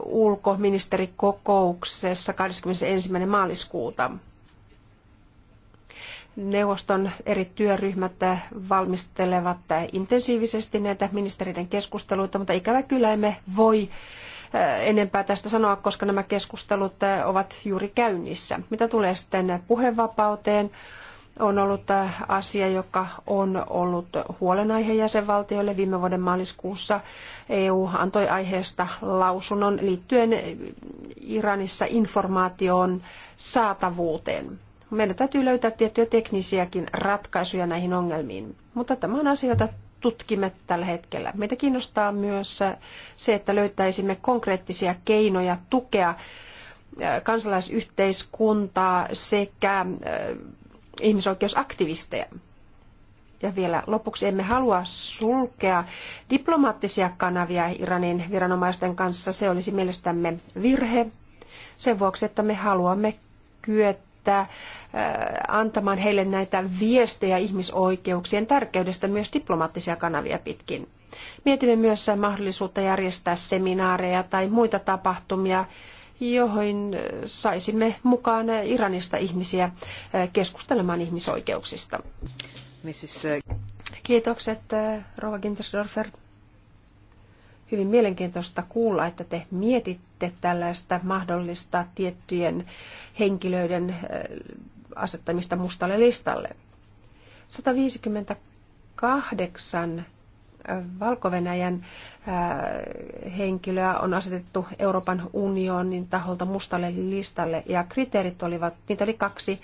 [SPEAKER 3] ulkoministerikokouksessa 21. maaliskuuta neuvoston eri työryhmät äh, valmistelevat äh, intensiivisesti näitä ministeriiden keskusteluita, mutta ikävä kyllä emme voi enempää tästä sanoa, koska nämä keskustelut ovat juuri käynnissä. Mitä tulee sitten puhevapauteen, on ollut asia, joka on ollut huolenaihe jäsenvaltioille. Viime vuoden maaliskuussa EU antoi aiheesta lausunnon liittyen Iranissa informaation saatavuuteen. Meidän täytyy löytää tiettyjä teknisiäkin ratkaisuja näihin ongelmiin, mutta tämä on asia, jota tutkimme tällä hetkellä. Meitä kiinnostaa myös se, että löytäisimme konkreettisia keinoja tukea kansalaisyhteiskuntaa sekä ihmisoikeusaktivisteja. Ja vielä lopuksi emme halua sulkea diplomaattisia kanavia Iranin viranomaisten kanssa. Se olisi mielestämme virhe sen vuoksi, että me haluamme kyetä että äh, antamaan heille näitä viestejä ihmisoikeuksien tärkeydestä myös diplomaattisia kanavia pitkin. Mietimme myös mahdollisuutta järjestää seminaareja tai muita tapahtumia, joihin saisimme mukaan Iranista ihmisiä äh, keskustelemaan ihmisoikeuksista. Mrs. Äh, Kiitokset, Rova Gintersdorfer hyvin mielenkiintoista kuulla, että te mietitte tällaista mahdollista tiettyjen henkilöiden asettamista mustalle listalle. 158 valko henkilöä on asetettu Euroopan unionin taholta mustalle listalle ja kriteerit olivat, niitä oli kaksi,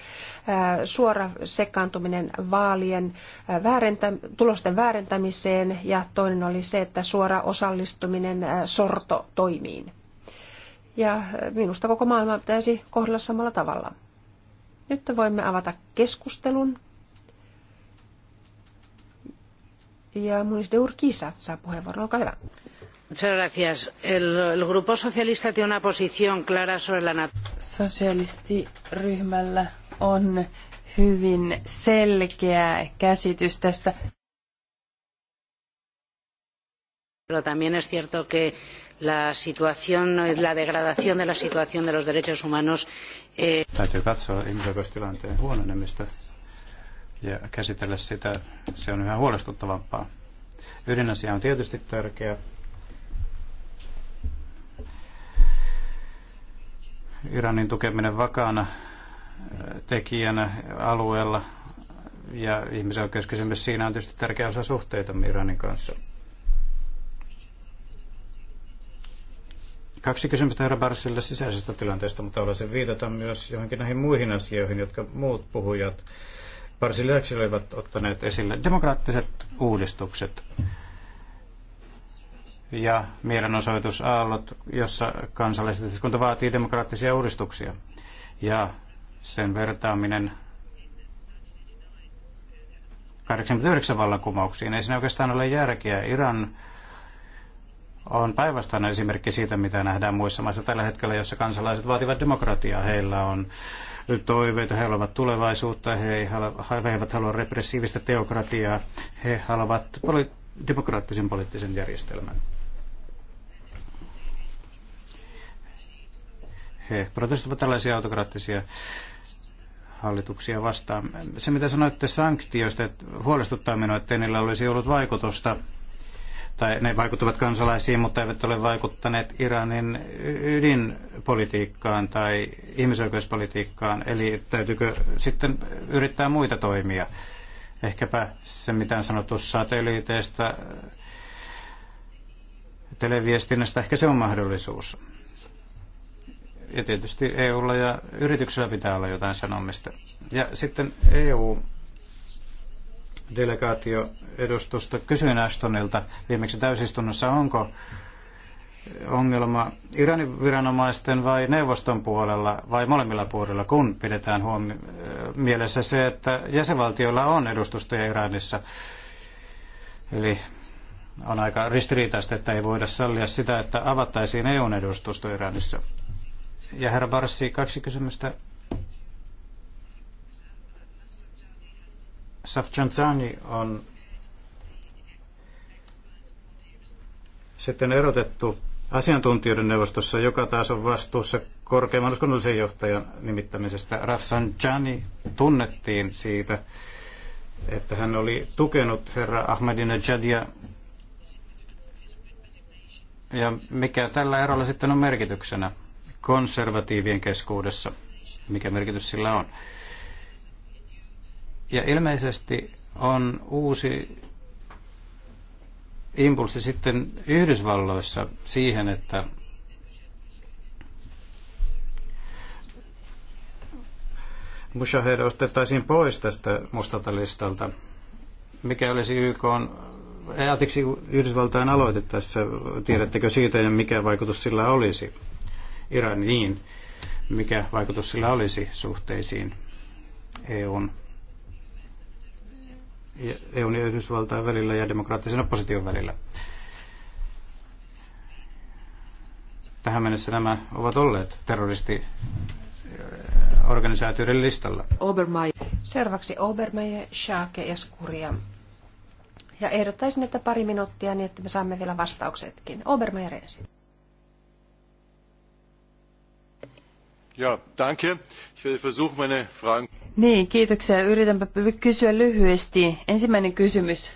[SPEAKER 3] suora sekaantuminen vaalien väärentä, tulosten väärentämiseen ja toinen oli se, että suora osallistuminen toimiin. Ja minusta koko maailma pitäisi kohdella samalla tavalla. Nyt voimme avata keskustelun. Ja Munis de Urquiza saa puheenvuoron. Olkaa hyvä. Muchas gracias. El, el grupo socialista tiene una posición clara sobre la
[SPEAKER 2] Sosialistiryhmällä on hyvin selkeä käsitys tästä.
[SPEAKER 3] Pero también es cierto que la situación, la degradación de la situación de los derechos humanos. Eh...
[SPEAKER 1] Täytyy katsoa ihmisoikeustilanteen huononemista ja käsitellä sitä, se on yhä huolestuttavampaa. Ydinasia on tietysti tärkeä. Iranin tukeminen vakaana äh, tekijänä alueella ja ihmisoikeuskysymys siinä on tietysti tärkeä osa suhteita Iranin kanssa. Kaksi kysymystä herra Barsille sisäisestä tilanteesta, mutta haluaisin viitata myös johonkin näihin muihin asioihin, jotka muut puhujat varsin olivat ottaneet esille demokraattiset uudistukset ja mielenosoitusaallot, jossa kansalaisyhteiskunta vaatii demokraattisia uudistuksia. Ja sen vertaaminen 89 vallankumouksiin ei siinä oikeastaan ole järkeä. Iran on päinvastainen esimerkki siitä, mitä nähdään muissa maissa tällä hetkellä, jossa kansalaiset vaativat demokratiaa. Heillä on toiveita, he haluavat tulevaisuutta, he, ei halua, he eivät halua repressiivistä teokratiaa, he haluavat poli- demokraattisen poliittisen järjestelmän. He protestoivat tällaisia autokraattisia hallituksia vastaan. Se, mitä sanoitte sanktioista, että huolestuttaa minua, että niillä olisi ollut vaikutusta tai ne vaikuttavat kansalaisiin, mutta eivät ole vaikuttaneet Iranin ydinpolitiikkaan tai ihmisoikeuspolitiikkaan. Eli täytyykö sitten yrittää muita toimia? Ehkäpä se, mitä on sanottu satelliiteista, televiestinnästä, ehkä se on mahdollisuus. Ja tietysti EUlla ja yrityksellä pitää olla jotain sanomista. Ja sitten EU delegaatioedustusta. Kysyin Ashtonilta viimeksi täysistunnossa, onko ongelma Iranin viranomaisten vai neuvoston puolella vai molemmilla puolilla, kun pidetään huomi- äh, mielessä se, että jäsenvaltioilla on edustustoja Iranissa. Eli on aika ristiriitaista, että ei voida sallia sitä, että avattaisiin EUn edustusto Iranissa. Ja herra Barsi, kaksi kysymystä Safchansani on sitten erotettu asiantuntijoiden neuvostossa, joka taas on vastuussa korkeimman uskonnollisen johtajan nimittämisestä. Rafsanjani tunnettiin siitä, että hän oli tukenut herra Ahmadinejadia. Ja mikä tällä erolla sitten on merkityksenä konservatiivien keskuudessa? Mikä merkitys sillä on? Ja ilmeisesti on uusi impulssi sitten Yhdysvalloissa siihen, että Mushahed ostettaisiin pois tästä mustalta listalta, mikä olisi YK on, Ajatiksi Yhdysvaltain aloite tässä, tiedättekö siitä ja mikä vaikutus sillä olisi Iraniin, mikä vaikutus sillä olisi suhteisiin EUn EUn ja Yhdysvaltain välillä ja demokraattisen opposition välillä. Tähän mennessä nämä ovat olleet terroristi organisaatioiden listalla.
[SPEAKER 3] Obermeier. Seuraavaksi Obermeier, Schaake ja Skuria. Ja ehdottaisin, että pari minuuttia niin, että me saamme vielä vastauksetkin. Obermeier ensin.
[SPEAKER 2] Joo, danke. Ich werde versuchen, meine Fragen... Niin, kiitoksia. Yritänpä kysyä lyhyesti. Ensimmäinen kysymys.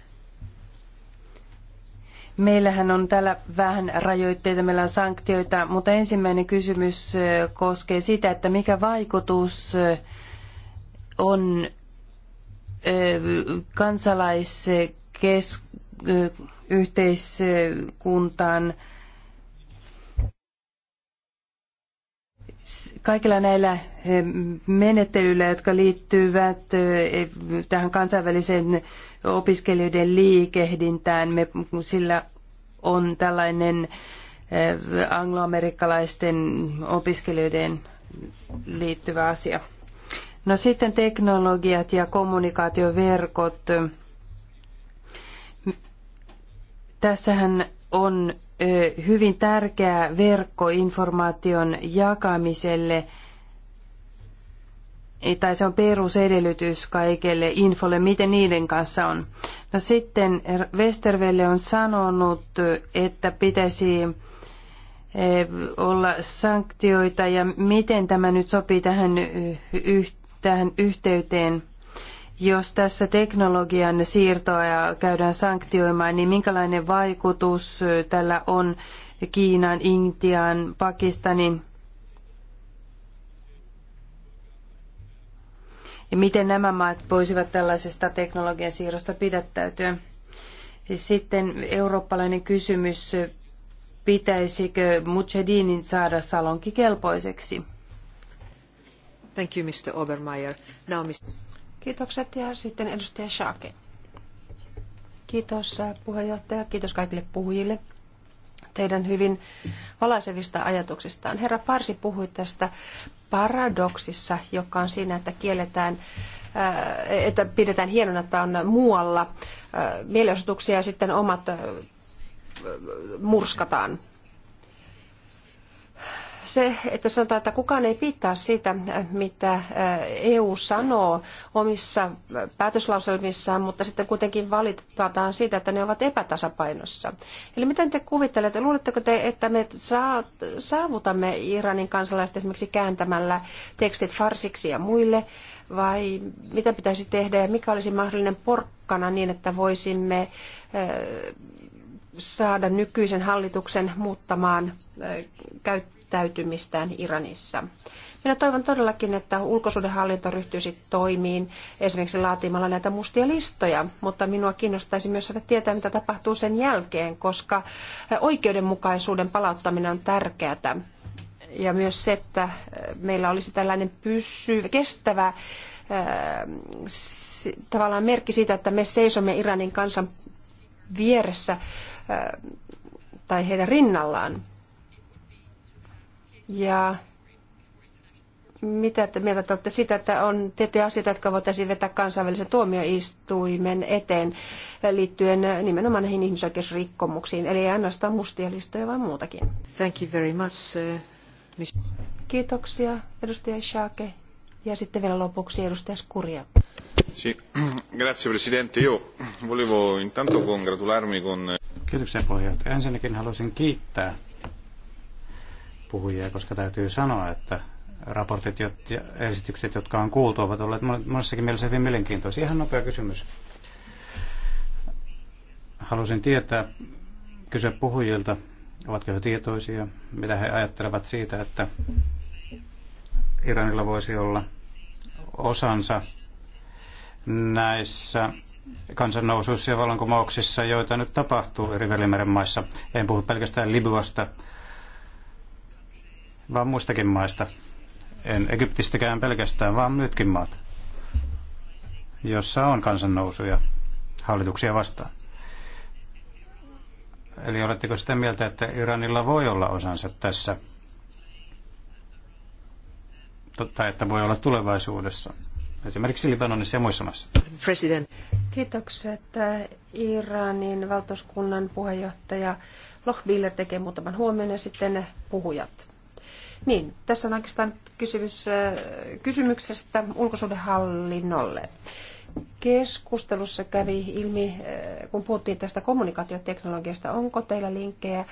[SPEAKER 2] Meillähän on täällä vähän rajoitteita, meillä on sanktioita, mutta ensimmäinen kysymys koskee sitä, että mikä vaikutus on kansalaisyhteiskuntaan Kaikilla näillä eh, menettelyillä, jotka liittyvät eh, tähän kansainväliseen opiskelijoiden liikehdintään, me, sillä on tällainen eh, angloamerikkalaisten opiskelijoiden liittyvä asia. No sitten teknologiat ja kommunikaatioverkot. Tässähän on hyvin tärkeä verkko informaation jakamiselle, tai se on perusedellytys kaikelle infolle, miten niiden kanssa on. No sitten Westervelle on sanonut, että pitäisi olla sanktioita ja miten tämä nyt sopii tähän, tähän yhteyteen – jos tässä teknologian siirtoa käydään sanktioimaan, niin minkälainen vaikutus tällä on Kiinan, Intian, Pakistanin ja miten nämä maat voisivat tällaisesta teknologian siirrosta pidättäytyä. Sitten eurooppalainen kysymys, pitäisikö Mujahedinin saada salonkikelpoiseksi?
[SPEAKER 3] Thank you, Mr. Obermeier. Now, Mr. Kiitokset ja sitten edustaja Shake. Kiitos äh, puheenjohtaja, kiitos kaikille puhujille teidän hyvin valaisevista ajatuksistaan. Herra Parsi puhui tästä paradoksissa, joka on siinä, että kielletään äh, että pidetään hienona, että on muualla äh, mielenosoituksia ja sitten omat murskataan se, että sanotaan, että kukaan ei pitää sitä, mitä EU sanoo omissa päätöslauselmissaan, mutta sitten kuitenkin valitetaan siitä, että ne ovat epätasapainossa. Eli miten te kuvittelette, luuletteko te, että me saavutamme Iranin kansalaiset esimerkiksi kääntämällä tekstit farsiksi ja muille, vai mitä pitäisi tehdä ja mikä olisi mahdollinen porkkana niin, että voisimme saada nykyisen hallituksen muuttamaan käyttöön pidättäytymistään Iranissa. Minä toivon todellakin, että ulkosuudenhallinto ryhtyisi toimiin esimerkiksi laatimalla näitä mustia listoja, mutta minua kiinnostaisi myös saada tietää, mitä tapahtuu sen jälkeen, koska oikeudenmukaisuuden palauttaminen on tärkeää. Ja myös se, että meillä olisi tällainen pysyvä, kestävä äh, tavallaan merkki siitä, että me seisomme Iranin kansan vieressä äh, tai heidän rinnallaan. Ja mitä te mieltä te olette sitä, että on tiettyjä asioita, jotka voitaisiin vetää kansainvälisen tuomioistuimen eteen liittyen nimenomaan näihin ihmisoikeusrikkomuksiin, eli ei ainoastaan mustia listoja, vaan muutakin. Thank you very much, uh, Kiitoksia, edustaja Shake. Ja sitten vielä lopuksi edustaja Skuria.
[SPEAKER 1] Sì. [CLEARS THROAT] Grazie Presidente, io volevo intanto congratularmi con... Kiitoksia puheenjohtaja. Ensinnäkin haluaisin kiittää puhujia, koska täytyy sanoa, että raportit ja esitykset, jotka on kuultu, ovat olleet monessakin mielessä hyvin mielenkiintoisia. Ihan nopea kysymys. Halusin tietää, kysyä puhujilta, ovatko he tietoisia, mitä he ajattelevat siitä, että Iranilla voisi olla osansa näissä kansannousuissa ja vallankumouksissa, joita nyt tapahtuu eri Välimeren maissa. En puhu pelkästään Libyasta, vaan muistakin maista. En Egyptistäkään pelkästään, vaan nytkin maat, jossa on kansannousuja hallituksia vastaan. Eli oletteko sitä mieltä, että Iranilla voi olla osansa tässä? Totta, että voi olla tulevaisuudessa? Esimerkiksi Libanonissa ja muissa maissa.
[SPEAKER 3] President. Kiitokset. Iranin valtuuskunnan puheenjohtaja Lochbiller tekee muutaman huomioon ja sitten puhujat. Niin, tässä on oikeastaan kysymys äh, kysymyksestä ulkosuhdehallinnolle. Keskustelussa kävi ilmi, äh, kun puhuttiin tästä kommunikaatioteknologiasta, onko teillä linkkejä äh,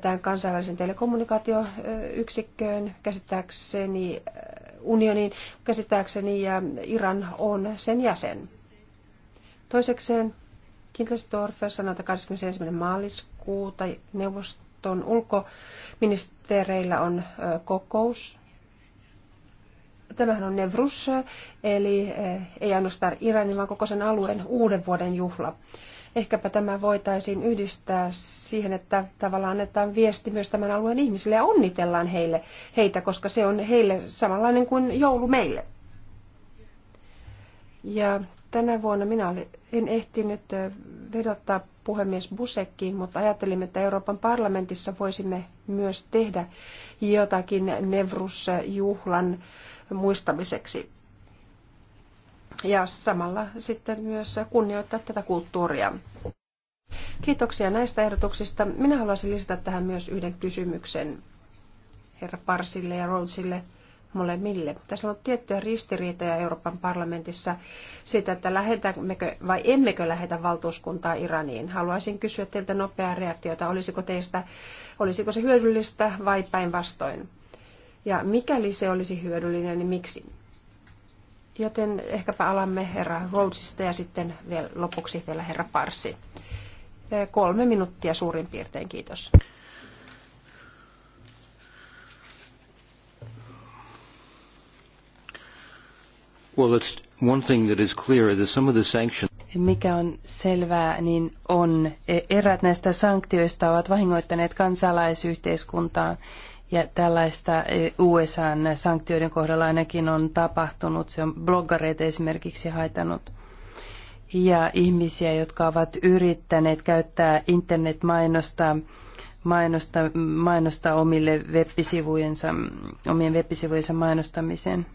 [SPEAKER 3] tämän kansainvälisen telekommunikaatioyksikköön käsittääkseni unionin käsittääkseni ja Iran on sen jäsen. Toisekseen Kindlestorfer sanoi, että 21. maaliskuuta neuvoston ulkoministeri Sihteereillä on kokous. Tämähän on Nevrus, eli ei ainoastaan Iranin, vaan koko sen alueen uuden vuoden juhla. Ehkäpä tämä voitaisiin yhdistää siihen, että tavallaan annetaan viesti myös tämän alueen ihmisille ja onnitellaan heille, heitä, koska se on heille samanlainen kuin joulu meille. Ja tänä vuonna minä en ehtinyt vedottaa puhemies busekkiin, mutta ajattelimme, että Euroopan parlamentissa voisimme myös tehdä jotakin Nevrus-juhlan muistamiseksi. Ja samalla sitten myös kunnioittaa tätä kulttuuria. Kiitoksia näistä ehdotuksista. Minä haluaisin lisätä tähän myös yhden kysymyksen herra Parsille ja Rollsille molemmille. Tässä on ollut tiettyjä ristiriitoja Euroopan parlamentissa siitä, että lähetämmekö vai emmekö lähetä valtuuskuntaa Iraniin. Haluaisin kysyä teiltä nopeaa reaktiota. Olisiko teistä, olisiko se hyödyllistä vai päinvastoin? Ja mikäli se olisi hyödyllinen, niin miksi? Joten ehkäpä alamme herra Rhodesista ja sitten vielä, lopuksi vielä herra Parsi. Kolme minuuttia suurin piirtein, kiitos.
[SPEAKER 1] Well, it's one thing that is clear that some of the sanctions
[SPEAKER 2] mikä on selvää, niin on. E, erät näistä sanktioista ovat vahingoittaneet kansalaisyhteiskuntaa ja tällaista e, USAn sanktioiden kohdalla ainakin on tapahtunut. Se on bloggareita esimerkiksi haitanut ja ihmisiä, jotka ovat yrittäneet käyttää internetmainosta mainosta, mainosta omille web omien web mainostamiseen.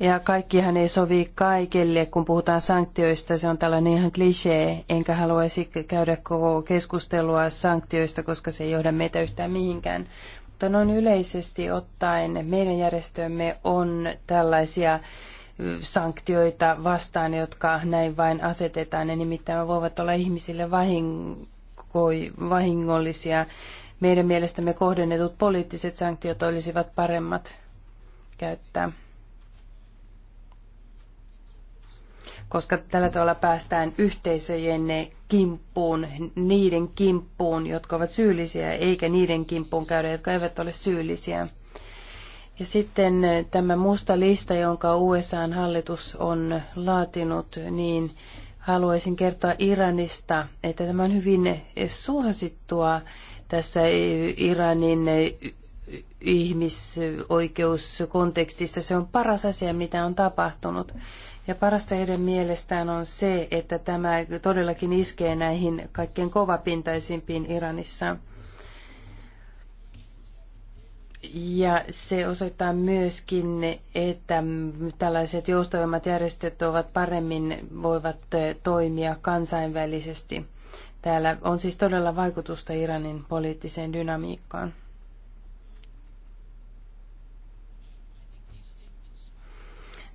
[SPEAKER 2] Ja kaikkihan ei sovi kaikille, kun puhutaan sanktioista. Se on tällainen ihan klisee, enkä haluaisi käydä koko keskustelua sanktioista, koska se ei johda meitä yhtään mihinkään. Mutta noin yleisesti ottaen meidän järjestömme on tällaisia sanktioita vastaan, jotka näin vain asetetaan. Ne nimittäin voivat olla ihmisille vahingollisia. Meidän mielestämme kohdennetut poliittiset sanktiot olisivat paremmat käyttää. koska tällä tavalla päästään yhteisöjen kimppuun, niiden kimppuun, jotka ovat syyllisiä, eikä niiden kimppuun käydä, jotka eivät ole syyllisiä. Ja sitten tämä musta lista, jonka usa hallitus on laatinut, niin haluaisin kertoa Iranista, että tämä on hyvin suosittua tässä Iranin ihmisoikeuskontekstissa. Se on paras asia, mitä on tapahtunut. Ja parasta heidän mielestään on se, että tämä todellakin iskee näihin kaikkein kovapintaisimpiin Iranissa. Ja se osoittaa myöskin, että tällaiset joustavimmat järjestöt ovat paremmin voivat toimia kansainvälisesti. Täällä on siis todella vaikutusta Iranin poliittiseen dynamiikkaan.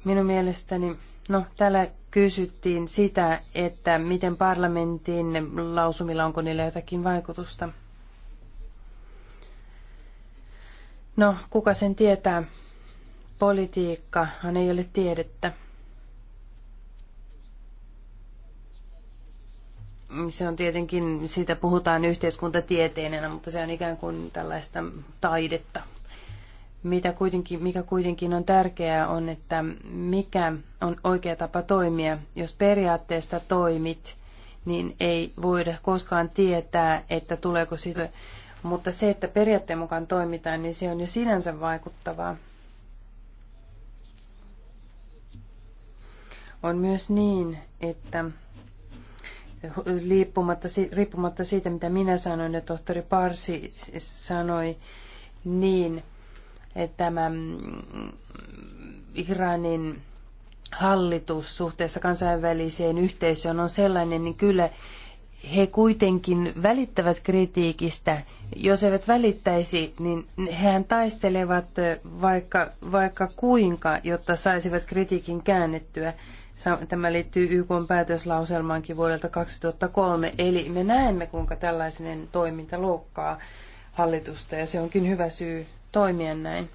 [SPEAKER 2] Minun mielestäni No, täällä kysyttiin sitä, että miten parlamentin lausumilla, onko niillä jotakin vaikutusta. No, kuka sen tietää? Politiikkahan ei ole tiedettä. Se on tietenkin, siitä puhutaan yhteiskuntatieteenä, mutta se on ikään kuin tällaista taidetta mitä kuitenkin, mikä kuitenkin on tärkeää, on, että mikä on oikea tapa toimia. Jos periaatteesta toimit, niin ei voida koskaan tietää, että tuleeko siitä. Mutta se, että periaatteen mukaan toimitaan, niin se on jo sinänsä vaikuttavaa. On myös niin, että riippumatta, riippumatta siitä, mitä minä sanoin ja tohtori Parsi sanoi, niin – tämä mm, Iranin hallitus suhteessa kansainväliseen yhteisöön on sellainen, niin kyllä he kuitenkin välittävät kritiikistä. Jos eivät välittäisi, niin hehän taistelevat vaikka, vaikka kuinka, jotta saisivat kritiikin käännettyä. Tämä liittyy YK päätöslauselmaankin vuodelta 2003. Eli me näemme, kuinka tällainen toiminta loukkaa hallitusta, ja se onkin hyvä syy toimia näin.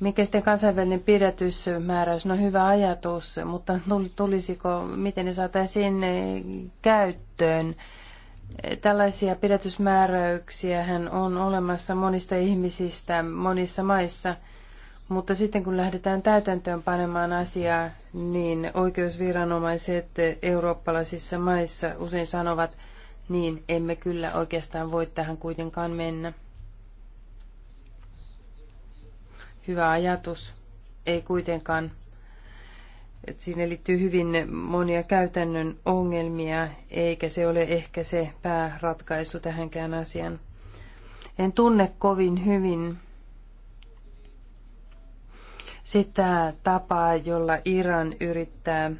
[SPEAKER 2] Mikä sitten kansainvälinen pidätysmääräys? No hyvä ajatus, mutta tulisiko, miten ne saataisiin eh, käyttöön? Tällaisia pidätysmääräyksiä on olemassa monista ihmisistä monissa maissa, mutta sitten kun lähdetään täytäntöön panemaan asiaa, niin oikeusviranomaiset eurooppalaisissa maissa usein sanovat, niin emme kyllä oikeastaan voi tähän kuitenkaan mennä. Hyvä ajatus, ei kuitenkaan. Et siinä liittyy hyvin monia käytännön ongelmia, eikä se ole ehkä se pääratkaisu tähänkään asiaan. En tunne kovin hyvin sitä tapaa, jolla Iran yrittää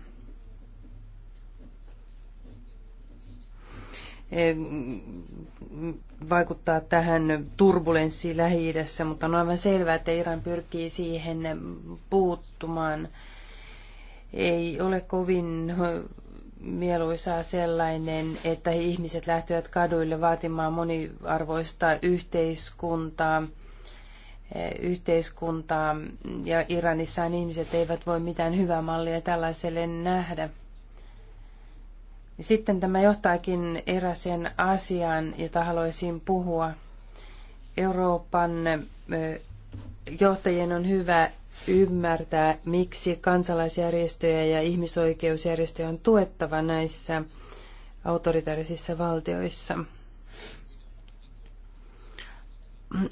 [SPEAKER 2] vaikuttaa tähän turbulenssiin lähi mutta on aivan selvää, että Iran pyrkii siihen puuttumaan. Ei ole kovin mieluisaa sellainen, että ihmiset lähtevät kaduille vaatimaan moniarvoista yhteiskuntaa. Yhteiskuntaa ja Iranissaan ihmiset eivät voi mitään hyvää mallia tällaiselle nähdä. Sitten tämä johtaakin eräseen asiaan, jota haluaisin puhua. Euroopan johtajien on hyvä ymmärtää, miksi kansalaisjärjestöjä ja ihmisoikeusjärjestöjä on tuettava näissä autoritaarisissa valtioissa.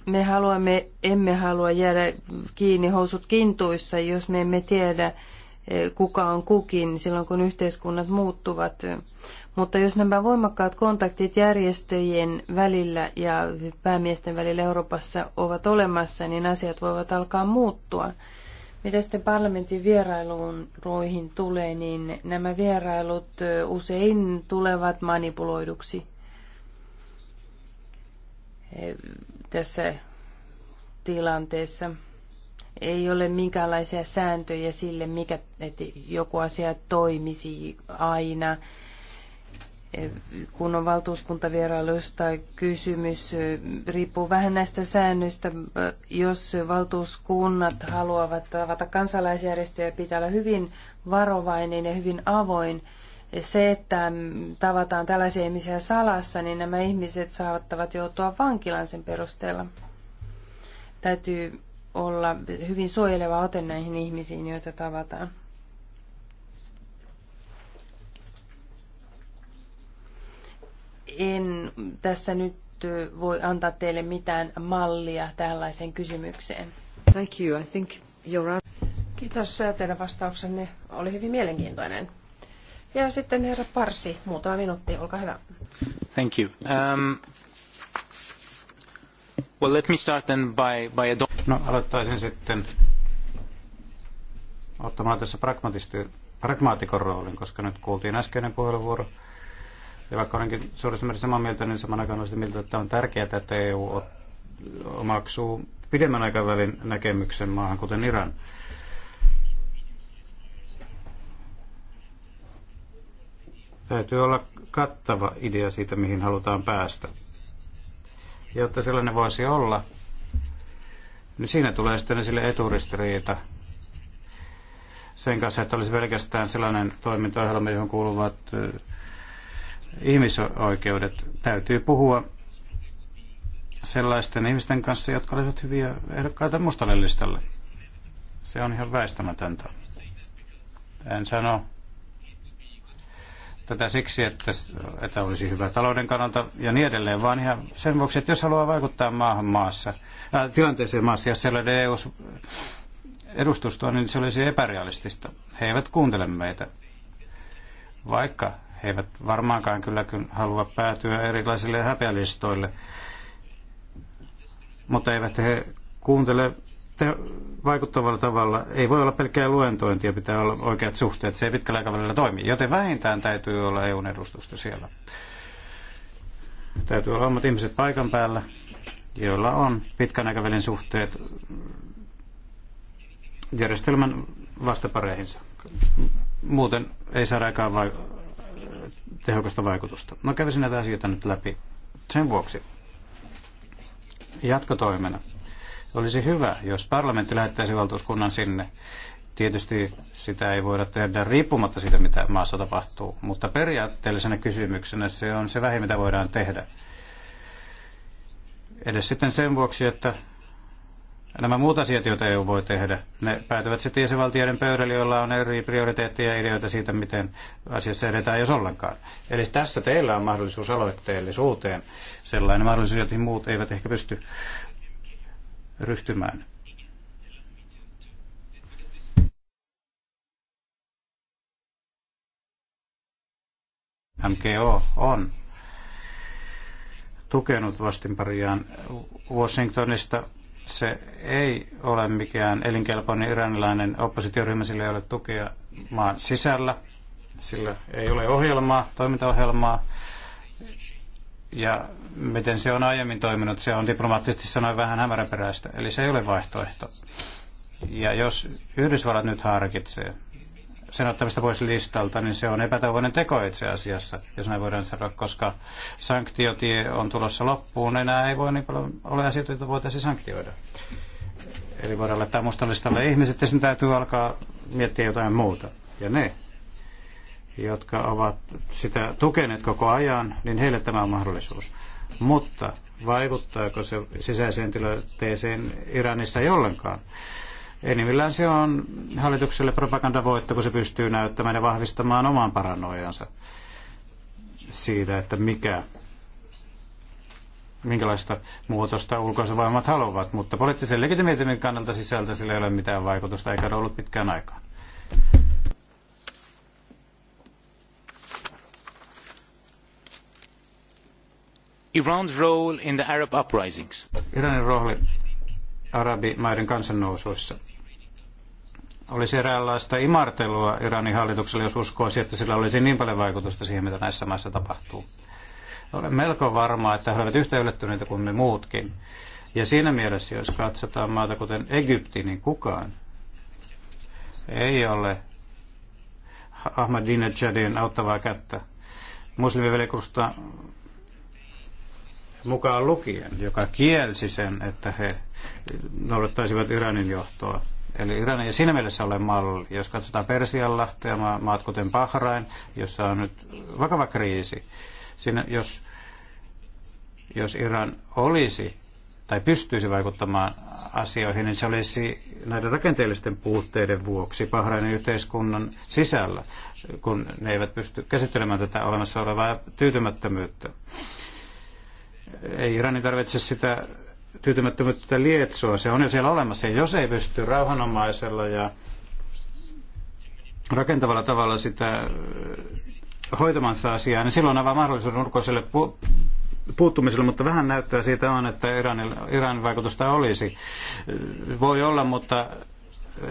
[SPEAKER 2] Me haluamme, emme halua jäädä kiinni housut kintuissa, jos me emme tiedä, kuka on kukin silloin, kun yhteiskunnat muuttuvat. Mutta jos nämä voimakkaat kontaktit järjestöjen välillä ja päämiesten välillä Euroopassa ovat olemassa, niin asiat voivat alkaa muuttua. Mitä sitten parlamentin roihin tulee, niin nämä vierailut usein tulevat manipuloiduksi. Tässä tilanteessa ei ole minkäänlaisia sääntöjä sille, mikä, että joku asia toimisi aina. Kun on valtuuskuntavierailusta kysymys, riippuu vähän näistä säännöistä. Jos valtuuskunnat haluavat tavata kansalaisjärjestöjä, pitää olla hyvin varovainen ja hyvin avoin. Se, että tavataan tällaisia ihmisiä salassa, niin nämä ihmiset saattavat joutua vankilan sen perusteella. Täytyy olla hyvin suojeleva ote näihin ihmisiin, joita tavataan. En tässä nyt voi antaa teille mitään mallia
[SPEAKER 3] tällaiseen kysymykseen. Thank you. I think you're... Kiitos. Teidän vastauksenne oli hyvin mielenkiintoinen. Ja sitten herra Parsi, muutama minuutti, olkaa hyvä.
[SPEAKER 1] Thank you. Um, Well, let me start then by, by No, aloittaisin sitten ottamaan tässä pragmaatikon roolin, koska nyt kuultiin äskeinen puheenvuoro. Ja vaikka olenkin suuressa määrin samaa mieltä, niin saman aikaan olen mieltä, että on tärkeää, että EU omaksuu pidemmän aikavälin näkemyksen maahan, kuten Iran. Täytyy olla kattava idea siitä, mihin halutaan päästä jotta sellainen voisi olla, niin siinä tulee sitten sille eturistiriita sen kanssa, että olisi pelkästään sellainen toimintaohjelma, johon kuuluvat ihmisoikeudet. Täytyy puhua sellaisten ihmisten kanssa, jotka olivat hyviä ehdokkaita mustalle listalle. Se on ihan väistämätöntä. En sano tätä siksi, että, että olisi hyvä talouden kannalta ja niin edelleen, vaan ihan sen vuoksi, että jos haluaa vaikuttaa maahan maassa, äh, tilanteeseen maassa, jos siellä ei ole edustustoa, niin se olisi epärealistista. He eivät kuuntele meitä, vaikka he eivät varmaankaan kyllä halua päätyä erilaisille häpeälistoille, mutta eivät he kuuntele te- vaikuttavalla tavalla. Ei voi olla pelkkää luentointia, pitää olla oikeat suhteet. Se ei pitkällä aikavälillä toimi, joten vähintään täytyy olla EUn edustusta siellä. Täytyy olla omat ihmiset paikan päällä, joilla on pitkän aikavälin suhteet järjestelmän vastapareihinsa. Muuten ei saada aikaan vai- tehokasta vaikutusta. No kävisin näitä asioita nyt läpi sen vuoksi. Jatkotoimena olisi hyvä, jos parlamentti lähettäisi valtuuskunnan sinne. Tietysti sitä ei voida tehdä riippumatta siitä, mitä maassa tapahtuu, mutta periaatteellisena kysymyksenä se on se vähin, mitä voidaan tehdä. Edes sitten sen vuoksi, että nämä muut asiat, joita EU voi tehdä, ne päätyvät sitten jäsenvaltioiden pöydällä, joilla on eri prioriteetteja ja ideoita siitä, miten asiassa edetään, jos ollenkaan. Eli tässä teillä on mahdollisuus aloitteellisuuteen, sellainen mahdollisuus, jota muut eivät ehkä pysty ryhtymään. MKO on tukenut vastinpariaan Washingtonista. Se ei ole mikään elinkelpoinen iranilainen oppositioryhmä, sillä ei ole tukea maan sisällä. Sillä ei ole ohjelmaa, toimintaohjelmaa ja miten se on aiemmin toiminut, se on diplomaattisesti sanoen vähän hämäräperäistä, eli se ei ole vaihtoehto. Ja jos Yhdysvallat nyt harkitsee sen ottamista pois listalta, niin se on epätoivoinen teko itse asiassa, jos näin voidaan sanoa, koska sanktiotie on tulossa loppuun, enää ei voi niin paljon ole asioita, joita voitaisiin sanktioida. Eli voidaan laittaa mustalle ihmiset, ja sen täytyy alkaa miettiä jotain muuta. Ja ne, jotka ovat sitä tukeneet koko ajan, niin heille tämä on mahdollisuus. Mutta vaikuttaako se sisäiseen tilanteeseen Iranissa jollenkaan? Enimmillään se on hallitukselle propagandavoitto, kun se pystyy näyttämään ja vahvistamaan oman paranoijansa siitä, että mikä minkälaista muutosta voimat haluavat, mutta poliittisen legitimiteetin kannalta sisältä sillä ei ole mitään vaikutusta, eikä ole ollut pitkään aikaan. Iran's role in the Arab uprisings. Iranin rooli arabimaiden kansannousuissa olisi eräänlaista imartelua Iranin hallitukselle, jos uskoisi, että sillä olisi niin paljon vaikutusta siihen, mitä näissä maissa tapahtuu. Olen melko varma, että he ovat yhtä yllättyneitä kuin me muutkin. Ja siinä mielessä, jos katsotaan maata kuten Egypti, niin kukaan ei ole Ahmadinejadin auttavaa kättä. Muslimivelikusta mukaan lukien, joka kielsi sen, että he noudattaisivat Iranin johtoa. Eli Iran ei siinä mielessä ole malli. Jos katsotaan Persianlahtea, maat kuten Bahrain, jossa on nyt vakava kriisi, siinä jos, jos Iran olisi tai pystyisi vaikuttamaan asioihin, niin se olisi näiden rakenteellisten puutteiden vuoksi Bahrainin yhteiskunnan sisällä, kun ne eivät pysty käsittelemään tätä olemassa olevaa tyytymättömyyttä. Ei Iranin tarvitse sitä tyytymättömyyttä lietsoa, se on jo siellä olemassa. Ja jos ei pysty rauhanomaisella ja rakentavalla tavalla sitä hoitamaan sitä asiaa, niin silloin aivan mahdollisuus ulkoiselle pu- puuttumiselle, mutta vähän näyttää siitä on, että Iranin, Iranin vaikutusta olisi. Voi olla, mutta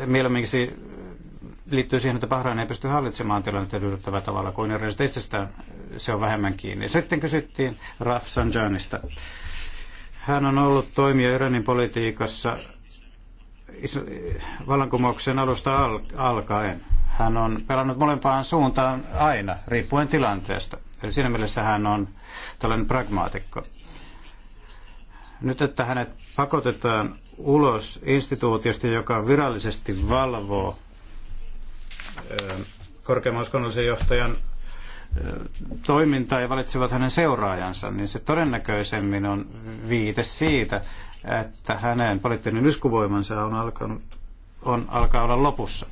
[SPEAKER 1] mieluummin liittyy siihen, että Bahrain ei pysty hallitsemaan tilannetta tyydyttävällä tavalla kuin erilaiset itsestään. Se on vähemmän kiinni. Sitten kysyttiin Sanjanista. Hän on ollut toimija Iranin politiikassa vallankumouksen alusta alkaen. Hän on pelannut molempaan suuntaan aina, riippuen tilanteesta. Eli siinä mielessä hän on tällainen pragmaatikko. Nyt, että hänet pakotetaan ulos instituutiosta, joka virallisesti valvoo korkeimman uskonnollisen johtajan toimintaa ja valitsevat hänen seuraajansa, niin se todennäköisemmin on viite siitä, että hänen poliittinen yskuvoimansa on, alkanut, on alkaa olla lopussa.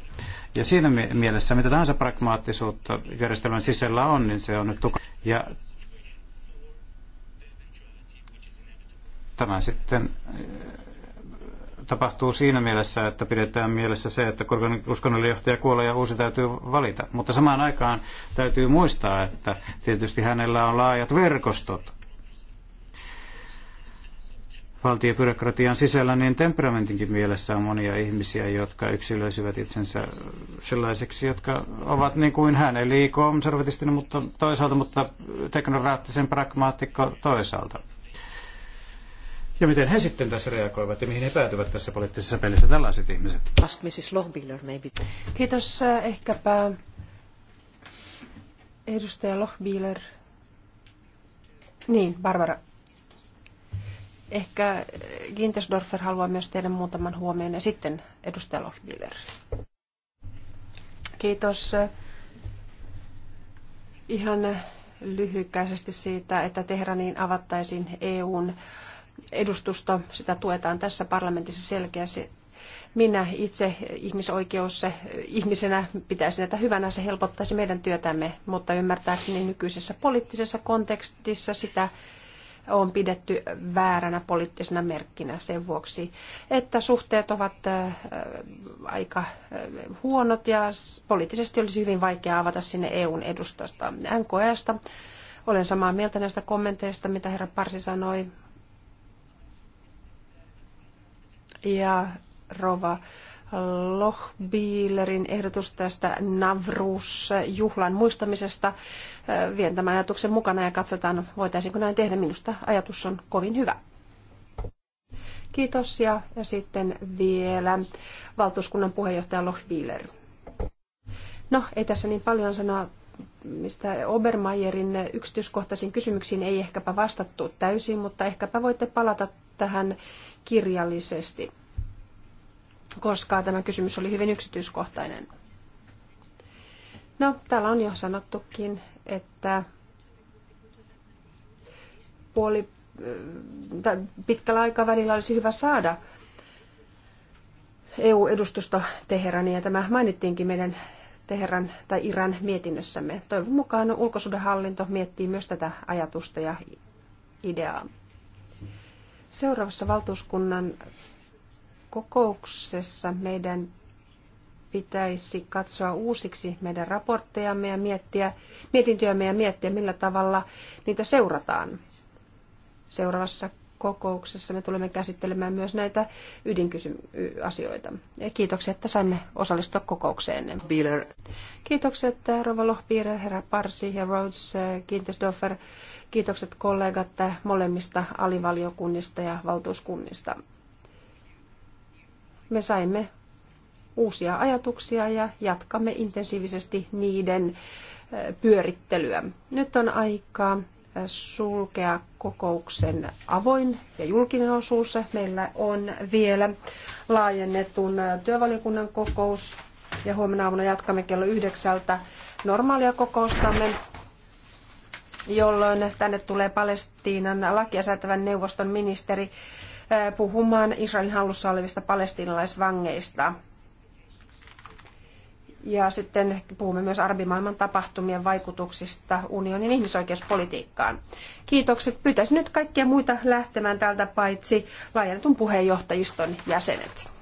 [SPEAKER 1] Ja siinä mielessä, mitä tahansa pragmaattisuutta järjestelmän sisällä on, niin se on nyt tuka. Ja tämä sitten tapahtuu siinä mielessä, että pidetään mielessä se, että korkean uskonnollinen johtaja kuolee ja uusi täytyy valita. Mutta samaan aikaan täytyy muistaa, että tietysti hänellä on laajat verkostot valtiopyrokratian sisällä, niin temperamentinkin mielessä on monia ihmisiä, jotka yksilöisivät itsensä sellaiseksi, jotka ovat niin kuin hän, eli konservatistinen mutta toisaalta, mutta teknoraattisen pragmaattikko toisaalta. Ja miten he sitten tässä reagoivat ja mihin he päätyvät tässä poliittisessa pelissä tällaiset ihmiset?
[SPEAKER 3] Ask Mrs. Lohbiller, maybe. Kiitos. Äh, ehkäpä edustaja Lohbiller. Niin, Barbara. Ehkä Gintersdorfer haluaa myös tehdä muutaman huomioon ja sitten edustaja Lohbiller. Kiitos. Ihan lyhykäisesti siitä, että Tehraniin avattaisiin EUn edustusta, sitä tuetaan tässä parlamentissa selkeästi. Minä itse ihmisoikeus ihmisenä pitäisin että hyvänä, se helpottaisi meidän työtämme, mutta ymmärtääkseni nykyisessä poliittisessa kontekstissa sitä on pidetty vääränä poliittisena merkkinä sen vuoksi, että suhteet ovat äh, aika äh, huonot ja poliittisesti olisi hyvin vaikea avata sinne EUn edustosta MKEsta. Olen samaa mieltä näistä kommenteista, mitä herra Parsi sanoi. ja Rova Lochbielerin ehdotus tästä navruus juhlan muistamisesta. Äh, vien tämän ajatuksen mukana ja katsotaan, voitaisiinko näin tehdä. Minusta ajatus on kovin hyvä. Kiitos ja, ja sitten vielä valtuuskunnan puheenjohtaja Lochbieler. No, ei tässä niin paljon sanoa mistä Obermeierin yksityiskohtaisiin kysymyksiin ei ehkäpä vastattu täysin, mutta ehkäpä voitte palata tähän kirjallisesti, koska tämä kysymys oli hyvin yksityiskohtainen. No, täällä on jo sanottukin, että puoli, äh, pitkällä aikavälillä olisi hyvä saada EU-edustusto Teheraniin, ja tämä mainittiinkin meidän Teheran tai Iran mietinnössämme. Toivon mukaan ulkosuudenhallinto miettii myös tätä ajatusta ja ideaa. Seuraavassa valtuuskunnan kokouksessa meidän pitäisi katsoa uusiksi meidän raporttejamme ja miettiä, mietintöjämme ja miettiä, millä tavalla niitä seurataan. Seuraavassa kokouksessa me tulemme käsittelemään myös näitä ydinkysymysasioita. Kiitoksia, että saimme osallistua kokoukseenne. Bieler. Kiitokset äh, Rova Lohbierer, herra Parsi ja Rhodes Kiintesdorfer. Äh, Kiitokset kollegat äh, molemmista alivaliokunnista ja valtuuskunnista. Me saimme uusia ajatuksia ja jatkamme intensiivisesti niiden pyörittelyä. Nyt on aikaa sulkea kokouksen avoin ja julkinen osuus. Meillä on vielä laajennetun työvaliokunnan kokous ja huomenna aamuna jatkamme kello yhdeksältä normaalia kokoustamme, jolloin tänne tulee Palestiinan lakia säätävän neuvoston ministeri eh, puhumaan Israelin hallussa olevista palestiinalaisvangeista. Ja sitten puhumme myös arabimaailman tapahtumien vaikutuksista unionin ihmisoikeuspolitiikkaan. Kiitokset. Pyytäisin nyt kaikkia muita lähtemään täältä paitsi laajennetun puheenjohtajiston jäsenet.